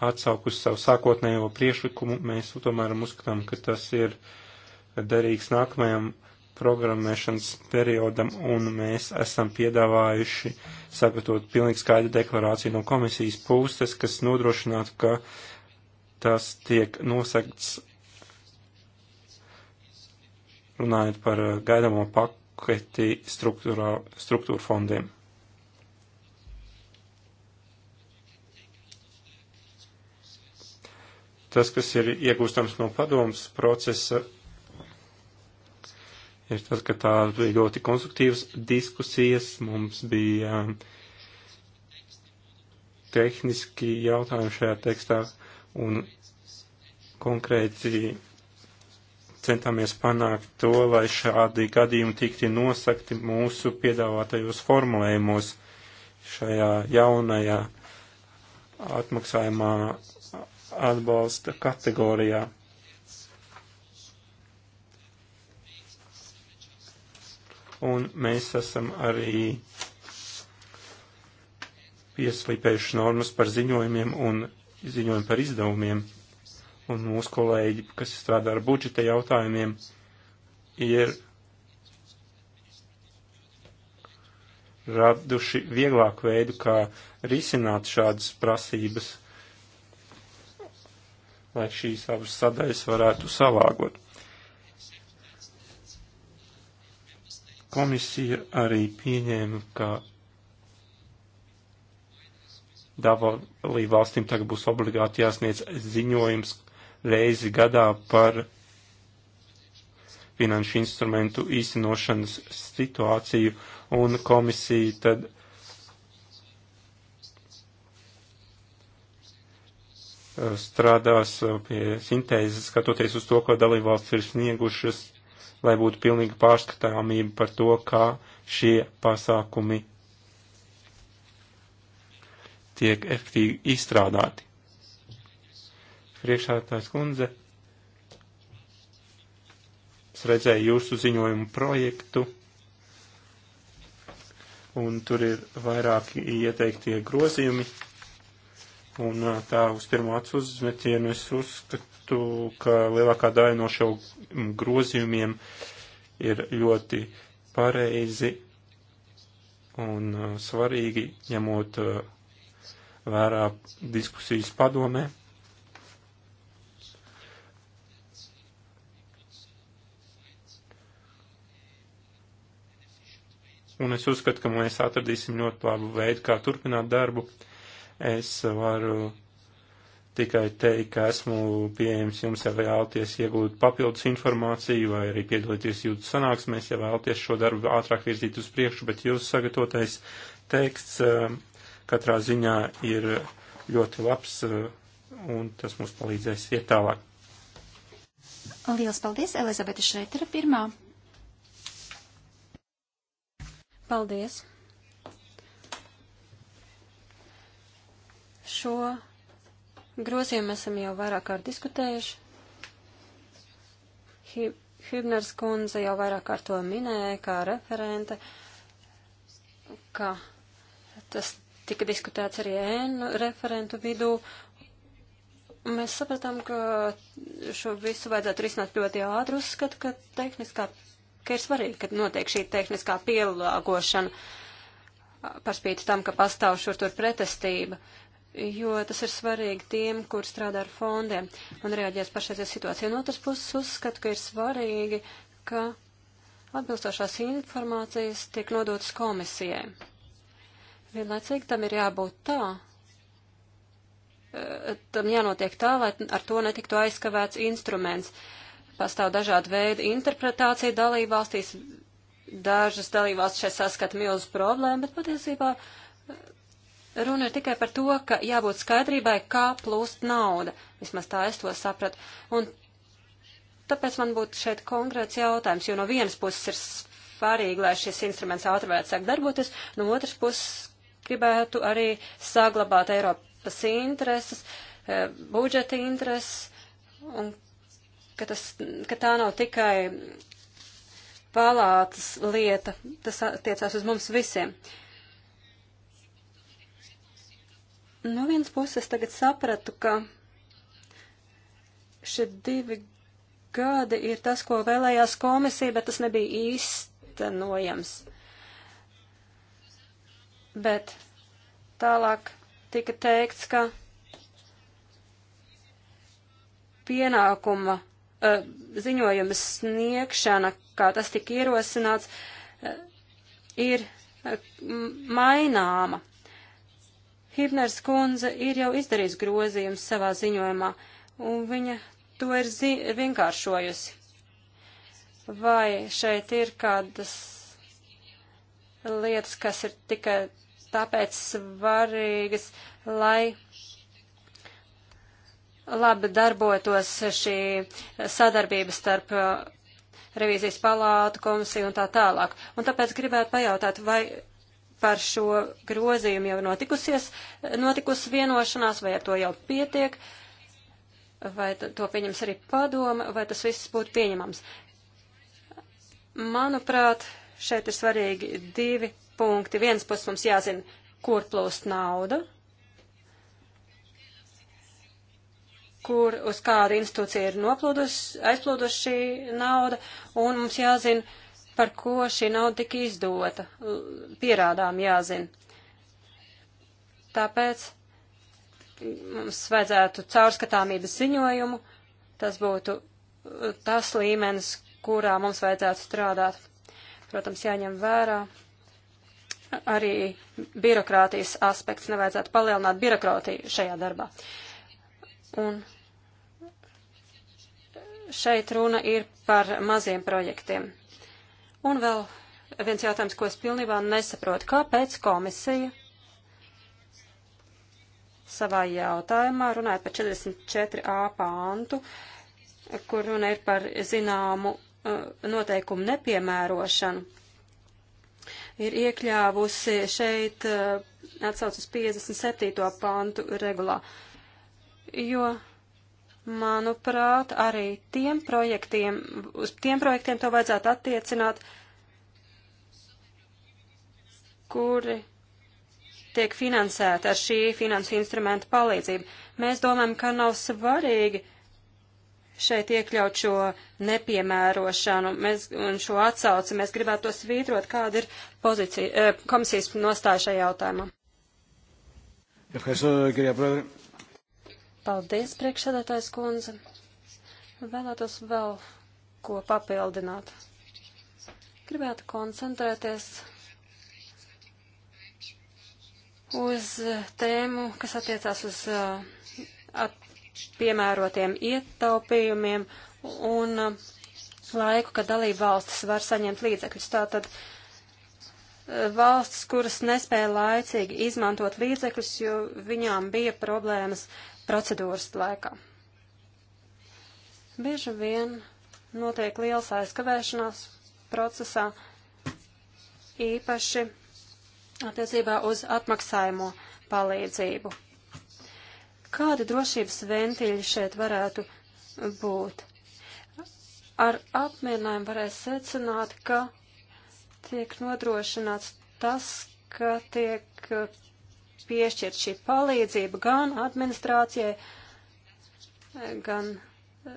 atsaukusi savu sākotnējo priešlikumu, mēs tomēr uzskatām, ka tas ir derīgs nākamajam programmēšanas periodam, un mēs esam piedāvājuši sagatavot pilnīgi skaidru deklarāciju no komisijas puses, kas nodrošinātu, ka tas tiek nosakts runājot par eh, gaidamo paketi struktūra fondiem. Tas, kas ir iegūstams no padomas procesa, ir tas, ka tā bija ļoti konstruktīvas diskusijas, mums bija eh, tehniski jautājumi šajā tekstā un konkrēti centāmies panākt to, lai šādi gadījumi tikti nosakti mūsu piedāvātajos formulējumos šajā jaunajā atmaksājumā atbalsta kategorijā. Un mēs esam arī pieslīpējuši normas par ziņojumiem un ziņojumu par izdevumiem un mūsu kolēģi, kas strādā ar budžeta jautājumiem, ir raduši vieglāku veidu, kā risināt šādas prasības, lai šīs abas sadaļas varētu salāgot. Komisija arī pieņēma, ka dalībvalstīm tagad būs obligāti jāsniedz ziņojums reizi gadā par finanšu instrumentu īstenošanas situāciju, un komisija tad strādās pie sintēzes, skatoties uz to, ko dalībvalsts ir sniegušas, lai būtu pilnīga pārskatāmība par to, kā šie pasākumi tiek efektīvi izstrādāti priekšādātājs kundze. Es redzēju jūsu ziņojumu projektu, un tur ir vairāki ieteiktie grozījumi, un tā uz pirmo acu uzmetienu es uzskatu, ka lielākā daļa no šo grozījumiem ir ļoti pareizi un svarīgi, ņemot vērā diskusijas padomē. un es uzskatu, ka mēs atradīsim ļoti labu veidu, kā turpināt darbu. Es varu tikai teikt, ka esmu pieejams jums, ja vēlaties iegūt papildus informāciju vai arī piedalīties jūtu sanāksmēs, ja vēlaties šo darbu ātrāk virzīt uz priekšu, bet jūsu sagatavotais teksts eh, katrā ziņā ir ļoti labs eh, un tas mums palīdzēs iet tālāk. Lielas paldies, Elizabete Šreitera pirmā. Paldies! Šo grozījumu esam jau vairāk kārt diskutējuši. Hibners kundze jau vairāk kārt to minēja kā referente, ka tas tika diskutēts arī ēnu referentu vidū. Mēs sapratām, ka šo visu vajadzētu risināt ļoti ātri. Uzskatu, ka tehniskā ka ir svarīgi, ka notiek šī tehniskā pielāgošana par spīti tam, ka pastāv šur tur pretestība, jo tas ir svarīgi tiem, kur strādā ar fondiem un reaģēs pašreizajā situācijā. No otras puses uzskatu, ka ir svarīgi, ka atbilstošās informācijas tiek nodotas komisijai. Vienlaicīgi tam ir jābūt tā, eh, tam jānotiek tā, lai ar to netiktu aizkavēts instruments. Uh, pastāv dažādi veidi interpretācija dalībvalstīs. Dažas dalībvalstis šeit saskata milzu problēmu, bet patiesībā eh, runa ir tikai par to, ka jābūt skaidrībai, kā plūst nauda. Vismaz tā es to sapratu. Un tāpēc man būtu šeit konkrēts jautājums, jo no vienas puses ir svarīgi, lai šis instruments ātri varētu sākt darboties, no otras puses gribētu arī saglabāt Eiropas intereses, eh, budžeta intereses, un ka, tas, ka tā nav tikai palātas lieta, tas attiecās uz mums visiem. No vienas puses tagad sapratu, ka šie divi gadi ir tas, ko vēlējās komisija, bet tas nebija īstenojams. Bet tālāk tika teikts, ka pienākuma uh, ziņojuma sniegšana, kā tas tika ierosināts, uh, ir uh, maināma. Hibners kundze ir jau izdarījusi grozījumus savā ziņojumā, un viņa to ir vienkāršojusi. Vai šeit ir kādas lietas, kas ir tikai tāpēc svarīgas, lai labi darbotos šī sadarbība starp uh, revīzijas palātu komisiju un tā tālāk. Un tāpēc gribētu pajautāt, vai par šo grozījumu jau notikusies, notikusi vienošanās, vai ar to jau pietiek, vai to pieņems arī padoma, vai tas viss būtu pieņemams. Manuprāt, šeit ir svarīgi divi punkti. Viens puses mums jāzina, kur plūst nauda, kur uz kādu institūciju ir noplūdus, aizplūdus šī nauda, un mums jāzina, par ko šī nauda tika izdota, pierādām jāzina. Tāpēc mums vajadzētu caurskatāmības ziņojumu, tas būtu uh, tas līmenis, kurā mums vajadzētu strādāt. Protams, jāņem vērā arī birokrātijas aspekts, nevajadzētu palielināt birokrātiju šajā darbā. Un šeit runa ir par maziem projektiem. Un vēl viens jautājums, ko es pilnībā nesaprotu. Kāpēc komisija savā jautājumā runāja par 44a pāntu, kur runa ir par zināmu uh, noteikumu nepiemērošanu, ir iekļāvusi šeit atsauc uz 57. pāntu regulā, jo Manuprāt, arī tiem projektiem, uz tiem projektiem to vajadzētu attiecināt, kuri tiek finansēti ar šī finansu instrumenta palīdzību. Mēs domājam, ka nav svarīgi šeit iekļaut šo nepiemērošanu mēs, un šo atsauci. Mēs gribētu to svītrot, kāda ir pozīcija, eh, komisijas nostāja šajā jautājumā. Ja, Paldies, priekšsēdētājs kundze. Vēlētos vēl ko papildināt. Gribētu koncentrēties uz tēmu, kas attiecās uz uh, at, piemērotiem ietaupījumiem un uh, laiku, kad dalība valstis var saņemt līdzekļus. Tātad uh, valsts, kuras nespēja laicīgi izmantot līdzekļus, jo viņām bija problēmas procedūras laikā. Bieži vien notiek liels aizkavēšanās procesā, īpaši attiecībā uz atmaksājumu palīdzību. Kādi drošības ventiļi šeit varētu būt? Ar apmierinājumu varēs secināt, ka tiek nodrošināts tas, ka tiek piešķirt šī palīdzība gan administrācijai, gan eh,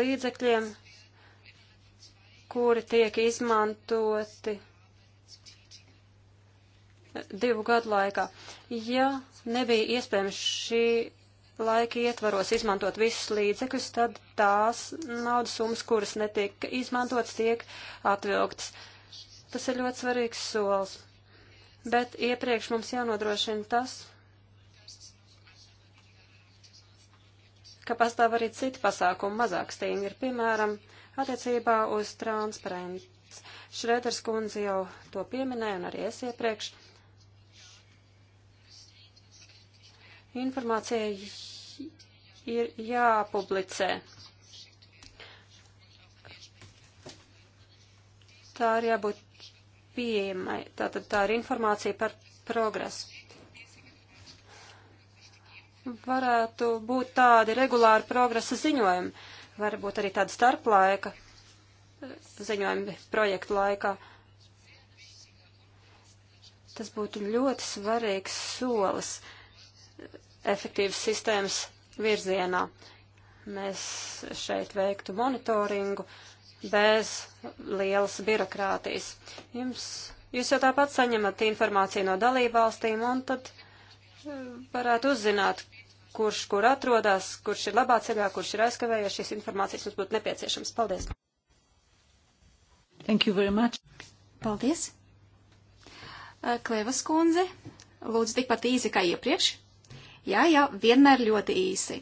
līdzekļiem, kuri tiek izmantoti eh, divu gadu laikā. Ja nebija iespējams šī laika ietvaros izmantot visus līdzekļus, tad tās naudas summas, kuras netiek izmantotas, tiek atvilktas. Tas ir ļoti svarīgs solis bet iepriekš mums jānodrošina tas, ka pastāv arī citi pasākumi mazāk stingri, piemēram, attiecībā uz transparents. Šrēters kundze jau to pieminēja un arī es iepriekš. Informācija ir jāpublicē. Tā ir jābūt pieejamai. Tātad tā ir informācija par progresu. Varētu būt tādi regulāri progresa ziņojumi, varbūt arī tāda starplaika ziņojumi projektu laikā. Tas būtu ļoti svarīgs solis efektīvas sistēmas virzienā. Mēs šeit veiktu monitoringu, uh, bez lielas birokrātijas. Jums, jūs jau tāpat saņemat informāciju no dalībvalstīm un tad eh, varētu uzzināt, kurš kur atrodas, kurš ir labā ceļā, kurš ir aizkavējies. Šīs informācijas mums būtu nepieciešams. Paldies! Thank you very much. Paldies! Eh, Klevas kundze, lūdzu tikpat īsi kā iepriekš. Jā, jā, vienmēr ļoti īsi.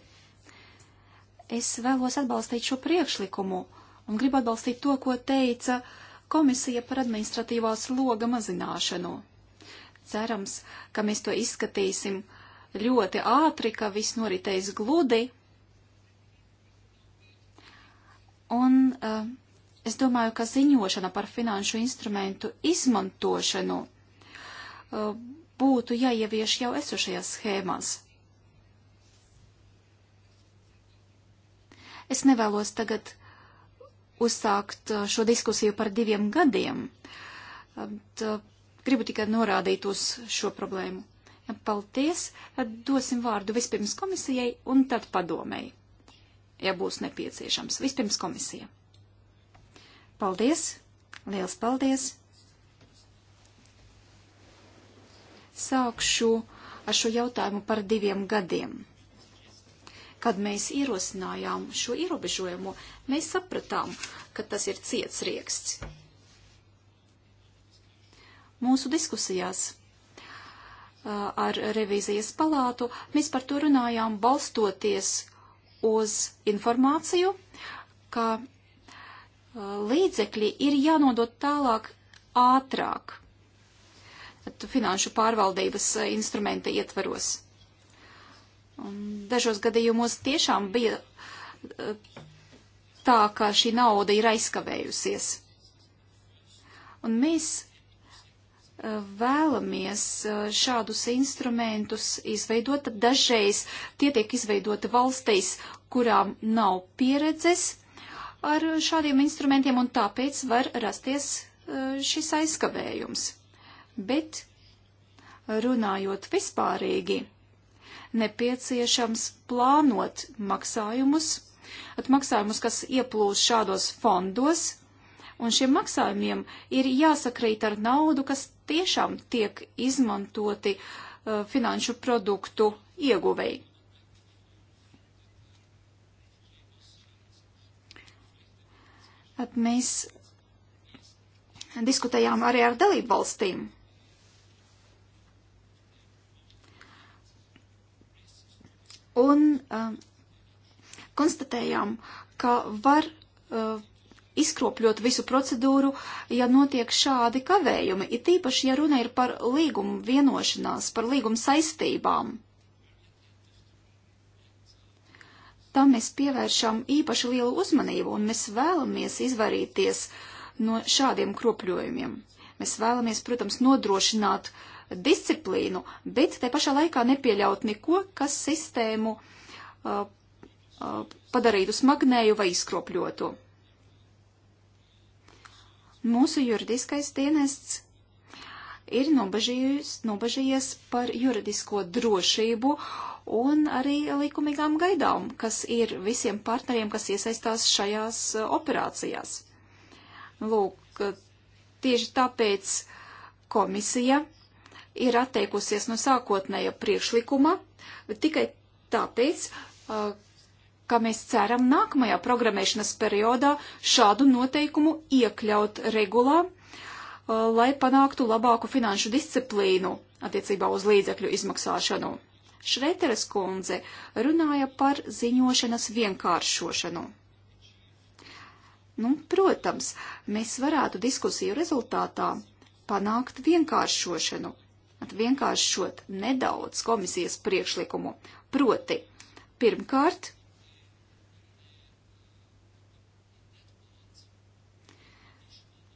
Es vēlos atbalstīt šo priekšlikumu un gribu atbalstīt to, ko teica komisija par administratīvā sloga mazināšanu. Cerams, ka mēs to izskatīsim ļoti ātri, ka viss noritēs gludi. Un uh, es domāju, ka ziņošana par finanšu instrumentu izmantošanu uh, būtu jāievieš jau esošajās schēmās. Es nevēlos tagad uzsākt uh, šo diskusiju par diviem gadiem. Tad uh, gribu tikai norādīt uz šo problēmu. Paldies! Dosim vārdu vispirms komisijai un tad padomēji, ja būs nepieciešams. Vispirms komisija. Paldies! Liels paldies! Sākšu ar šo jautājumu par diviem gadiem. Kad mēs ierosinājām šo ierobežojumu, mēs sapratām, ka tas ir ciets rieksts. Mūsu diskusijās ar revīzijas palātu mēs par to runājām balstoties uz informāciju, ka līdzekļi ir jānodot tālāk ātrāk. Tad finanšu pārvaldības instrumenta ietvaros. Un dažos gadījumos tiešām bija tā, ka šī nauda ir aizkavējusies. Un mēs eh, vēlamies eh, šādus instrumentus izveidot, tad dažreiz tie tiek izveidoti valstīs, kurām nav pieredzes ar šādiem instrumentiem, un tāpēc var rasties eh, šis aizkavējums. Bet runājot vispārīgi, nepieciešams plānot maksājumus, atmaksājumus, kas ieplūst šādos fondos, un šiem maksājumiem ir jāsakrīt ar naudu, kas tiešām tiek izmantoti uh, finanšu produktu ieguvēji. At mēs diskutējām arī ar dalību valstīm un uh, konstatējām, ka var uh, izkropļot visu procedūru, ja notiek šādi kavējumi, it īpaši, ja runa ir par līgumu vienošanās, par līgumu saistībām. Tam mēs pievēršam īpaši lielu uzmanību un mēs vēlamies izvairīties no šādiem kropļojumiem. Mēs vēlamies, protams, nodrošināt uh, disciplīnu, bet te pašā laikā nepieļaut neko, kas sistēmu uh, uh, padarītu smagnēju vai izkropļotu. Mūsu juridiskais dienests ir nobažījies par juridisko drošību un arī likumīgām gaidām, kas ir visiem partneriem, kas iesaistās šajās uh, operācijās. Lūk, tieši tāpēc komisija ir atteikusies no sākotnēja priekšlikuma tikai tāpēc, ka mēs ceram nākamajā programmēšanas periodā šādu noteikumu iekļaut regulā, lai panāktu labāku finanšu disciplīnu attiecībā uz līdzekļu izmaksāšanu. Šreiteres kundze runāja par ziņošanas vienkāršošanu. Nu, protams, mēs varētu diskusiju rezultātā panākt vienkāršošanu, vienkāršot nedaudz komisijas priekšlikumu. Proti, pirmkārt,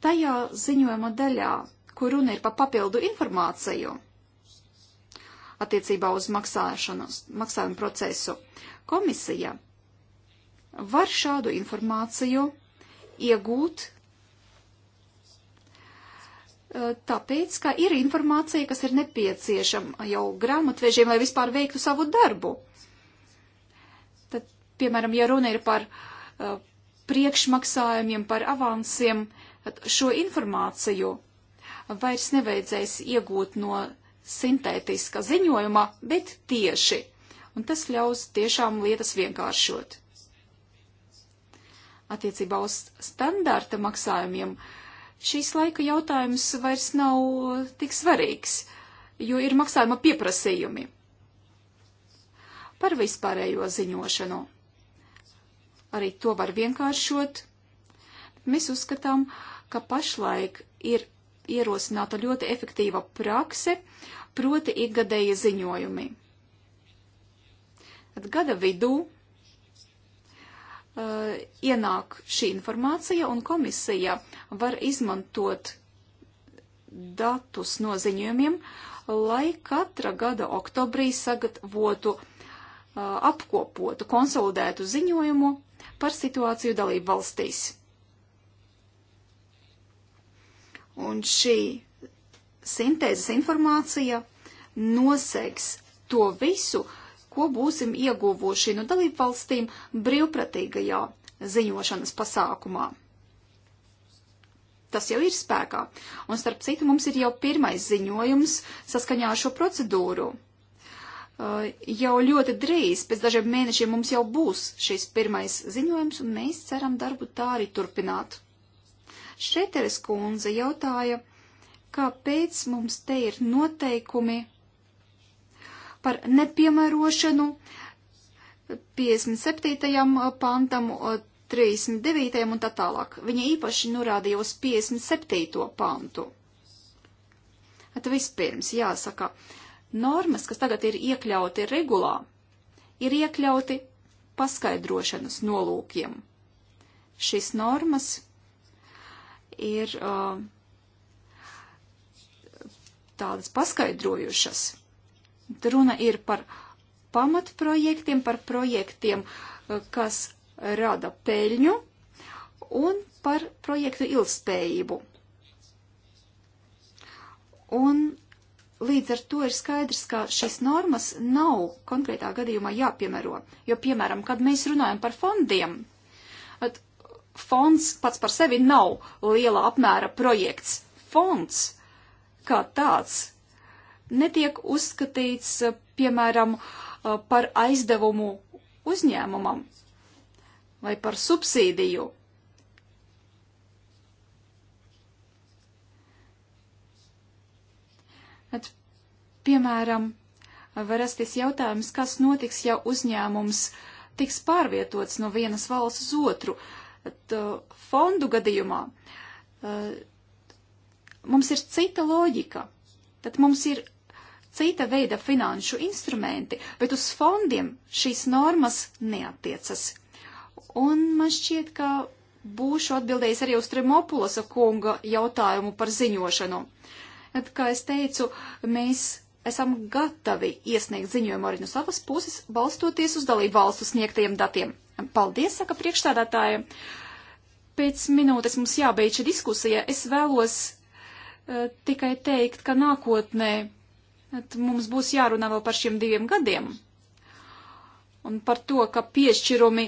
tajā ziņojuma daļā, kur runa ir par papildu informāciju attiecībā uz maksājumu procesu, komisija var šādu informāciju iegūt Eh, tāpēc, ka ir informācija, kas ir nepieciešama jau grāmatvežiem, lai vispār veiktu savu darbu. Tad, piemēram, ja runa ir par uh, priekšmaksājumiem, par avansiem, šo informāciju vairs nevajadzēs iegūt no sintētiska ziņojuma, bet tieši. Un tas ļaus tiešām lietas vienkāršot. Attiecībā uz standarta maksājumiem uh, šīs laika jautājums vairs nav tik svarīgs, jo ir maksājuma pieprasījumi. Par vispārējo ziņošanu. Arī to var vienkāršot. Mēs uzskatām, ka pašlaik ir ierosināta ļoti efektīva prakse, proti ikgadēja ziņojumi. Tad gada vidū uh, ienāk šī informācija un komisija var izmantot datus no ziņojumiem, lai katra gada oktobrī sagatavotu, uh, apkopotu, konsolidētu ziņojumu par situāciju dalību valstīs. Un šī sintēzes informācija noseiks to visu, uh, ko būsim ieguvuši no dalībvalstīm brīvprātīgajā ziņošanas pasākumā. Tas jau ir spēkā, un starp citu mums ir jau pirmais ziņojums saskaņā ar šo procedūru. Uh, jau ļoti drīz, pēc dažiem mēnešiem, mums jau būs šis pirmais ziņojums, un mēs ceram darbu tā arī turpināt. Šreiteres kundze jautāja, kāpēc mums te ir noteikumi par nepiemērošanu 57. Uh, pantam, 39. Uh, un tā tālāk. Viņa īpaši norādīja uz 57. pantu. At vispirms jāsaka, normas, kas tagad ir iekļauti regulā, ir iekļauti paskaidrošanas nolūkiem. Šis normas ir uh, tādas paskaidrojušas Runa ir par pamatprojektiem, par projektiem, eh, kas rada peļņu un par projektu ilgspējību. Un līdz ar to ir skaidrs, ka šīs normas nav konkrētā gadījumā jāpiemēro. Jo, piemēram, kad mēs runājam par fondiem, fonds pats par sevi nav liela apmēra projekts. Fonds kā tāds netiek uzskatīts, eh, piemēram, eh, par aizdevumu uzņēmumam vai par subsīdiju. At, piemēram, var rasties jautājums, kas notiks, ja uzņēmums tiks pārvietots no vienas valsts uz otru. At, eh, fondu gadījumā mums ir cita loģika. Tad mums ir cita veida finanšu instrumenti, bet uz fondiem šīs normas neatiecas. Un man šķiet, ka būšu atbildējis arī uz Tremopulasa kunga jautājumu par ziņošanu. At, kā es teicu, mēs esam gatavi iesniegt ziņojumu arī no savas puses, balstoties uz dalību valstu sniegtajiem datiem. Paldies, saka priekšstādātāja. Pēc minūtes mums jābeidz šī diskusija. Es vēlos uh, tikai teikt, ka nākotnē Tad mums būs jārunā vēl par šiem diviem gadiem. Un par to, ka piešķirumi,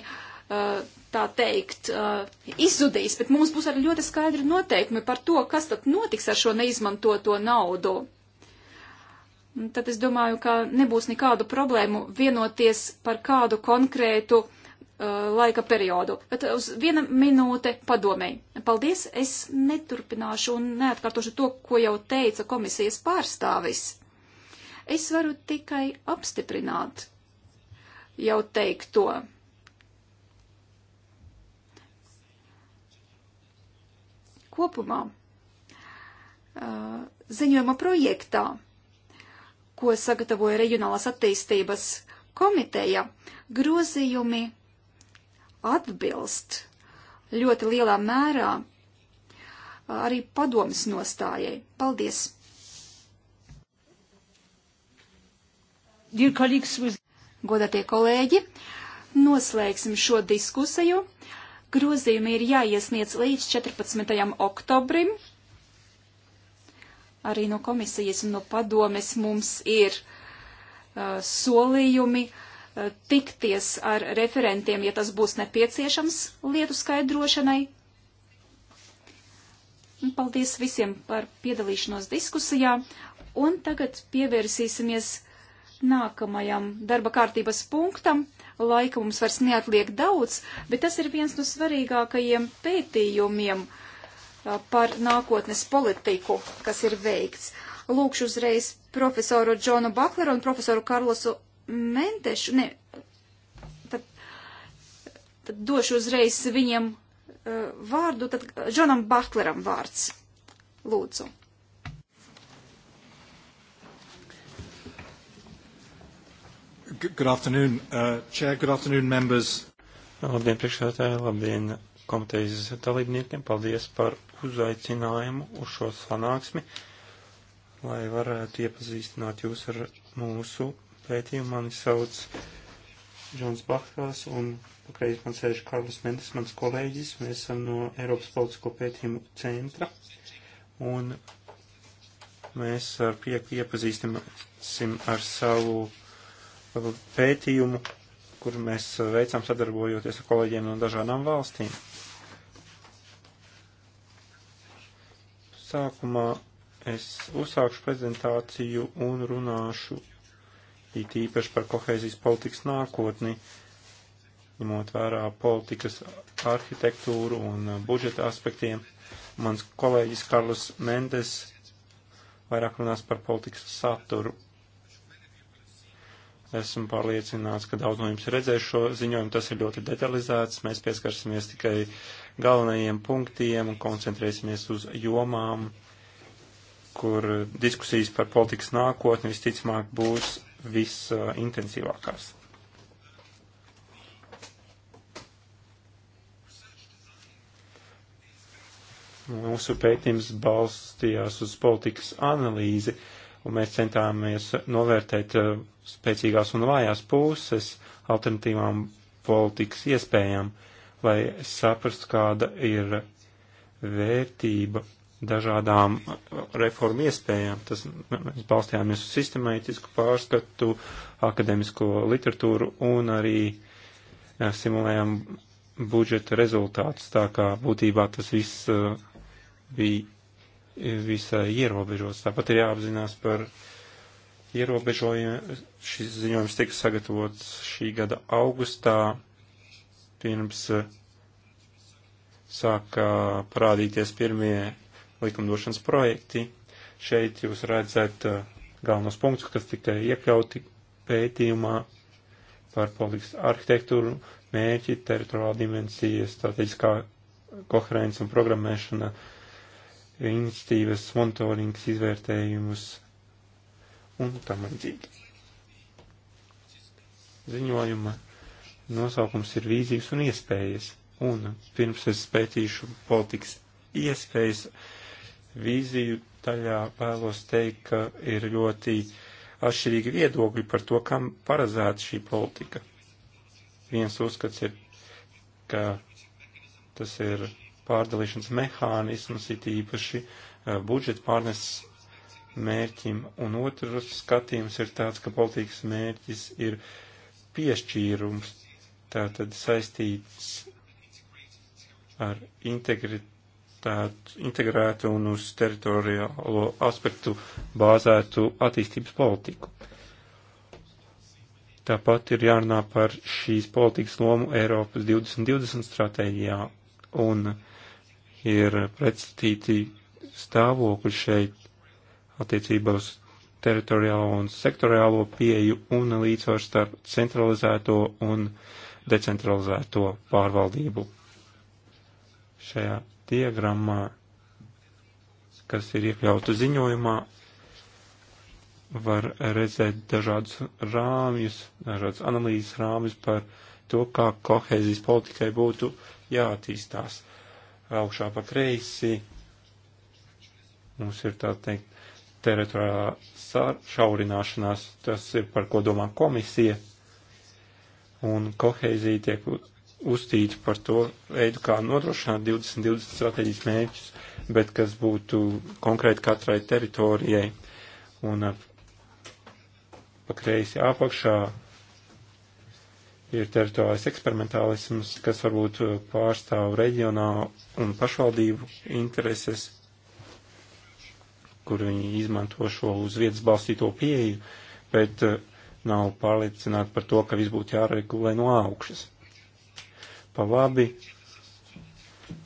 tā teikt, izzudīs, bet mums būs arī ļoti skaidri noteikumi par to, kas tad notiks ar šo neizmantoto naudu. Un tad es domāju, ka nebūs nekādu problēmu vienoties par kādu konkrētu laika periodu. Bet uz viena minūte padomēji. Paldies, es neturpināšu un neatkārtošu to, ko jau teica komisijas pārstāvis. Es varu tikai apstiprināt jau teikto. Kopumā ziņojuma projektā, ko sagatavoja Reģionālās attīstības komiteja, grozījumi atbilst ļoti lielā mērā arī padomas nostājai. Paldies! Godatie kolēģi, noslēgsim šo diskusiju. Grozījumi ir jāiesniedz līdz 14. oktobrim. Arī no komisijas un no padomes mums ir uh, solījumi uh, tikties ar referentiem, ja tas būs nepieciešams lietu skaidrošanai. Un paldies visiem par piedalīšanos diskusijā. Un tagad pievērsīsimies nākamajam darba kārtības punktam. Laika mums vairs neatliek daudz, bet tas ir viens no svarīgākajiem pētījumiem par nākotnes politiku, kas ir veikts. Lūkšu uzreiz profesoru Džonu Bakleru un profesoru Karlosu Mentešu, ne, tad, tad došu uzreiz viņiem uh, vārdu, tad Džonam Bakleram vārds. Lūdzu. Good afternoon, uh, Chair. Good afternoon, members. Labdien, priekšsētāji. Labdien, komitejas dalībniekiem. Paldies par uzaicinājumu uz šo sanāksmi, lai varētu iepazīstināt jūs ar mūsu pētījumu. Mani sauc Džons Bahkās un pakreiz man sēž Karlis Mendes, mans kolēģis. Mēs esam no Eiropas politisko pētījumu centra. Un mēs ar prieku iepazīstināsim ar savu pētījumu, kur mēs veicam sadarbojoties ar kolēģiem no dažādām valstīm. Sākumā es uzsākšu prezentāciju un runāšu it īpaši par kohēzijas politikas nākotni, ņemot vērā politikas arhitektūru un budžeta aspektiem. Mans kolēģis Karls Mendes vairāk runās par politikas saturu. Esmu pārliecināts, ka daudz no jums ir redzējuši šo ziņojumu, tas ir ļoti detalizēts, mēs pieskarsimies tikai galvenajiem punktiem un koncentrēsimies uz jomām, kur diskusijas par politikas nākotni visticamāk būs visintensīvākās. Mūsu pētījums balstījās uz politikas analīzi un mēs centāmies novērtēt eh, spēcīgās un vājās puses alternatīvām politikas iespējām, lai saprastu, kāda ir vērtība dažādām eh, reformu iespējām. Tas mēs balstījāmies uz sistemētisku pārskatu, akademisko literatūru un arī eh, simulējām budžeta rezultātus, tā kā būtībā tas viss bija visai ierobežots. Tāpat ir jāapzinās par ierobežojumiem. Šis ziņojums tika sagatavots šī gada augustā, pirms eh, sāka parādīties pirmie likumdošanas projekti. Šeit jūs redzat eh, galvenos punktus, kas tika iekļauti pētījumā par politikas arhitektūru, mērķi, teritoriāla dimensija, strateģiskā koherence un programmēšana uh, iniciatīvas monitoringas izvērtējumus un tam līdzīgi. Ziņojuma nosaukums ir vīzijas un iespējas, un pirms es pētīšu politikas iespējas vīziju daļā vēlos teikt, ka ir ļoti atšķirīgi viedokļi par to, kam paredzēta šī politika. Viens uzskats ir, ka tas ir pārdalīšanas mehānismus, it īpaši eh, budžeta pārnes mērķim, un otrs skatījums ir tāds, ka politikas mērķis ir piešķīrums, tātad saistīts ar integrētu un uz teritoriālo aspektu bāzētu attīstības politiku. Tāpat ir jārunā par šīs politikas lomu Eiropas 2020 stratēģijā un uh, ir pretstatīti stāvokļi šeit attiecībā uz teritoriālo un sektoriālo pieju un līdzsvaru starp centralizēto un decentralizēto pārvaldību. Šajā diagrammā, kas ir iekļauta ziņojumā, var redzēt dažādus rāmjus, dažādas analīzes rāmjus par to, kā kohēzijas politikai būtu jāattīstās. Uh, augšā pa kreisi. Mums ir tā teikt teritoriālā šaurināšanās, tas ir par ko domā komisija, un koheizija tiek uztīta par to veidu, kā nodrošināt 2020 strateģijas mērķus, bet kas būtu konkrēti katrai teritorijai. Un pa kreisi apakšā ir teritoriālais eksperimentālisms, kas varbūt uh, pārstāv reģionālu un pašvaldību intereses, kur viņi izmanto šo uz vietas balstīto pieeju, bet uh, nav pārliecināti par to, ka viss būtu jāregulē no augšas. Pa labi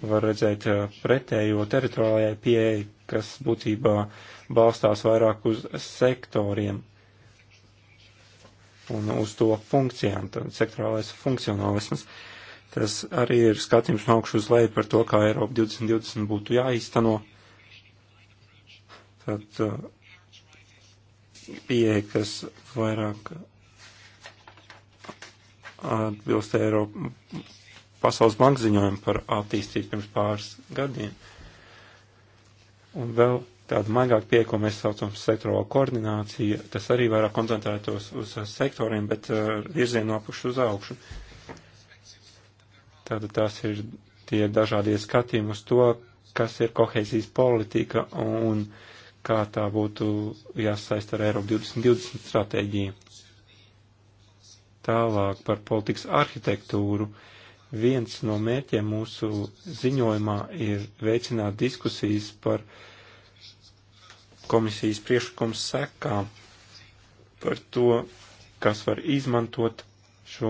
var redzēt uh, pretējo teritoriālajai pieeju, kas būtībā balstās vairāk uz sektoriem un uz to funkcijām, tad sektorālais funkcionālisms. Tas arī ir skatījums no augšu uz leju par to, kā Eiropa 2020 būtu jāīsteno. Tad uh, pieeja, kas vairāk atbilst Eiropa pasaules banka ziņojumu par attīstību pirms pāris gadiem. Un vēl tāda maigāka pieeja, ko mēs saucam sektorālo koordināciju, tas arī vairāk koncentrētos uz uh, sektoriem, bet uh, virzienu no apakšu uz augšu. Tātad tās ir tie dažādie skatījumi uz to, kas ir kohēzijas politika un kā tā būtu jāsaist ar Eiropu 2020 stratēģiju. Tālāk par politikas arhitektūru. Viens no mērķiem mūsu ziņojumā ir veicināt diskusijas par uh, komisijas priekšlikums sekā par to, kas var izmantot šo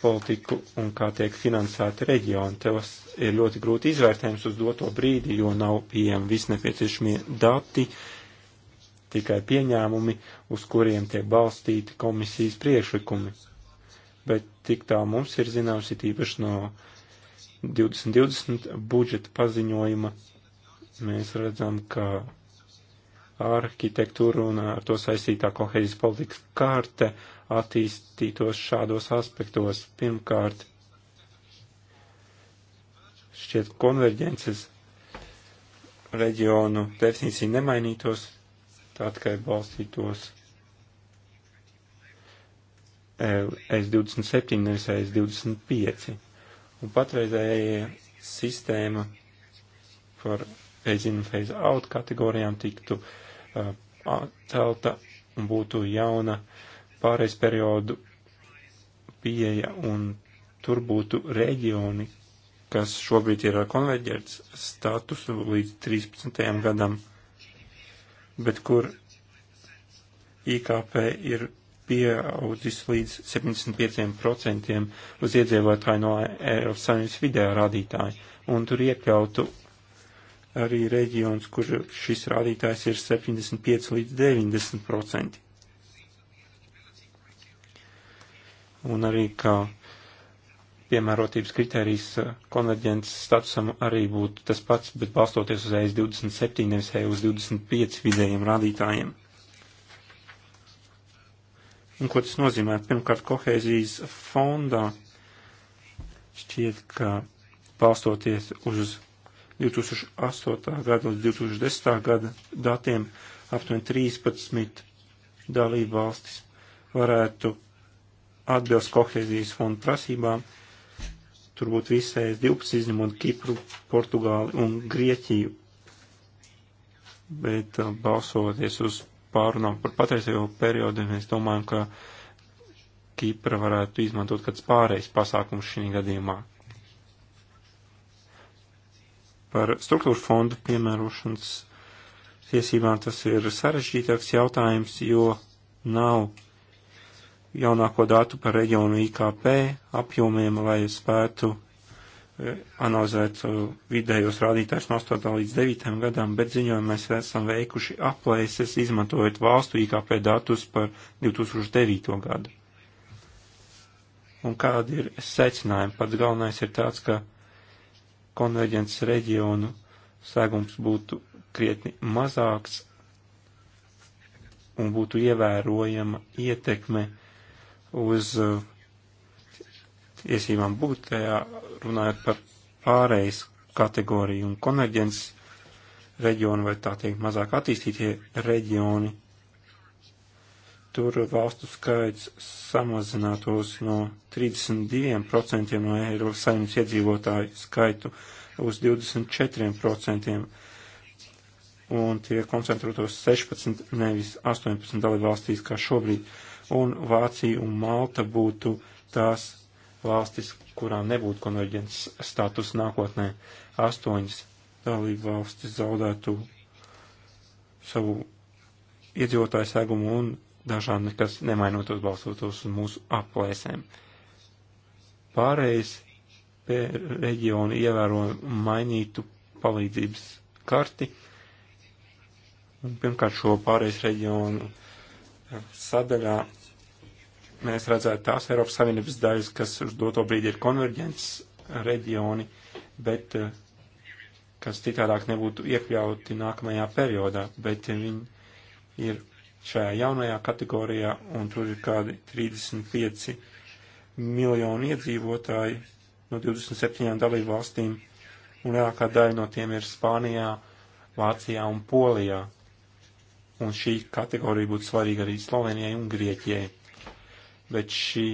politiku un kā tiek finansēti reģioni. Tevas ir ļoti grūti izvērtējums uz doto brīdi, jo nav pieejami visi nepieciešamie dati, tikai pieņēmumi, uz kuriem tiek balstīti komisijas priekšlikumi. Bet tik tā mums ir zināms, ir īpaši no 2020 budžeta paziņojuma. Mēs redzam, ka arhitektūra un ar to saistītā kohēzijas politikas kārte attīstītos šādos aspektos. Pirmkārt, šķiet konverģences reģionu definīcija nemainītos, tā tikai balstītos S27, nevis S25. Un patreizējie sistēma par phase in, phase out kategorijām tiktu uh, Uh, atcelta un būtu jauna pāreiz periodu pieeja un tur būtu reģioni, kas šobrīd ir ar konverģēts statusu līdz 13. gadam, bet kur IKP ir pieaudzis līdz 75% uz iedzīvotāju no Eiropas Savienības vidējā rādītāja, un tur iekļautu arī reģions, kur šis rādītājs ir 75 līdz 90 procenti. Un arī kā piemērotības kritērijs konverģences statusam arī būtu tas pats, bet balstoties uz e ES 27, nevis e ES 25 vidējiem rādītājiem. Un ko tas nozīmē? Pirmkārt, kohēzijas fondā šķiet, ka balstoties uz 2008. gada un 2010. gada datiem aptuveni 13 dalību valstis varētu atbilst kohēzijas fonda prasībām. Tur būtu visais 12 izņemot Kipru, Portugāli un Grieķiju. Bet uh, balsoties uz pārunām par patreizējo periodu, mēs domājam, ka Kipra varētu izmantot kāds pārējais pasākums šī gadījumā par struktūru fondu piemērošanas tiesībām tas ir sarežģītāks jautājums, jo nav jaunāko datu par reģionu IKP apjomiem, lai spētu e, analizēt e, vidējos rādītājus no 8. līdz 9. gadam, bet ziņojumā mēs esam veikuši aplēses, izmantojot valstu IKP datus par 2009. gadu. Un kādi ir secinājumi? Pats galvenais ir tāds, ka konverģences reģionu segums būtu krietni mazāks un būtu ievērojama ietekme uz uh, tiesībām būtējā, runājot par pārējais kategoriju un konverģences reģionu vai tā teikt mazāk attīstītie reģioni tur valstu skaits samazinātos no 32% no Eiropas saimnes iedzīvotāju skaitu uz 24%, un tie koncentrētos 16, nevis 18 dalībvalstīs kā šobrīd, un Vācija un Malta būtu tās valstis, kurām nebūtu konverģences status nākotnē. Astoņas dalībvalstis zaudētu savu iedzīvotāju segumu un dažādi nekas nemainotos balsotos uz mūsu aplēsēm. Pārējais pie reģiona ievērojami mainītu palīdzības karti. Un pirmkārt šo pārējais reģionu sadaļā mēs redzētu tās Eiropas Savienības daļas, kas uz doto brīdi ir konverģents reģioni, bet eh, kas citādāk nebūtu iekļauti nākamajā periodā, bet viņi ir šajā jaunajā kategorijā, un tur ir kādi 35 miljoni iedzīvotāji no 27 dalību valstīm, un lielākā daļa no tiem ir Spānijā, Vācijā un Polijā. Un šī kategorija būtu svarīga arī Slovenijai un Grieķijai. Bet šī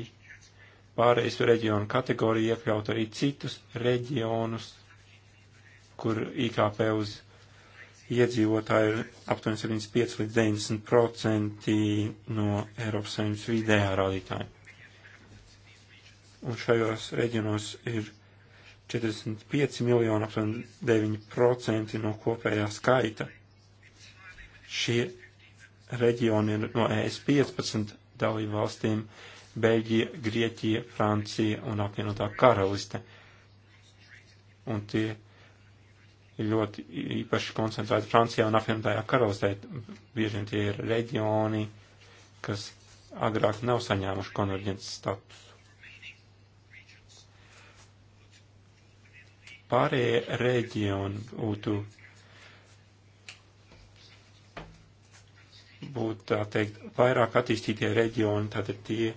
pārējais reģionu kategorija iekļaut arī citus reģionus, kur IKP uz iedzīvotāji ir aptuveni 75 līdz 90 procenti no Eiropas saimnes vidējā rādītāja. Un šajos reģionos ir 45 miljoni, aptuveni 9 procenti no kopējā skaita. Šie reģioni ir no ES 15 dalību valstīm - Beļģija, Grieķija, Francija un apvienotā karaliste. Un tie ir ļoti īpaši koncentrēti Francijā un apvienotājā karalistē. Bieži vien tie ir reģioni, kas agrāk nav saņēmuši konverģences statusu. Pārējie reģioni būtu, būtu, tā teikt, vairāk attīstītie reģioni, tātad tie,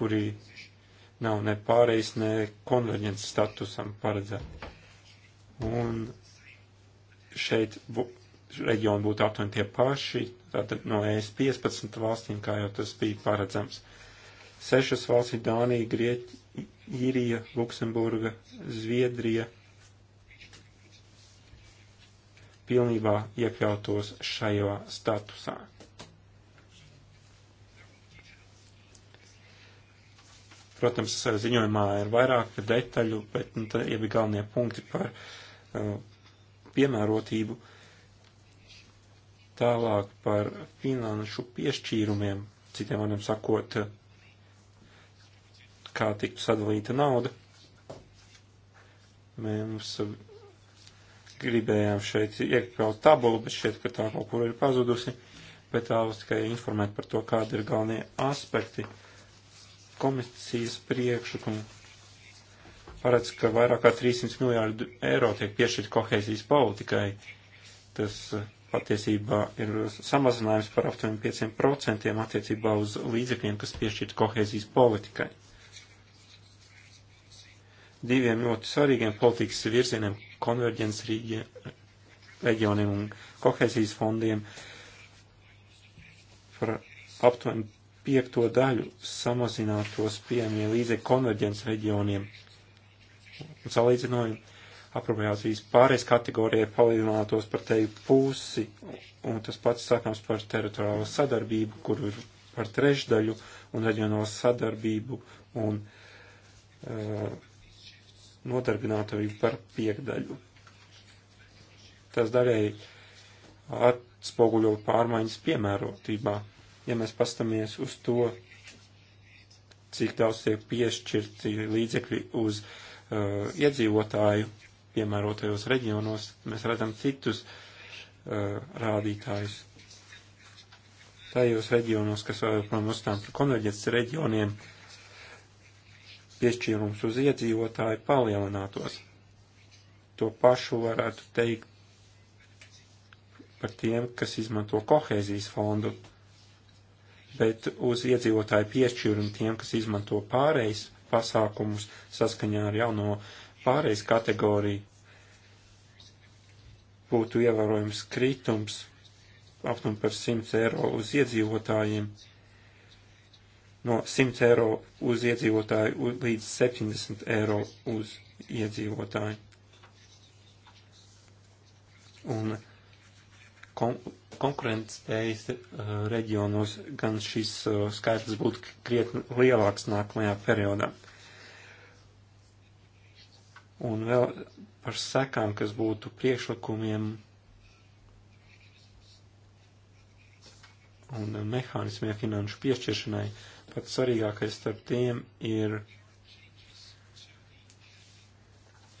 kuri nav ne pārējais, ne konverģences statusam paredzēti. Un šeit reģioni būtu aptuveni tie paši, tātad no ES 15 valstīm, kā jau tas bija paredzams. Sešas valsts ir Dānija, Grieķija, Īrija, Luksemburga, Zviedrija pilnībā iekļautos šajā statusā. Protams, ziņojumā ir vairāk detaļu, bet nu, tie bija galvenie punkti par uh, piemērotību, tālāk par finanšu piešķīrumiem, citiem vārdiem sakot, kā tiktu sadalīta nauda. Mēs gribējām šeit iekļaut tabulu, bet šķiet, ka tā kaut kur ir pazudusi, bet vēlos tikai informēt par to, kādi ir galvenie aspekti komisijas priekšlikumi paredz, ka vairāk kā 300 miljārdu eiro tiek piešķirt kohēzijas politikai. Tas eh, patiesībā ir samazinājums par aptuveni 5% attiecībā uz līdzekļiem, kas piešķirt kohēzijas politikai. Diviem ļoti svarīgiem politikas virzieniem - konverģences reģioniem un kohēzijas fondiem par aptuveni piekto daļu samazinātos pieejamie līdzekļi konverģences reģioniem salīdzinājumu aprobējāsīs pārējais kategorijai palielinātos par teju pusi, un tas pats sakams par teritoriālo sadarbību, kur ir par trešdaļu, un reģionālo sadarbību un uh, eh, nodarbinātību par piekdaļu. Tas daļai atspoguļo pārmaiņas piemērotībā. Ja mēs pastamies uz to, cik daudz tiek piešķirti līdzekļi uz uh, uh, iedzīvotāju piemērotajos reģionos, mēs redzam citus uh, rādītājus. Tajos reģionos, kas vēl joprojām uzstām par konverģences reģioniem, piešķīrums uz iedzīvotāju palielinātos. To pašu varētu teikt par tiem, kas izmanto kohēzijas fondu, bet uz iedzīvotāju piešķīrumu tiem, kas izmanto pārējais pasākumus saskaņā ar jauno pārejas kategoriju. Būtu ievērojams krītums apmēram par 100 eiro uz iedzīvotājiem, no 100 eiro uz iedzīvotāju līdz 70 eiro uz iedzīvotāju. Un konkurētspējas eh, reģionos, gan šis eh, skaitlis būtu krietni lielāks nākamajā periodā. Un vēl par sekām, kas būtu priekšlikumiem un mehānismiem finanšu piešķiršanai, pats svarīgākais starp tiem ir,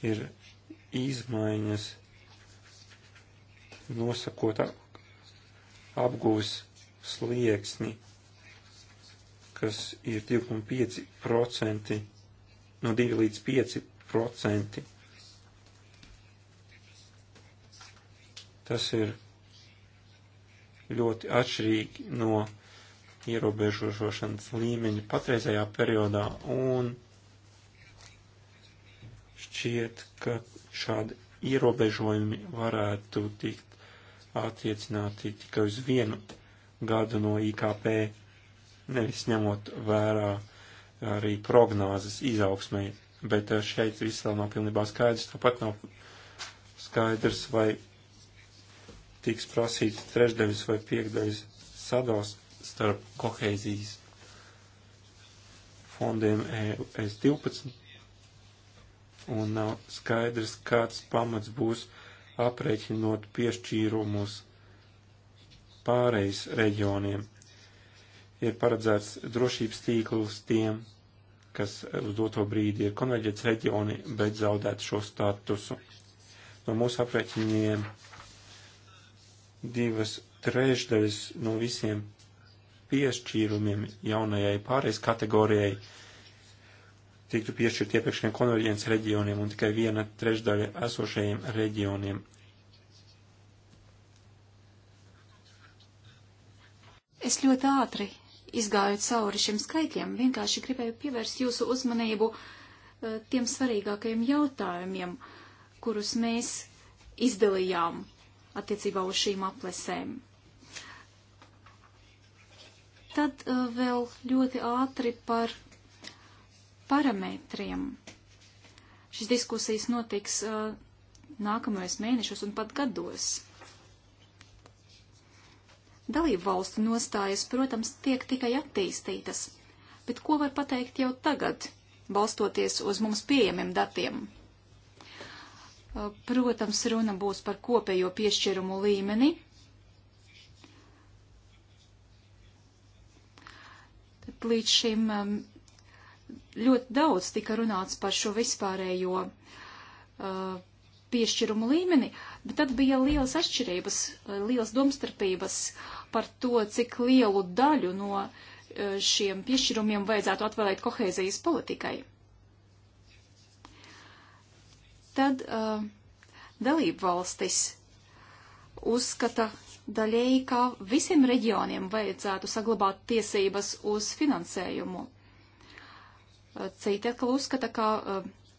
ir izmaiņas nosakot apgūs slieksni, kas ir 2,5% no 2 līdz 5%. Tas ir ļoti atšķirīgi no ierobežošanas līmeņa patreizējā periodā, un šķiet, ka šādi ierobežojumi varētu tikt attiecināti tikai uz vienu gadu no IKP, nevis ņemot vērā arī prognozes izaugsmai, bet eh, šeit viss vēl nav pilnībā skaidrs, tāpat nav skaidrs, vai tiks prasīts trešdaļas vai piekdaļas sadals starp koheizijas fondiem ES 12, un nav skaidrs, kāds pamats būs aprēķinot piešķīrumus pārejas reģioniem. Ir paredzēts drošības tīkls tiem, kas uz doto brīdi ir konveģēts reģioni, bet zaudēt šo statusu. No mūsu aprēķiniem divas trešdaļas no visiem piešķīrumiem jaunajai pārejas kategorijai tiktu piešķirt iepriekšējiem konverģences reģioniem un tikai viena trešdaļa esošajiem reģioniem. Es ļoti ātri izgāju cauri šiem skaitļiem, vienkārši gribēju pievērst jūsu uzmanību eh, tiem svarīgākajiem jautājumiem, kurus mēs izdalījām attiecībā uz šīm aplesēm. Tad eh, vēl ļoti ātri par parametriem. Šis diskusijas notiks uh, nākamajos mēnešos un pat gados. Dalību valstu nostājas, protams, tiek tikai attīstītas, bet ko var pateikt jau tagad, balstoties uz mums pieejamiem datiem? Uh, protams, runa būs par kopējo piešķirumu līmeni, līdz šim um, ļoti daudz tika runāts par šo vispārējo uh, piešķirumu līmeni, bet tad bija lielas atšķirības, uh, lielas domstarpības par to, cik lielu daļu no uh, šiem piešķirumiem vajadzētu atvēlēt kohēzijas politikai. Tad uh, dalību valstis uzskata daļēji, ka visiem reģioniem vajadzētu saglabāt tiesības uz finansējumu. Citi atkal uzskata, ka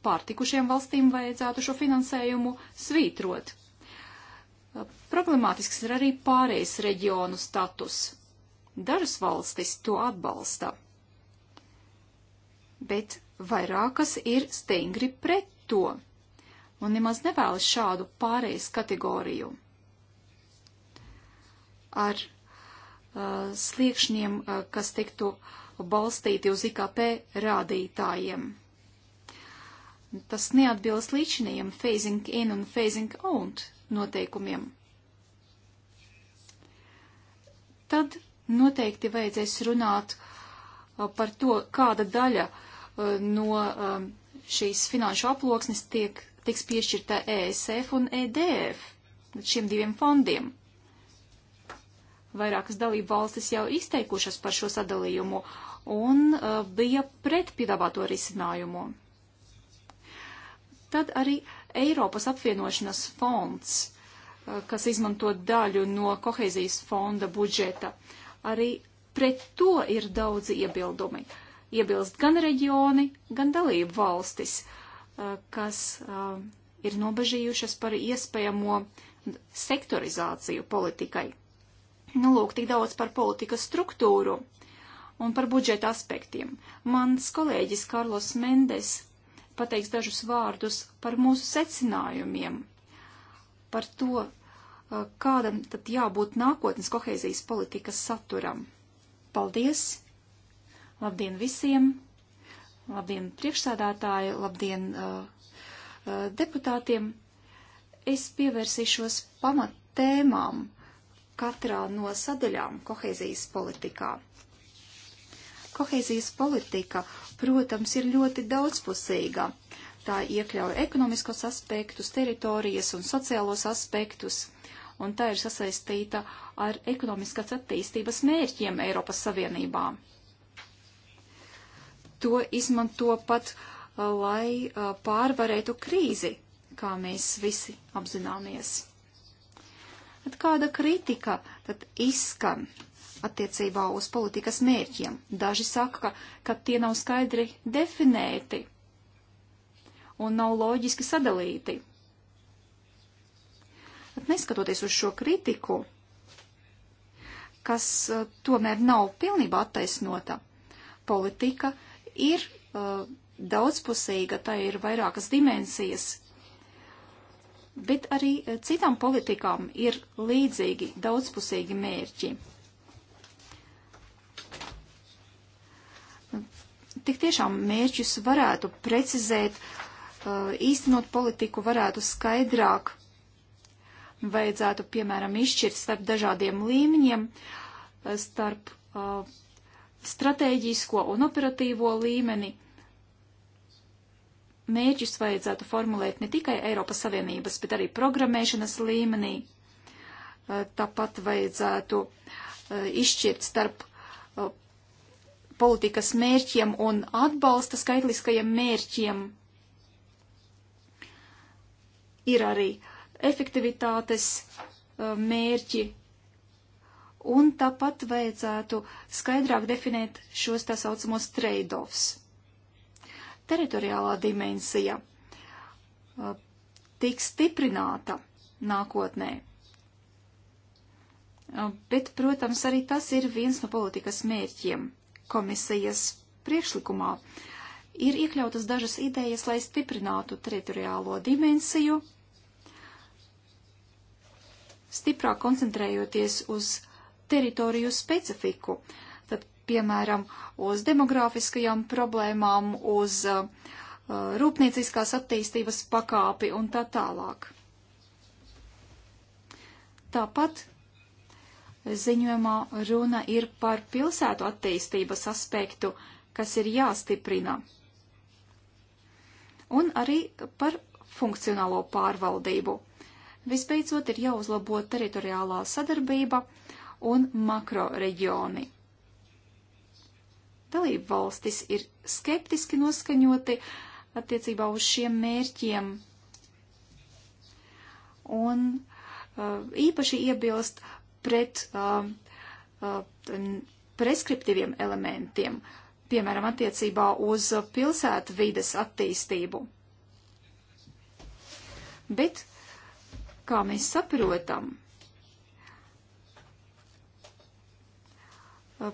pārtikušiem valstīm vajadzētu šo finansējumu svītrot. Eh, problemātisks ir arī pārējais reģionu status. Dažas valstis to atbalsta, bet vairākas ir stingri pret to un nemaz nevēlas šādu pārējais kategoriju. Ar uh, sliekšņiem, uh, kas tiktu uh, balstīti uz IKP rādītājiem. Tas neatbilst līdzinējiem phasing in un phasing out noteikumiem. Tad noteikti vajadzēs runāt uh, par to, kāda daļa uh, no um, šīs finanšu aploksnes tiek, tiks piešķirta ESF un EDF, šiem diviem fondiem. Vairākas dalību valstis jau izteikušas par šo sadalījumu, un uh, bija pret piedāvāto risinājumu. Tad arī Eiropas apvienošanas fonds, uh, kas izmanto daļu no kohēzijas fonda budžeta, arī pret to ir daudzi iebildumi. Iebilst gan reģioni, gan dalību valstis, uh, kas uh, ir nobežījušas par iespējamo sektorizāciju politikai. Nu, lūk, tik daudz par politikas struktūru un par budžeta aspektiem. Mans kolēģis Karlos Mendes pateiks dažus vārdus par mūsu secinājumiem, par to, uh, kādam tad jābūt nākotnes kohēzijas politikas saturam. Paldies! Labdien visiem! Labdien priekšsādātāji! Labdien uh, uh, deputātiem! Es pievērsīšos pamat tēmām katrā no sadaļām kohēzijas politikā. Kohēzijas politika, protams, ir ļoti daudzpusīga. Tā iekļauj ekonomiskos aspektus, teritorijas un sociālos aspektus, un tā ir sasaistīta ar ekonomiskās attīstības mērķiem Eiropas Savienībā. To izmanto pat, uh, lai uh, pārvarētu krīzi, kā mēs visi apzināmies. Tad kāda kritika tad izskan attiecībā uz politikas mērķiem. Daži saka, ka, ka tie nav skaidri definēti un nav loģiski sadalīti. Bet neskatoties uz šo kritiku, kas e, tomēr nav pilnībā attaisnota, politika ir uh, daudzpusīga, tā ir vairākas dimensijas, bet arī e, citām politikām ir līdzīgi daudzpusīgi mērķi. tik tiešām mērķus varētu precizēt, uh, īstenot politiku varētu skaidrāk. Vajadzētu, piemēram, izšķirt starp dažādiem līmeņiem, uh, starp uh, stratēģisko un operatīvo līmeni. Mērķus vajadzētu formulēt ne tikai Eiropas Savienības, bet arī programmēšanas līmenī. Tāpat vajadzētu izšķirt starp politikas mērķiem un atbalsta skaitliskajiem mērķiem. Ir arī efektivitātes uh, mērķi, un tāpat vajadzētu skaidrāk definēt šos tā saucamos trade-offs. Teritoriālā dimensija uh, tiks stiprināta nākotnē. Uh, bet, protams, arī tas ir viens no politikas mērķiem komisijas priekšlikumā ir iekļautas dažas idejas, lai stiprinātu teritoriālo dimensiju, stiprāk koncentrējoties uz teritoriju specifiku, tad, piemēram, uz demografiskajām problēmām, uz uh, rūpnieciskās attīstības pakāpi un tā tālāk. Tāpat ziņojumā runa ir par pilsētu attīstības aspektu, kas ir jāstiprina, un arī par funkcionālo pārvaldību. Visbeidzot, ir jāuzlabo teritoriālā sadarbība un makroreģioni. Dalību valstis ir skeptiski noskaņoti attiecībā uz šiem mērķiem un uh, īpaši iebilst pret um, preskriptīviem elementiem, piemēram, attiecībā uz pilsētu vides attīstību. Bet, kā mēs saprotam, uh,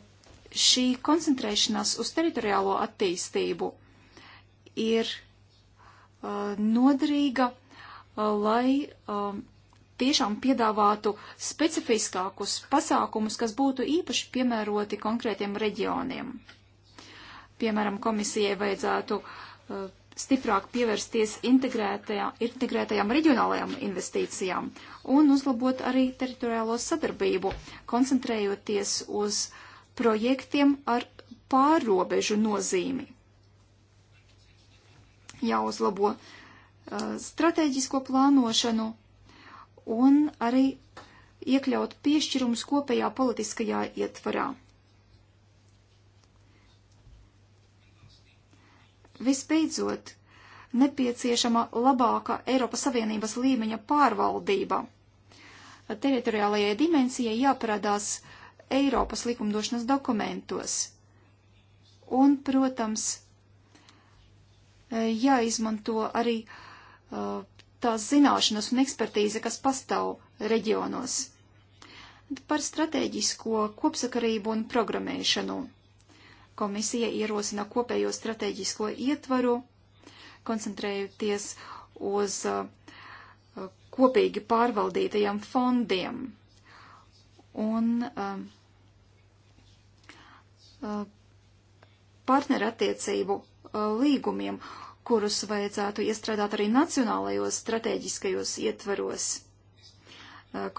šī koncentrēšanās uz teritoriālo attīstību ir noderīga, lai um, tiešām piedāvātu specifiskākus pasākumus, kas būtu īpaši piemēroti konkrētiem reģioniem. Piemēram, komisijai vajadzētu uh, stiprāk pievērsties integrētajā, integrētajām reģionālajām investīcijām un uzlabot arī teritoriālo sadarbību, koncentrējoties uz projektiem ar pārrobežu nozīmi. Jāuzlabo uh, stratēģisko plānošanu, un arī iekļaut piešķirumus kopējā politiskajā ietvarā. Visbeidzot, nepieciešama labāka Eiropas Savienības līmeņa pārvaldība. Teritoriālajai dimensijai jāparādās Eiropas likumdošanas dokumentos. Un, protams, jāizmanto arī uh, tās zināšanas un ekspertīze, kas pastāv reģionos. Par strateģisko kopsakarību un programmēšanu. Komisija ierosina kopējo strateģisko ietvaru, koncentrējoties uz uh, kopīgi pārvaldītajiem fondiem. Un um, uh, partnerattiecību uh, līgumiem kurus vajadzētu iestrādāt arī nacionālajos strateģiskajos ietveros.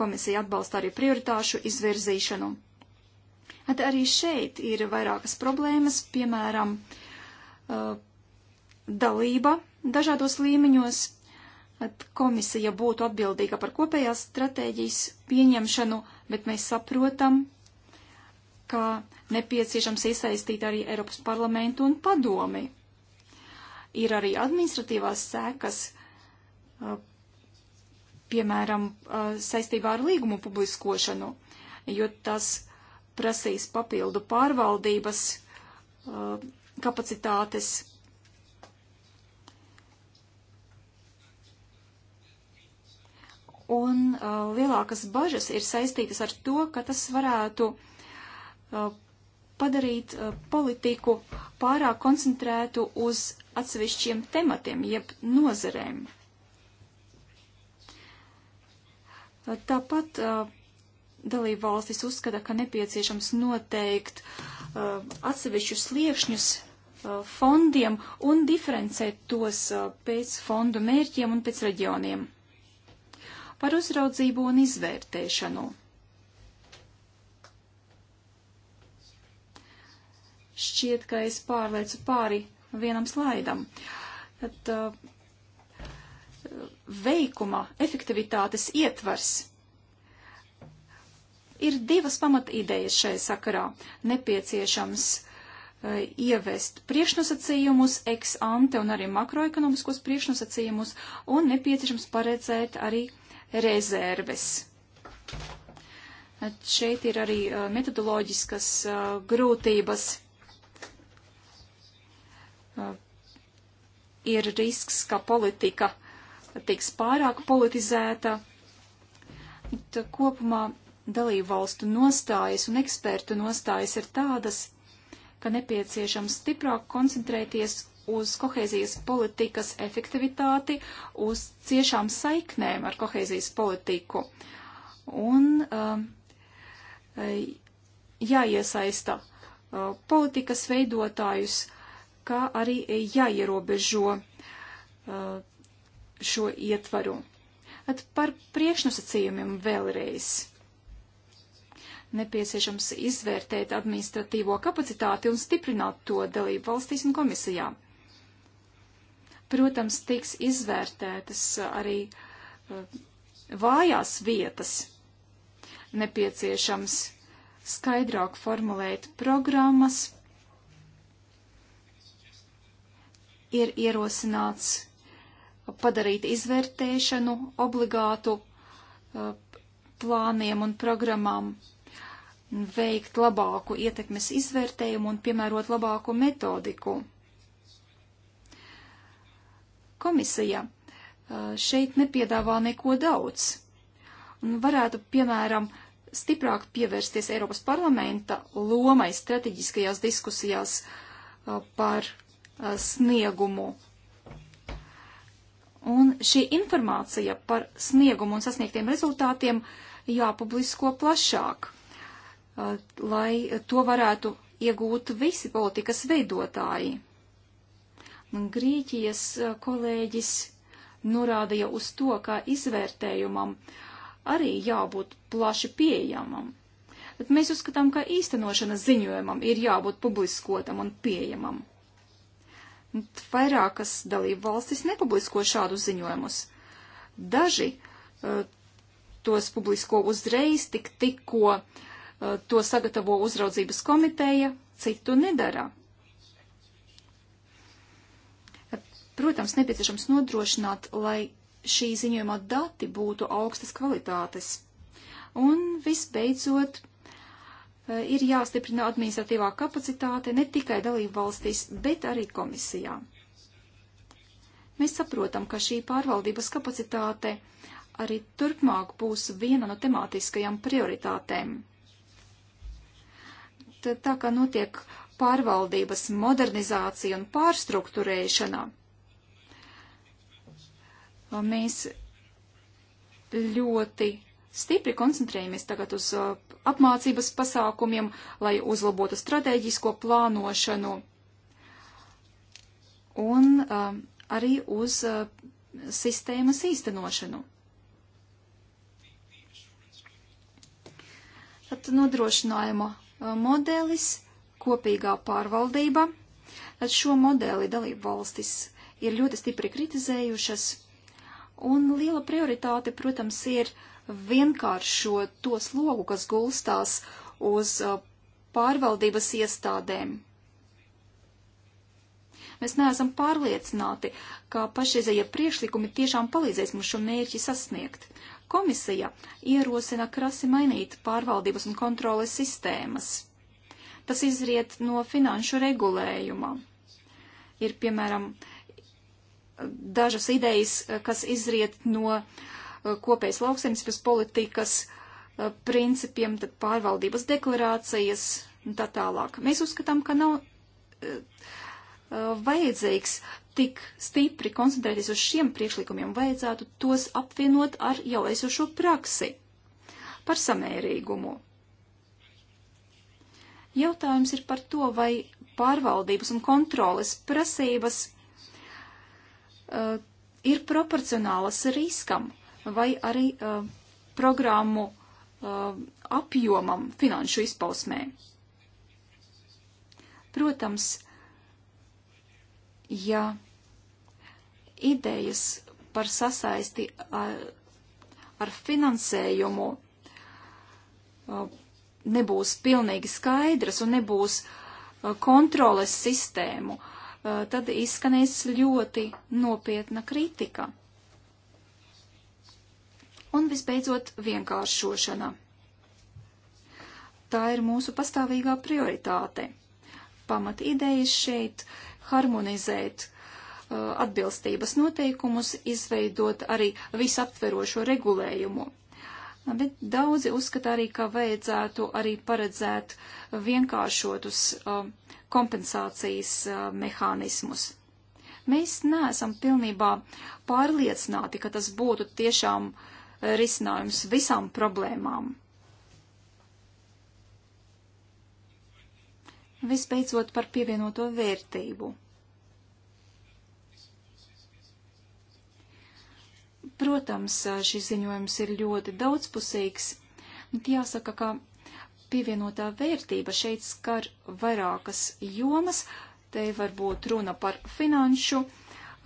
Komisija atbalsta arī prioritāšu izvirzīšanu. At arī šeit ir vairākas problēmas, piemēram, dalība dažādos līmeņos. At komisija būtu atbildīga par kopējās stratēģijas pieņemšanu, bet mēs saprotam, ka nepieciešams iesaistīt arī Eiropas parlamentu un padomi ir arī administratīvās sekas, piemēram, saistībā ar līgumu publiskošanu, jo tas prasīs papildu pārvaldības kapacitātes. Un uh, lielākas bažas ir saistītas ar to, ka tas varētu uh, padarīt uh, politiku pārāk koncentrētu uz atsevišķiem tematiem, jeb nozerēm. Tāpat uh, dalība valstis uzskata, ka nepieciešams noteikt uh, atsevišķus sliekšņus uh, fondiem un diferencēt tos pēc fondu mērķiem un pēc reģioniem. Par uzraudzību un izvērtēšanu. Šķiet, ka es pārliecu pāri vienam slaidam. Tad, uh, veikuma efektivitātes ietvars. Ir divas pamata idejas šai sakarā. Nepieciešams uh, ievest priekšnosacījumus, ex ante un arī makroekonomiskos priekšnosacījumus, un nepieciešams paredzēt arī rezerves. At šeit ir arī uh, metodoloģiskas uh, grūtības Uh, ir risks, ka politika tiks pārāk politizēta. Tā uh, kopumā dalību valstu nostājas un ekspertu nostājas ir tādas, ka nepieciešams stiprāk koncentrēties uz kohēzijas politikas efektivitāti, uz ciešām saiknēm ar kohēzijas politiku. Un um, uh, jāiesaista uh, politikas veidotājus, kā arī jāierobežo uh, šo ietvaru. At par priekšnosacījumiem vēlreiz. Nepieciešams izvērtēt administratīvo kapacitāti un stiprināt to dalību valstīs un komisijā. Protams, tiks izvērtētas arī uh, vājās vietas. Nepieciešams skaidrāk formulēt programmas, ir ierosināts padarīt izvērtēšanu obligātu uh, plāniem un programmām, veikt labāku ietekmes izvērtējumu un piemērot labāku metodiku. Komisija uh, šeit nepiedāvā neko daudz un varētu, piemēram, stiprāk pievērsties Eiropas parlamenta lomai strateģiskajās diskusijās uh, par Uh, sniegumu. Un šī informācija par sniegumu un sasniegtiem rezultātiem jāpublisko plašāk, uh, lai to varētu iegūt visi politikas veidotāji. Grīķijas uh, kolēģis norādīja uz to, ka izvērtējumam arī jābūt plaši pieejamam. Bet mēs uzskatām, ka īstenošanas ziņojumam ir jābūt publiskotam un pieejamam. Vairākas dalību valstis nepublisko šādu ziņojumus. Daži uh, tos publisko uzreiz, tik tikko uh, to sagatavo uzraudzības komiteja, citu nedara. Protams, nepieciešams nodrošināt, lai šī ziņojuma dati būtu augstas kvalitātes. Un visbeidzot, Eh, ir jāstiprina administratīvā kapacitāte ne tikai dalību valstīs, bet arī komisijā. Mēs saprotam, ka šī pārvaldības kapacitāte arī turpmāk būs viena no tematiskajām prioritātēm. Tad tā kā notiek pārvaldības modernizācija un pārstruktūrēšana, mēs ļoti Stipri koncentrējamies tagad uz uh, apmācības pasākumiem, lai uzlabotu strateģisko plānošanu un uh, arī uz uh, sistēmas īstenošanu. Tad nodrošinājuma modelis, kopīgā pārvaldība. Tad šo modeli dalību valstis ir ļoti stipri kritizējušas, un liela prioritāte, protams, ir uh, vienkāršo to slogu, kas gulstās uz uh, pārvaldības iestādēm. Mēs neesam pārliecināti, ka pašreizējie priekšlikumi tiešām palīdzēs mums šo mērķi sasniegt. Komisija ierosina krasi mainīt pārvaldības un kontroles sistēmas. Tas izriet no finanšu regulējuma. Ir, piemēram, dažas idejas, kas izriet no uh, kopējas lauksaimniecības politikas eh, principiem, tad pārvaldības deklarācijas un tā tālāk. Mēs uzskatām, ka nav eh, eh, vajadzīgs tik stipri koncentrēties uz šiem priekšlikumiem, vajadzētu tos apvienot ar jau esošo praksi par samērīgumu. Jautājums ir par to, vai pārvaldības un kontroles prasības uh, ir proporcionālas riskam, vai arī uh, programmu uh, apjomam finanšu izpausmē. Protams, ja idejas par sasaisti ar, ar finansējumu nebūs pilnīgi skaidras un nebūs kontroles sistēmu, tad izskanēs ļoti nopietna kritika. Un visbeidzot, vienkāršošana. Tā ir mūsu pastāvīgā prioritāte. Pamat idejas šeit - harmonizēt uh, atbilstības noteikumus, izveidot arī visaptverošo regulējumu. Bet daudzi uzskata arī, ka vajadzētu arī paredzēt vienkāršotus uh, kompensācijas uh, mehānismus. Mēs neesam pilnībā pārliecināti, ka tas būtu tiešām uh, risinājums visām problēmām. Visbeidzot par pievienoto vērtību. Protams, šis ziņojums ir ļoti daudzpusīgs, bet jāsaka, ka pievienotā vērtība šeit skar vairākas jomas. Te var būt runa par finanšu uh,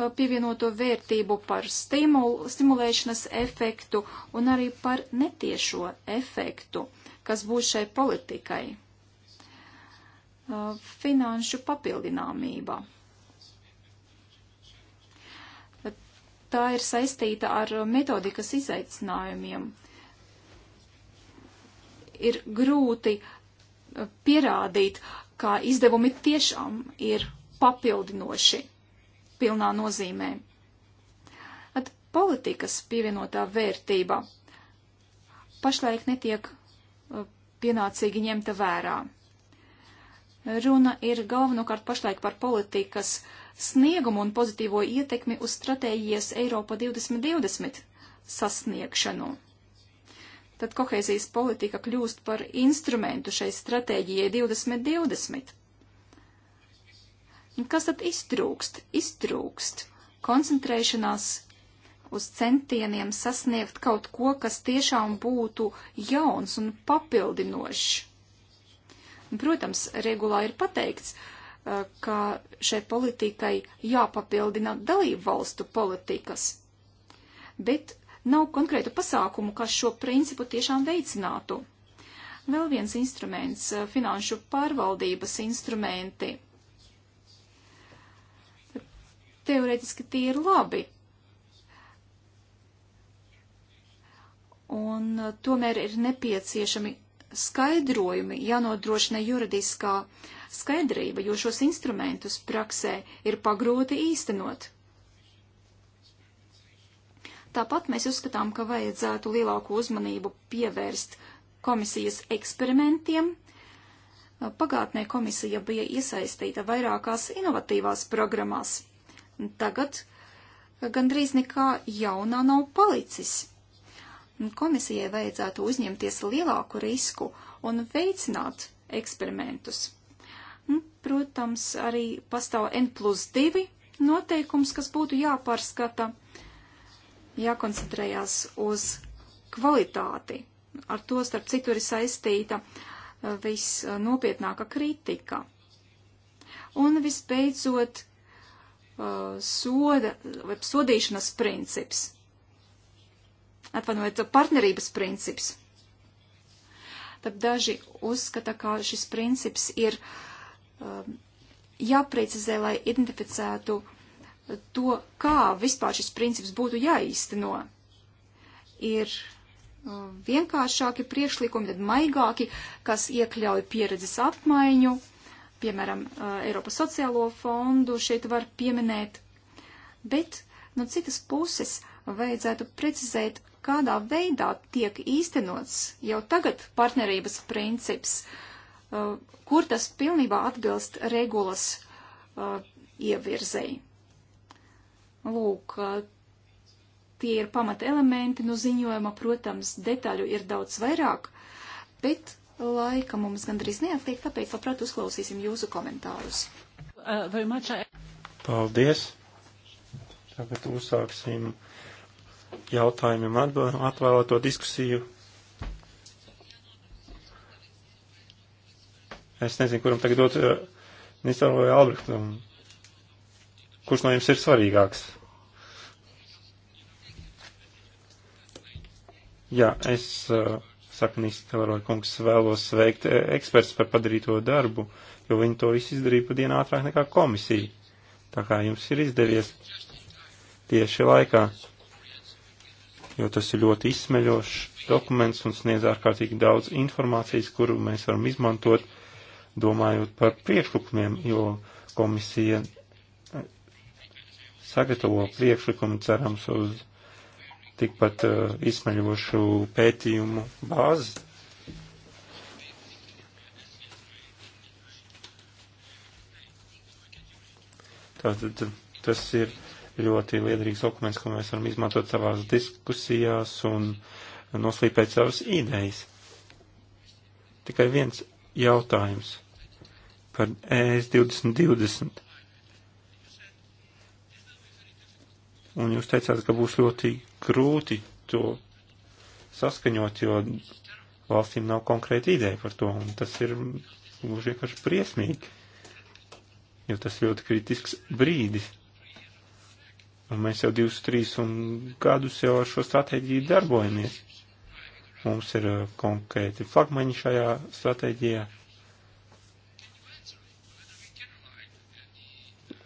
Uh, pievienoto vērtību, par stimul, stimulēšanas efektu un arī par netiešo efektu, kas būs šai politikai. Uh, finanšu papildināmība. Tā ir saistīta ar metodikas izaicinājumiem. Ir grūti uh, pierādīt, kā izdevumi tiešām ir papildinoši pilnā nozīmē. At politikas pievienotā vērtība pašlaik netiek uh, pienācīgi ņemta vērā. Runa ir galvenokārt pašlaik par politikas sniegumu un pozitīvo ietekmi uz stratēģijas Eiropa 2020 sasniegšanu. Tad kohēzijas politika kļūst par instrumentu šai stratēģijai 2020. Kas tad iztrūkst? Iztrūkst koncentrēšanās uz centieniem sasniegt kaut ko, kas tiešām būtu jauns un papildinošs. Protams, regulā ir pateikts, ka šai politikai jāpapildina dalību valstu politikas, bet nav konkrētu pasākumu, kas šo principu tiešām veicinātu. Vēl viens instruments - finanšu pārvaldības instrumenti teoretiski tie ir labi. Un uh, tomēr ir nepieciešami skaidrojumi, jānodrošina juridiskā skaidrība, jo šos instrumentus praksē ir pagrūti īstenot. Tāpat mēs uzskatām, ka vajadzētu lielāku uzmanību pievērst komisijas eksperimentiem. Pagātnē komisija bija iesaistīta vairākās inovatīvās programmās. Tagad gandrīz nekā jaunā nav palicis. Komisijai vajadzētu uzņemties lielāku risku un veicināt eksperimentus. Nu, protams, arī pastāv N plus 2 noteikums, kas būtu jāpārskata, jākoncentrējās uz kvalitāti. Ar to starp citu ir saistīta eh, visnopietnākā kritika. Un visbeidzot, Uh, soda vai sodīšanas princips. Atvainojiet, partnerības princips. Tad daži uzskata, ka šis princips ir um, jāprecizē, lai identificētu to, kā vispār šis princips būtu jāīsteno. Ir um, vienkāršāki priekšlikumi, tad maigāki, kas iekļauj pieredzes apmaiņu, piemēram, eh, Eiropas sociālo fondu šeit var pieminēt, bet no citas puses vajadzētu precizēt, kādā veidā tiek īstenots jau tagad partnerības princips, eh, kur tas pilnībā atbilst regulas eh, ievirzēji. Lūk, tie ir pamata elementi no ziņojuma, protams, detaļu ir daudz vairāk, bet Laika mums gandrīz neatliek, tāpēc labprāt uzklausīsim jūsu komentārus. Uh, Paldies! Tagad uzsāksim jautājumiem atvēlēto diskusiju. Es nezinu, kuram tagad dot uh, Nisam vai Albrechtam. Kurš no jums ir svarīgāks? Jā, es uh, Sakanīs Teleroja kungs vēlos sveikt e, eksperts par padarīto darbu, jo viņi to visu izdarīja pa dienu ātrāk nekā komisija. Tā kā jums ir izdevies tieši laikā, jo tas ir ļoti izsmeļošs dokuments un sniedz ārkārtīgi daudz informācijas, kuru mēs varam izmantot, domājot par priekšlikumiem, jo komisija e, sagatavo priekšlikumu cerams uz tikpat uh, izsmeļošu pētījumu bāzi. Tātad uh, tas ir ļoti liederīgs dokuments, ko mēs varam izmantot savās diskusijās un noslīpēt savas idejas. Tikai viens jautājums par e ES 2020. Un jūs teicāt, ka būs ļoti grūti to saskaņot, jo valstīm nav konkrēta ideja par to, un tas ir gluži vienkārši briesmīgi, jo tas ļoti kritisks brīdis. Un mēs jau divus, trīs un gadus jau ar šo stratēģiju darbojamies. Mums ir uh, konkrēti flagmaņi šajā stratēģijā.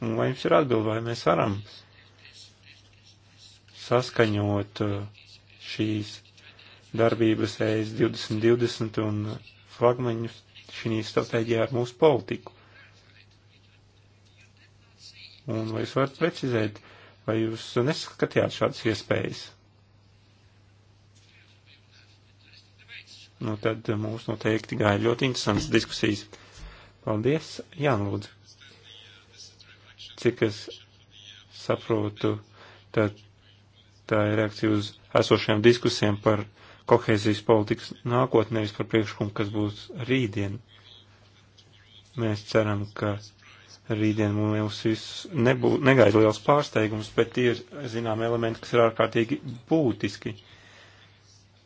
Un vai jums ir atbildi, vai mēs varam saskaņot uh, šīs darbības ES 2020 un flagmaņus šī stratēģijā ar mūsu politiku. Un vai jūs varat precizēt, vai jūs neskatījāt šādas iespējas? Nu, tad mums noteikti gāja ļoti interesants diskusijas. Paldies, Jānlūdzu. Cik es saprotu, tad tā ir reakcija uz esošajām diskusijām par kohēzijas politikas nākotnē, nevis par priekšlikumu, kas būs rītdien. Mēs ceram, ka rītdien mums visus nebū, negaida liels pārsteigums, bet ir, zinām, elementi, kas ir ārkārtīgi būtiski.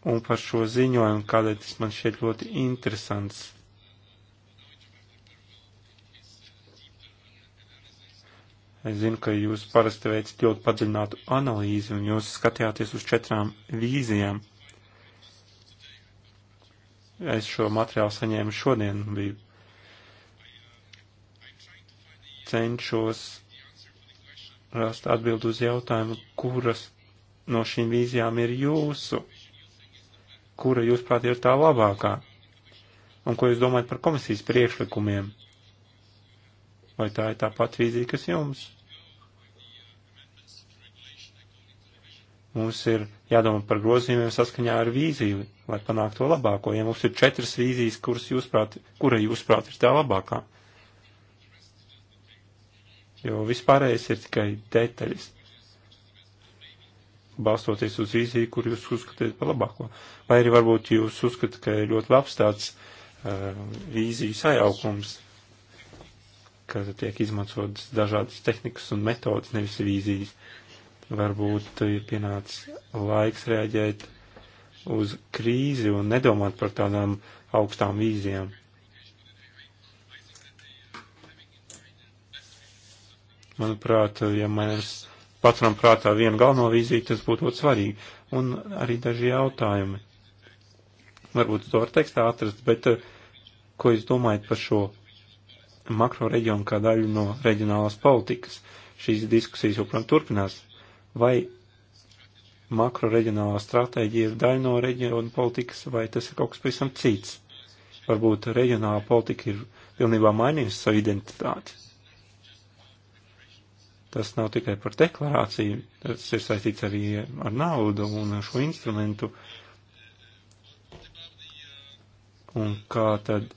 Un par šo ziņojumu, kādēļ tas man šķiet ļoti interesants, Es zinu, ka jūs parasti veicat ļoti padziļinātu analīzi un jūs skatījāties uz četrām vīzijām. Es šo materiālu saņēmu šodien un biju cenšos rast atbildu uz jautājumu, kuras no šīm vīzijām ir jūsu, kura jūs prāt ir tā labākā, un ko jūs domājat par komisijas priekšlikumiem. Vai tā ir tā pati vīzija, kas jums? Mums ir jādomā par grozījumiem saskaņā ar vīziju, lai panāktu to labāko. Ja mums ir četras vīzijas, kuras jūsprāt, kura jūsprāt ir tā labākā? Jo vispārējais ir tikai detaļas balstoties uz vīziju, kur jūs uzskatāt par labāko. Vai arī varbūt jūs uzskatāt, ka ir ļoti labs tāds uh, vīziju sajaukums ka tiek izmantotas dažādas tehnikas un metodas, nevis vīzijas. Varbūt ir pienācis laiks reaģēt uz krīzi un nedomāt par tādām augstām vīzijām. Manuprāt, ja mēs paturam prātā vienu galveno vīziju, tas būtu ļoti svarīgi. Un arī daži jautājumi. Varbūt to var tekstā atrast, bet eh, ko jūs domājat par šo makro reģionu kā daļu no reģionālās politikas. Šīs diskusijas joprojām turpinās. Vai makro reģionālā stratēģija ir daļa no reģionu politikas, vai tas ir kaut kas pavisam cits? Varbūt reģionālā politika ir pilnībā mainījusi savu identitāti. Tas nav tikai par deklarāciju, tas ir saistīts arī ar naudu un ar šo instrumentu. Un kā tad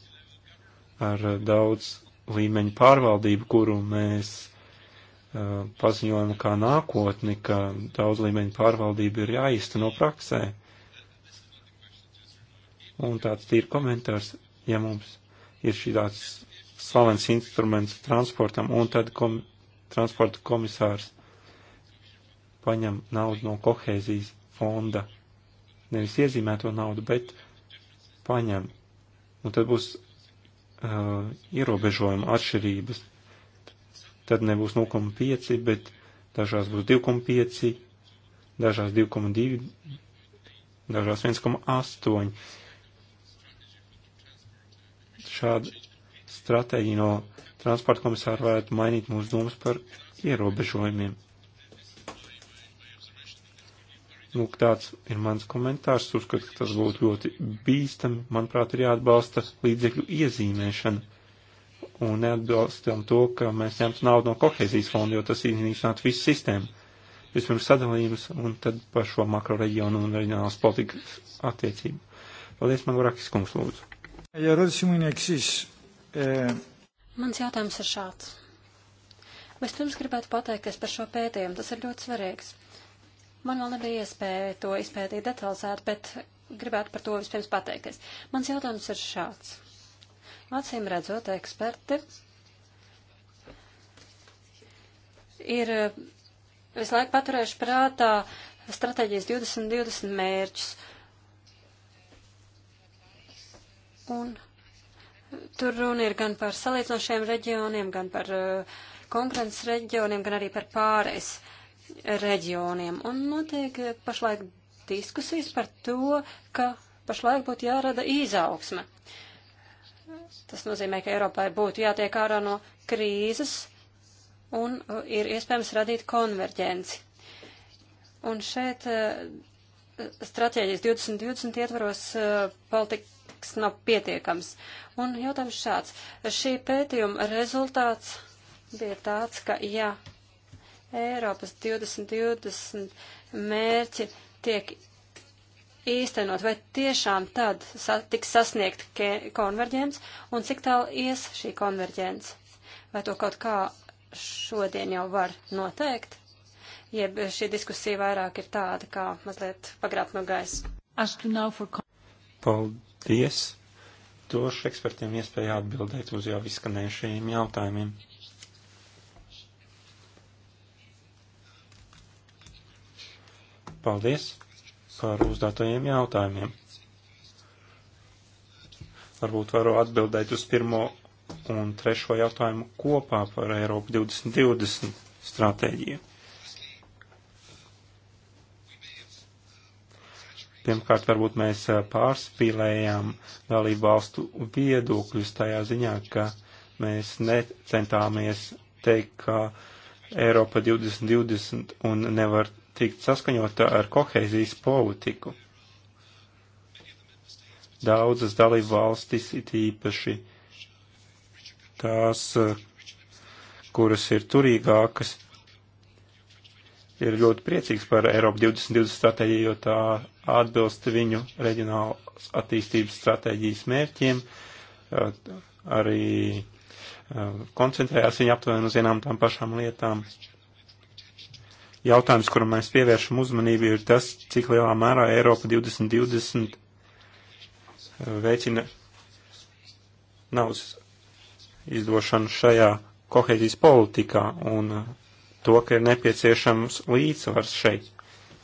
ar daudz līmeņa pārvaldību, kuru mēs uh, paziņojam kā nākotni, ka daudz līmeņa pārvaldība ir jāīsteno praksē. Un tāds tīri komentārs, ja mums ir šī tāds slavens instruments transportam, un tad kom, transporta komisārs paņem naudu no kohēzijas fonda. Nevis iezīmēto naudu, bet paņem. Un tad būs uh, ierobežojuma atšķirības. Tad nebūs 0,5, bet dažās būs 2,5, dažās 2,2, dažās 1,8. Šāda stratēģija no transporta komisāra varētu mainīt mūsu domas par ierobežojumiem. Lūk, nu, tāds ir mans komentārs. Uzskatu, ka tas būtu ļoti bīstami. Manuprāt, ir jāatbalsta līdzekļu iezīmēšana. Un neatbalstam to, ka mēs ņemtu naudu no kohēzijas fonda, jo tas iznīcinātu visu sistēmu. Vispirms sadalījums un tad par šo makro reģionu un reģionālas politikas attiecību. Paldies, man varakis kungs, lūdzu. Ja e, Mans jautājums ir šāds. Vispirms gribētu pateikt, kas par šo pētījumu tas ir ļoti svarīgs. Man vēl nebija iespēja to izpētīt detalizēt, bet gribētu par to vispirms pateikties. Mans jautājums ir šāds. Acīm redzot, eksperti ir visu laiku paturējuši prātā stratēģijas 2020 mērķus. Un tur runa ir gan par salīdzinošiem reģioniem, gan par uh, konkurences reģioniem, gan arī par pārējais reģioniem. Un notiek pašlaik diskusijas par to, ka pašlaik būtu jārada izaugsme. Tas nozīmē, ka Eiropai būtu jātiek ārā no krīzes un uh, ir iespējams radīt konverģenci. Un šeit uh, stratēģijas 2020 ietvaros uh, politikas nav pietiekams. Un jautājums šāds. Šī pētījuma rezultāts bija tāds, ka ja Eiropas 2020 mērķi tiek īstenot, vai tiešām tad tiks sasniegt konverģents un cik tālu ies šī konverģents? Vai to kaut kā šodien jau var noteikt? Jeb šī diskusija vairāk ir tāda, kā mazliet pagrāt no gaisa. Paldies! Došu ekspertiem iespēju atbildēt uz jau izskanējušajiem jautājumiem. Paldies par uzdotajiem jautājumiem. Varbūt varu atbildēt uz pirmo un trešo jautājumu kopā par Eiropu 2020 stratēģiju. Pirmkārt, varbūt mēs eh, pārspīlējām dalību valstu viedokļus tajā ziņā, ka mēs necentāmies teikt, ka Eiropa 2020 un nevar tikt saskaņota ar koheizijas politiku. Daudzas dalību valstis it īpaši tās, eh, kuras ir turīgākas, ir ļoti priecīgs par Eiropu 2020 stratēģiju, jo tā atbilst viņu reģionālas attīstības stratēģijas mērķiem, eh, arī eh, koncentrējās viņa aptuveni uz vienām tām pašām lietām jautājums, kuram mēs pievēršam uzmanību, ir tas, cik lielā mērā Eiropa 2020 eh, veicina naudas izdošanu šajā kohēzijas politikā un eh, to, ka ir nepieciešams līdzsvars šeit,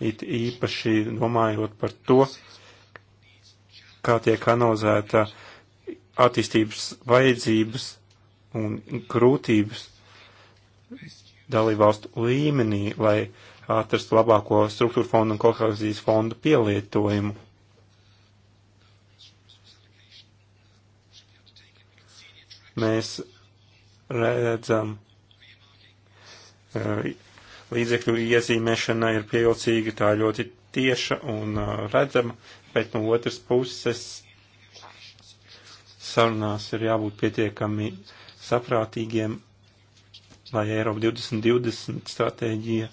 it īpaši domājot par to, kā tiek analizēta attīstības vajadzības un grūtības dalībvalstu līmenī, lai atrastu labāko struktūra fondu un kohēzijas fondu pielietojumu. Mēs redzam, e, līdzekļu iezīmēšana ir pievilcīga, tā ļoti tieša un e, redzama, bet no otras puses sarunās ir jābūt pietiekami saprātīgiem lai Eiropa 2020 stratēģija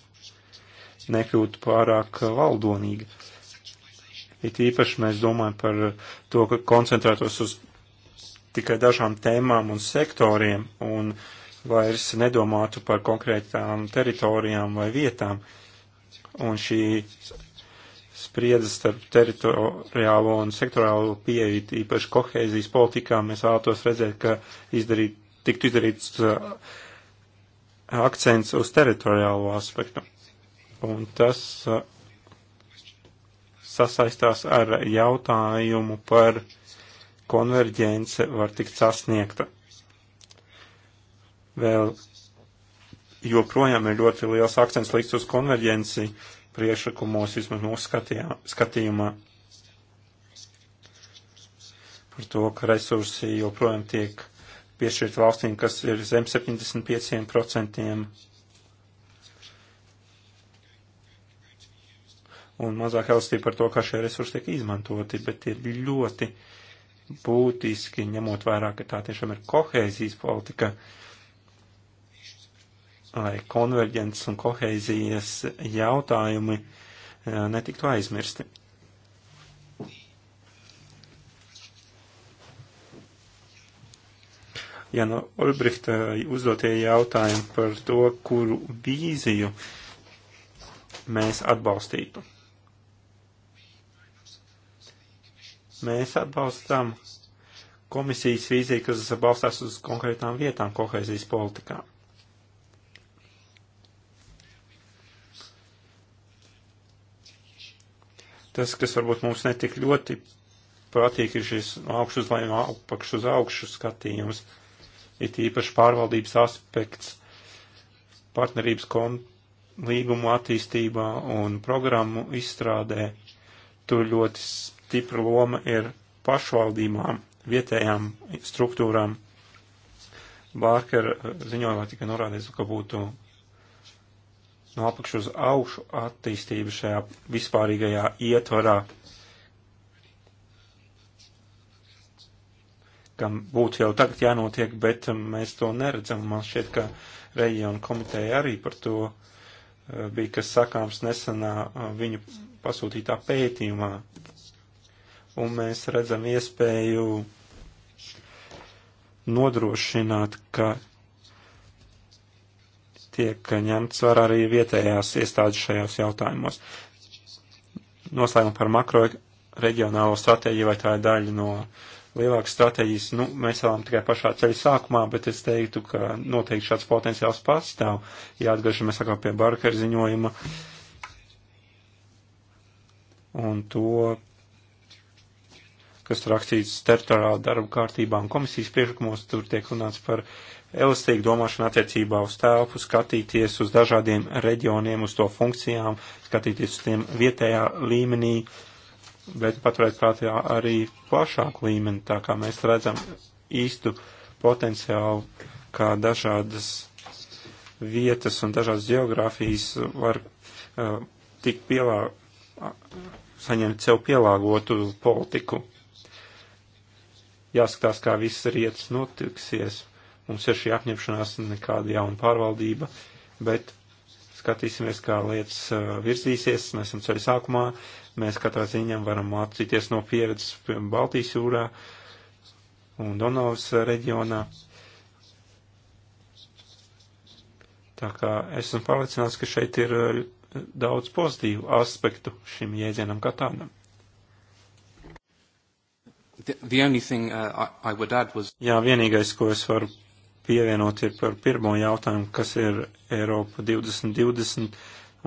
nekļūtu pārāk valdonīga. It īpaši mēs domājam par to, ka koncentrētos uz tikai dažām tēmām un sektoriem un vairs nedomātu par konkrētām teritorijām vai vietām. Un šī spriedze starp teritoriālo un sektorālo pieeju, īpaši kohēzijas politikā, mēs vēlētos redzēt, ka izdarīt, tiktu izdarīts uh, akcents uz teritoriālo aspektu. Un tas uh, sasaistās ar jautājumu par konverģence var tikt sasniegta. Vēl joprojām ir ļoti liels akcents likts uz konverģenci priešakumos, vismaz mūsu skatījā, skatījumā. Par to, ka resursi joprojām tiek piešķirt valstīm, kas ir zem 75%. Un mazāk elastība par to, kā šie resursi tiek izmantoti, bet ir ļoti būtiski, ņemot vērā, ka tā tiešām ir kohēzijas politika, lai konverģents un kohēzijas jautājumi eh, netiktu aizmirsti. Jana Olbrihta uzdotie jautājumi par to, kuru vīziju mēs atbalstītu. Mēs atbalstām komisijas vīziju, kas balstās uz konkrētām vietām kohēzijas politikā. Tas, kas varbūt mums netik ļoti patīk, ir šis no augšas uz leju, no apakšas uz augšu skatījums. Uh, it īpaši pārvaldības aspekts, partnerības līgumu attīstībā un programmu izstrādē. Tur ļoti stipra loma ir pašvaldībām, vietējām struktūrām. Bārker eh, ziņojumā tika norādīts, ka būtu no apakšu uz augšu attīstība šajā vispārīgajā ietvarā kam būtu jau tagad jānotiek, bet um, mēs to neredzam. Man šķiet, ka reģiona komiteja arī par to uh, bija, kas sakāms nesenā uh, viņu pasūtītā pētījumā. Un mēs redzam iespēju nodrošināt, ka tiek ņemts vērā arī vietējās iestādes šajos jautājumos. Noslēgumā par makro reģionālo stratēģiju, vai tā ir daļa no uh, lielākas stratēģijas, nu, mēs vēlam tikai pašā ceļa sākumā, bet es teiktu, ka noteikti šāds potenciāls pastāv. Ja atgriežamies atkal pie Barkera ziņojuma un to, kas rakstīts teritoriāla darba kārtībā un komisijas priekšlikumos, tur tiek runāts par elastīgu domāšanu attiecībā uz telpu, skatīties uz dažādiem reģioniem, uz to funkcijām, skatīties uz tiem vietējā līmenī. Uh, bet paturēt prātā arī plašāku līmeni, tā kā mēs redzam īstu potenciālu, kā dažādas vietas un dažādas geogrāfijas var uh, tik pielā, saņemt sev pielāgotu politiku. Jāskatās, kā viss rietas notiksies. Mums ir šī apņemšanās nekāda jauna pārvaldība, bet skatīsimies, kā lietas uh, virzīsies. Mēs esam ceļu sākumā, Mēs katrā ziņā varam mācīties no pieredzes Baltijas jūrā un Donavas reģionā. Tā kā esmu pārliecināts, ka šeit ir uh, daudz pozitīvu aspektu šim jēdzienam kā tādam. The, the only thing uh, I, I would add was... Jā, vienīgais, ko es varu pievienot, ir par pirmo jautājumu, kas ir Eiropa 2020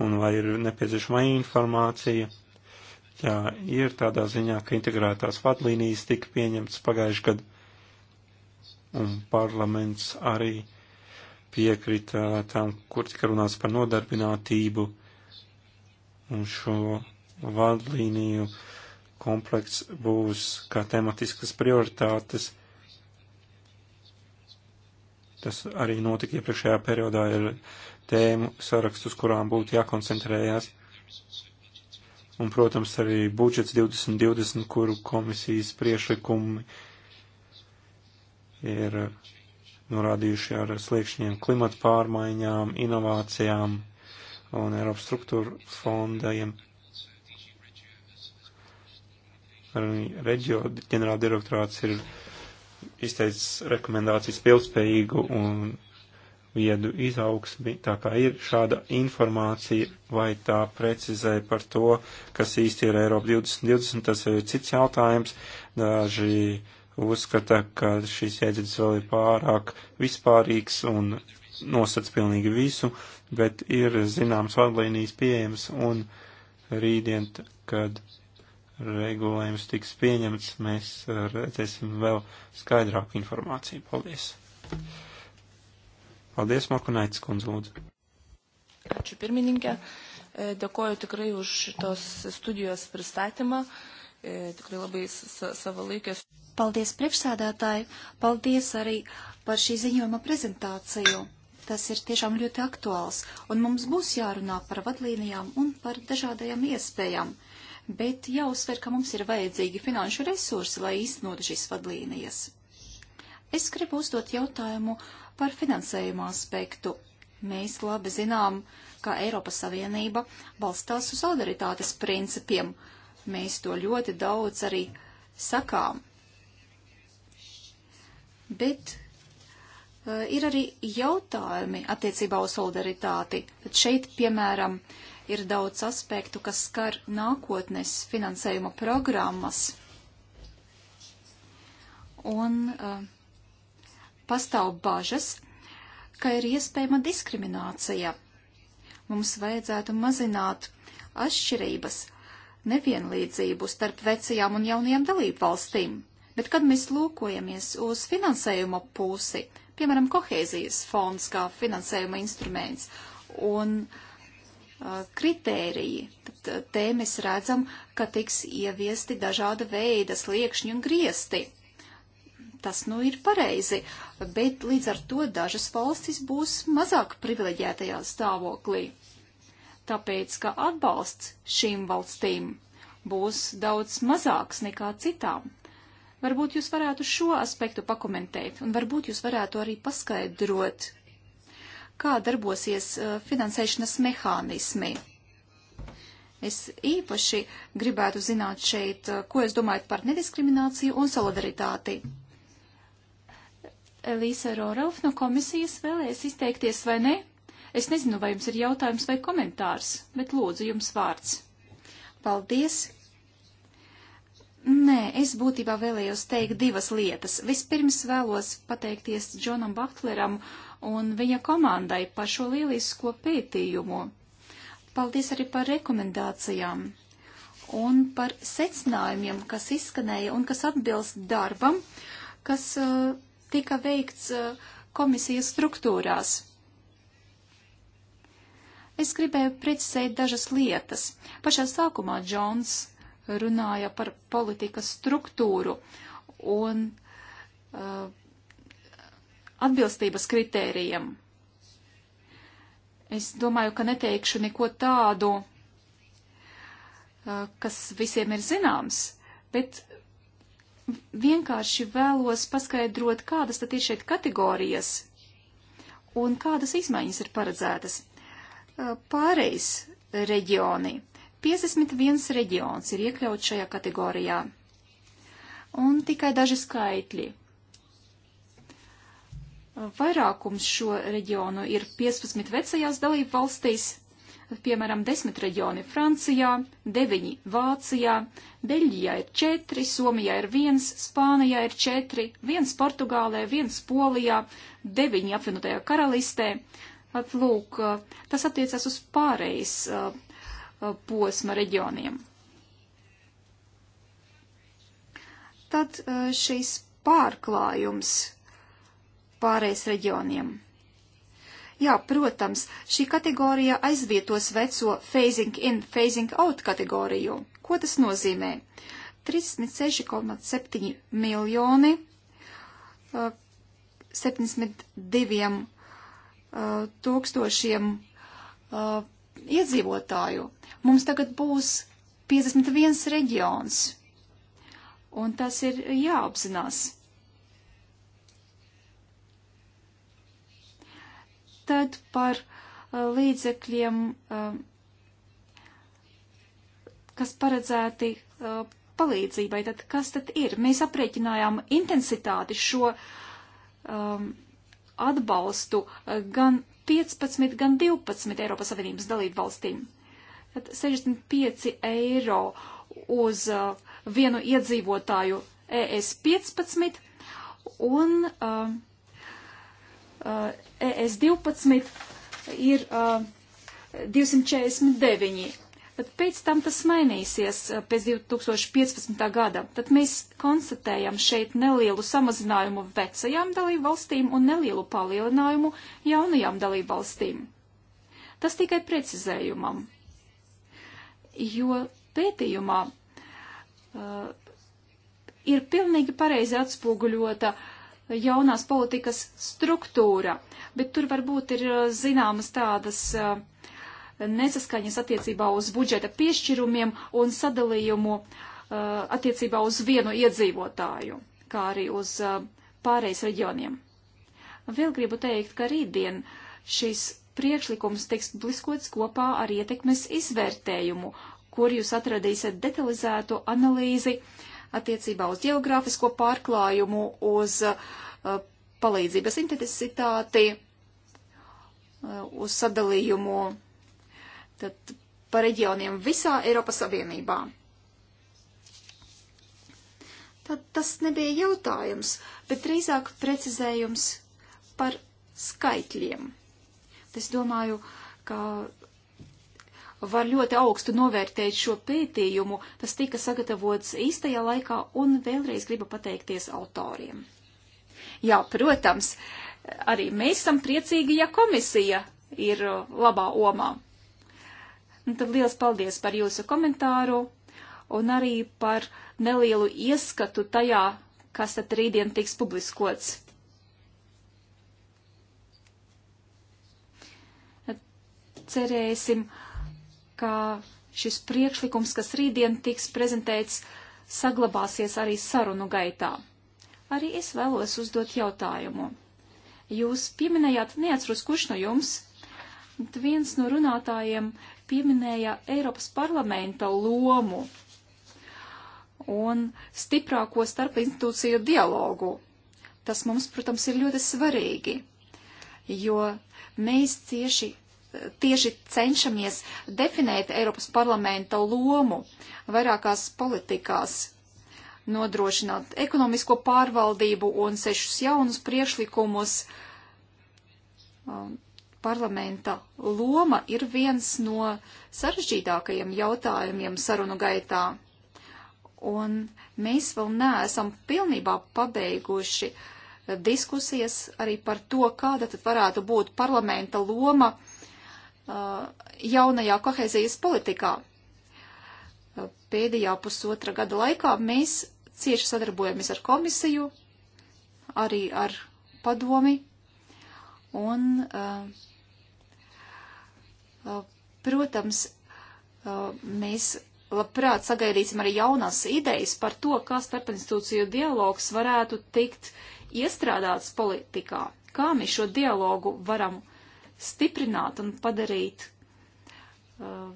un vai ir nepieciešama informācija. Jā, ir tādā ziņā, ka integrētās vadlīnijas tika pieņemtas pagājuši gadu, un parlaments arī piekrita tām, kur tika runāts par nodarbinātību, un šo vadlīniju komplekts būs kā tematiskas prioritātes. Tas arī notika iepriekšējā periodā, ir tēmu saraksts, uz kurām būtu jākoncentrējās un, protams, arī budžets 2020, kuru komisijas priešlikumi ir norādījuši ar sliekšņiem klimata pārmaiņām, inovācijām un Eiropas struktūra fondajiem. Arī reģio ģenerāldirektorāts ir izteicis rekomendācijas pilnspējīgu un viedu izaugsmi, tā kā ir šāda informācija, vai tā precizē par to, kas īsti ir Eiropa 2020, tas ir cits jautājums. Daži uzskata, ka šīs iedzības vēl ir pārāk vispārīgs un nosac pilnīgi visu, bet ir zināms vadlīnijas pieejams un rītdien, kad regulējums tiks pieņemts, mēs redzēsim vēl skaidrāku informāciju. Paldies! Paldies, Makunaitis kundze, lūdzu. Ačiū pirmininkė. E, dėkoju tikrai už šitos studijos pristatymą. E, tikrai labai savalaikės. Paldies priekšsēdētāji. Paldies arī par šī ziņojuma prezentāciju. Tas ir tiešām ļoti aktuāls, un mums būs jārunā par vadlīnijām un par dažādajām iespējām. Bet jāuzsver, ka mums ir vajadzīgi finanšu resursi, lai īstenotu šīs vadlīnijas. Es gribu uzdot jautājumu par finansējumu aspektu. Mēs labi zinām, ka Eiropas Savienība balstās uz solidaritātes principiem. Mēs to ļoti daudz arī sakām. Bet uh, ir arī jautājumi attiecībā uz solidaritāti. Tad šeit, piemēram, ir daudz aspektu, kas skar nākotnes finansējuma programmas. Un uh, pastāv bažas, ka ir iespējama diskriminācija. Mums vajadzētu mazināt atšķirības, nevienlīdzību starp vecajām un jaunajām dalību valstīm. Bet, kad mēs lūkojamies uz finansējuma pusi, piemēram, kohēzijas fonds kā finansējuma instruments un uh, kritēriji, tad te mēs redzam, ka tiks ieviesti dažāda veida sliekšņi un griesti. Tas nu ir pareizi, bet līdz ar to dažas valstis būs mazāk privileģētajā stāvoklī. Tāpēc, ka atbalsts šīm valstīm būs daudz mazāks nekā citām. Varbūt jūs varētu šo aspektu pakomentēt, un varbūt jūs varētu arī paskaidrot, kā darbosies uh, finansēšanas mehānismi. Es īpaši gribētu zināt šeit, uh, ko jūs domājat par nediskrimināciju un solidaritāti. Elīsa Rorov no komisijas vēlēs izteikties vai ne? Es nezinu, vai jums ir jautājums vai komentārs, bet lūdzu jums vārds. Paldies! Nē, es būtībā vēlējos teikt divas lietas. Vispirms vēlos pateikties Džonam Baktleram un viņa komandai par šo lielisko pētījumu. Paldies arī par rekomendācijām un par secinājumiem, kas izskanēja un kas atbilst darbam, kas uh, tika veikts eh, komisijas struktūrās. Es gribēju precizēt dažas lietas. Pašā sākumā Džons runāja par politikas struktūru un uh, atbilstības kritērijiem. Es domāju, ka neteikšu neko tādu, uh, kas visiem ir zināms, bet vienkārši vēlos paskaidrot, kādas tad ir šeit kategorijas un kādas izmaiņas ir paredzētas. Pārejas reģioni. 51 reģions ir iekļauts šajā kategorijā. Un tikai daži skaitļi. Vairākums šo reģionu ir 15 vecajās dalību valstīs, piemēram, desmit reģioni Francijā, deviņi Vācijā, Beļģijā ir četri, Somijā ir viens, Spānijā ir četri, viens Portugālē, viens Polijā, deviņi apvienotajā karalistē. Lūk, tas attiecas uz pārējais uh, uh, posma reģioniem. Tad uh, šīs pārklājums pārējais reģioniem. Jā, protams, šī kategorija aizvietos veco phasing in, phasing out kategoriju. Ko tas nozīmē? 36,7 miljoni 72 uh, uh, tūkstošiem uh, iedzīvotāju. Mums tagad būs 51 reģions. Un tas ir jāapzinās. Tad par uh, līdzekļiem, uh, kas paredzēti uh, palīdzībai, tad kas tad ir? Mēs aprēķinājām intensitāti šo um, atbalstu gan 15, gan 12 Eiropas Savienības dalību valstīm. Tad 65 eiro uz uh, vienu iedzīvotāju ES 15 un uh, Uh, ES12 ir 249. Uh, Bet pēc tam tas mainīsies uh, pēc 2015. gada. Tad mēs konstatējam šeit nelielu samazinājumu vecajām dalībvalstīm un nelielu palielinājumu jaunajām dalībvalstīm. Tas tikai precizējumam. Jo pētījumā uh, ir pilnīgi pareizi atspoguļota uh, jaunās politikas struktūra, bet tur varbūt ir uh, zināmas tādas uh, nesaskaņas attiecībā uz budžeta piešķirumiem un sadalījumu uh, attiecībā uz vienu iedzīvotāju, kā arī uz pārējais reģioniem. Vēl gribu teikt, ka rītdien šis priekšlikums tiks bliskots kopā ar ietekmes izvērtējumu, kur jūs atradīsiet detalizētu analīzi uh, attiecībā uz geogrāfisko pārklājumu, uz uh, palīdzības intensitāti, uh, uz sadalījumu tad, pa reģioniem visā Eiropas Savienībā. Tad tas nebija jautājums, bet drīzāk precizējums par skaitļiem. Es domāju, ka var ļoti augstu novērtēt šo pētījumu. Tas tika sagatavots īstajā laikā un vēlreiz gribu pateikties autoriem. Jā, protams, arī mēs esam priecīgi, ja komisija ir uh, labā omā. Un nu, tad liels paldies par jūsu komentāru un arī par nelielu ieskatu tajā, kas tad rītdien tiks publiskots. Cerēsim, uh, ka šis priekšlikums, kas rītdien tiks prezentēts, saglabāsies arī sarunu gaitā. Arī es vēlos uzdot jautājumu. Jūs pieminējāt, neatceros, kurš no jums, bet viens no runātājiem pieminēja Eiropas parlamenta lomu un stiprāko starp institūciju dialogu. Tas mums, protams, ir ļoti svarīgi, jo mēs cieši tieši cenšamies definēt Eiropas parlamenta lomu vairākās politikās, nodrošināt ekonomisko pārvaldību un sešus jaunus priekšlikumus. Um, parlamenta loma ir viens no sarežģītākajiem jautājumiem sarunu gaitā. Un mēs vēl neesam pilnībā pabeiguši diskusijas arī par to, kāda tad varētu būt parlamenta loma Uh, jaunajā kohēzijas politikā. Uh, pēdējā pusotra gada laikā mēs cieši sadarbojamies ar komisiju, arī ar padomi, un, uh, protams, mēs labprāt sagaidīsim arī jaunās idejas par to, kā starpinstitūciju dialogs varētu tikt iestrādāts politikā, kā mēs šo dialogu varam uh, stiprināt un padarīt uh,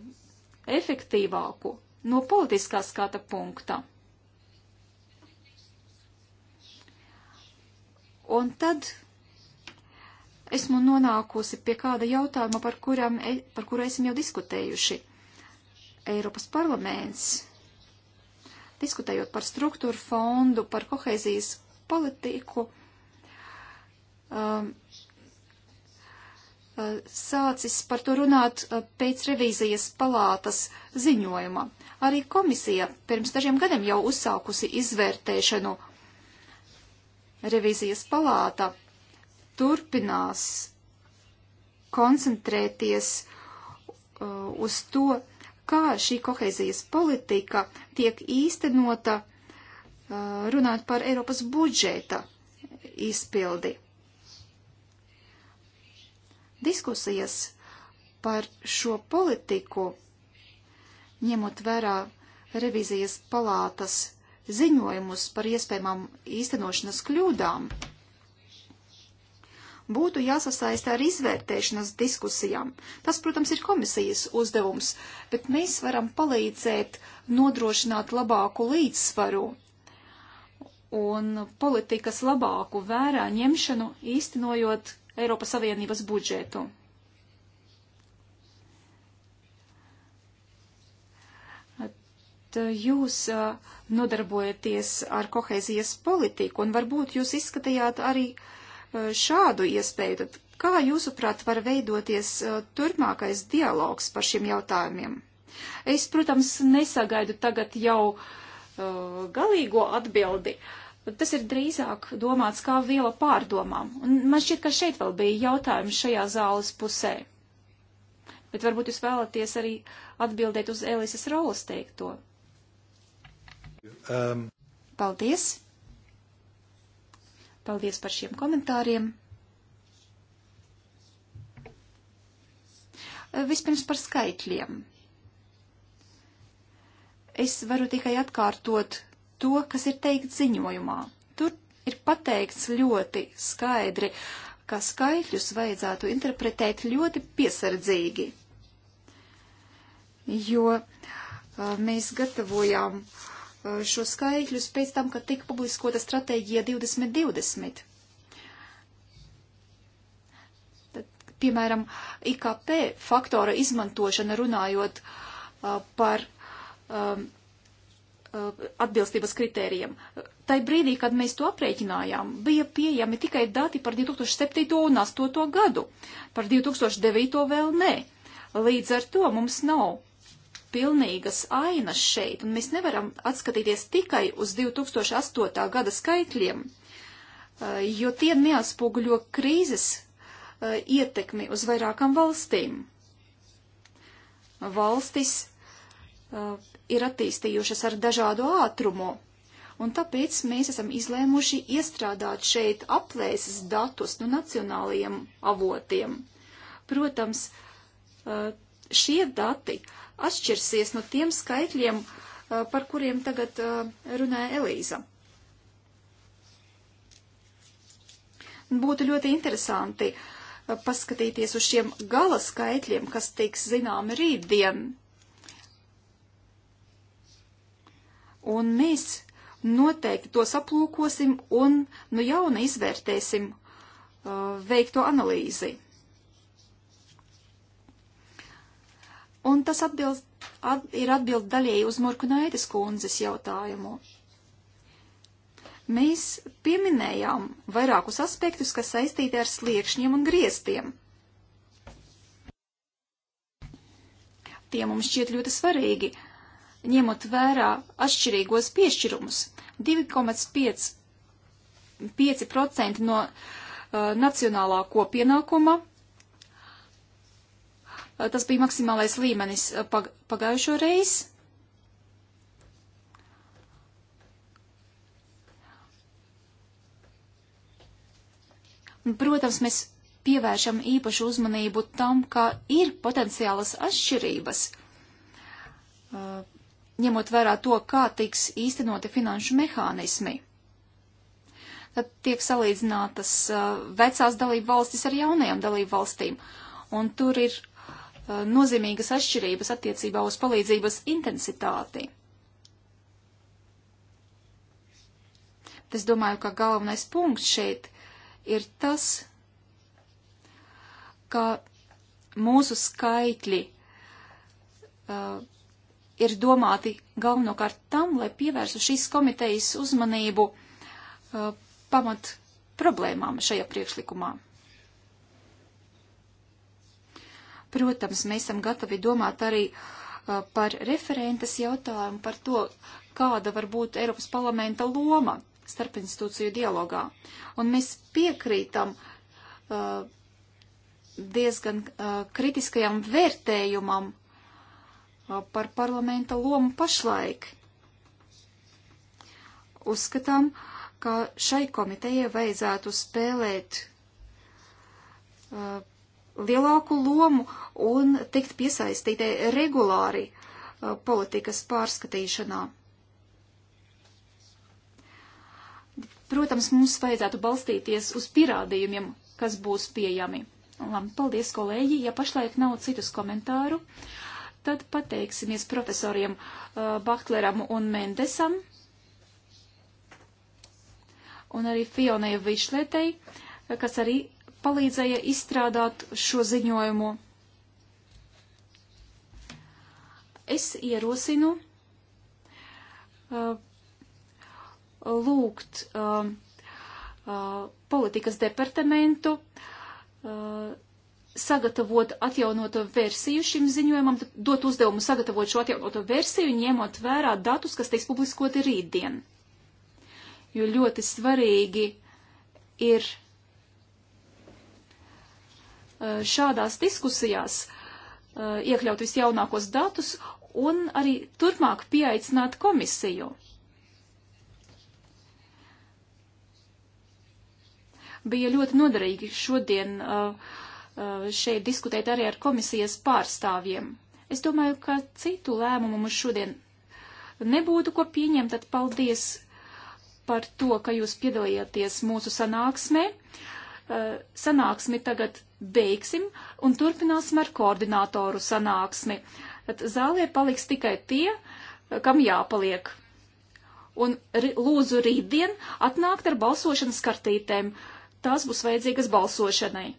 efektīvāku no politiskā skata punkta. Un tad esmu nonākusi pie kāda jautājuma, par, kuram, e, par kuru esam jau diskutējuši. Eiropas parlaments, diskutējot par struktūru fondu, par kohēzijas politiku, um, sācis par to runāt uh, pēc revīzijas palātas ziņojuma. Arī komisija pirms dažiem gadiem jau uzsākusi izvērtēšanu. Revīzijas palāta turpinās koncentrēties uh, uz to, kā šī kohēzijas politika tiek īstenota, uh, runāt par Eiropas budžeta izpildi diskusijas par šo politiku, ņemot vērā revizijas palātas ziņojumus par iespējamām īstenošanas kļūdām, būtu jāsasaista ar izvērtēšanas diskusijām. Tas, protams, ir komisijas uzdevums, bet mēs varam palīdzēt nodrošināt labāku līdzsvaru un politikas labāku vērā ņemšanu īstenojot Eiropas Savienības budžetu. Eh, jūs eh, nodarbojaties ar kohēzijas politiku, un varbūt jūs izskatījāt arī eh, šādu iespēju. Tad kā jūsuprāt var veidoties turpmākais dialogs par šiem jautājumiem? Es, protams, nesagaidu tagad jau uh, galīgo atbildi, uh, tas ir drīzāk domāts kā viela pārdomām. Un man šķiet, ka šeit vēl bija jautājums šajā zāles pusē. Bet varbūt jūs vēlaties arī atbildēt uz Elises Rolas teikto. Um. Paldies! Paldies par šiem komentāriem! Vispirms par skaitļiem. Es varu tikai atkārtot to, kas ir teikts ziņojumā. Tur ir pateikts ļoti skaidri, ka skaitļus vajadzētu interpretēt ļoti piesardzīgi, jo mēs gatavojām šo skaitļus pēc tam, kad tika publiskota stratēģija 2020. Tad, piemēram, IKP faktora izmantošana runājot par um, Uh, atbilstības kritērijam. Tai brīdī, kad mēs to aprēķinājām, bija pieejami tikai dati par 2007. un 2008. gadu, par 2009. vēl nē. Līdz ar to mums nav pilnīgas ainas šeit, un mēs nevaram atskatīties tikai uz 2008. gada skaitļiem, uh, jo tie neatspoguļo krīzes uh, ietekmi uz vairākām valstīm. Valstis ir attīstījušas ar dažādu ātrumu. Un tāpēc mēs esam izlēmuši iestrādāt šeit aplēses datus no nacionālajiem avotiem. Protams, šie dati atšķirsies no tiem skaitļiem, par kuriem tagad runāja Elīza. Būtu ļoti interesanti paskatīties uz šiem gala skaitļiem, kas tiks zināmi rītdien. Un mēs noteikti tos aplūkosim un nu jauna izvērtēsim uh, veikto analīzi. Un tas atbilst, at, ir atbild daļēji uz Morkunaitis kundzes jautājumu. Mēs pieminējām vairākus aspektus, kas saistīti ar sliekšņiem un griestiem. Tie mums šķiet ļoti svarīgi, ņemot vērā atšķirīgos piešķirumus. 2,5% no uh, nacionālā kopienākuma. Uh, tas bija maksimālais līmenis uh, pag pagājušo reizi. Protams, mēs pievēršam īpašu uzmanību tam, ka ir potenciālas atšķirības uh, ņemot vērā to, kā tiks īstenoti finanšu mehānismi. Tad tiek salīdzinātas uh, vecās dalību valstis ar jaunajām dalību valstīm, un tur ir uh, nozīmīgas atšķirības attiecībā uz palīdzības intensitāti. Es domāju, ka galvenais punkts šeit ir tas, ka mūsu skaitļi uh, ir domāti galvenokārt tam, lai pievērstu šīs komitejas uzmanību uh, pamat problēmām šajā priekšlikumā. Protams, mēs esam gatavi domāt arī uh, par referentes jautājumu, par to, kāda var būt Eiropas parlamenta loma starpinstitūciju dialogā. Un mēs piekrītam uh, diezgan uh, kritiskajam vērtējumam par parlamenta lomu pašlaik. Uzskatām, ka šai komitejai vajadzētu spēlēt uh, lielāku lomu un tikt piesaistītai regulāri uh, politikas pārskatīšanā. Protams, mums vajadzētu balstīties uz pierādījumiem, kas būs pieejami. Labi, paldies, kolēģi. Ja pašlaik nav citus komentāru, uh, Tad pateiksimies profesoriem uh, Baktleram un Mendesam un arī Fionai Višletei, kas arī palīdzēja izstrādāt šo ziņojumu. Es ierosinu uh, lūgt uh, uh, politikas departamentu uh, sagatavot atjaunoto versiju šim ziņojumam, dot uzdevumu sagatavot šo atjaunoto versiju, ņemot vērā datus, kas tiks publiskoti rītdien. Jo ļoti svarīgi ir šādās diskusijās iekļaut visjaunākos datus un arī turpmāk pieaicināt komisiju. Bija ļoti noderīgi šodien uh, Uh, šeit diskutēt arī ar komisijas pārstāvjiem. Es domāju, ka citu lēmumu mums šodien nebūtu ko pieņemt, tad paldies par to, ka jūs piedalījāties mūsu sanāksmē. Uh, sanāksmi tagad beigsim un turpināsim ar koordinātoru sanāksmi. Tad zālē paliks tikai tie, kam jāpaliek. Un lūdzu rītdien atnākt ar balsošanas kartītēm. Tās būs vajadzīgas balsošanai.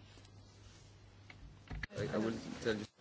I will tell you.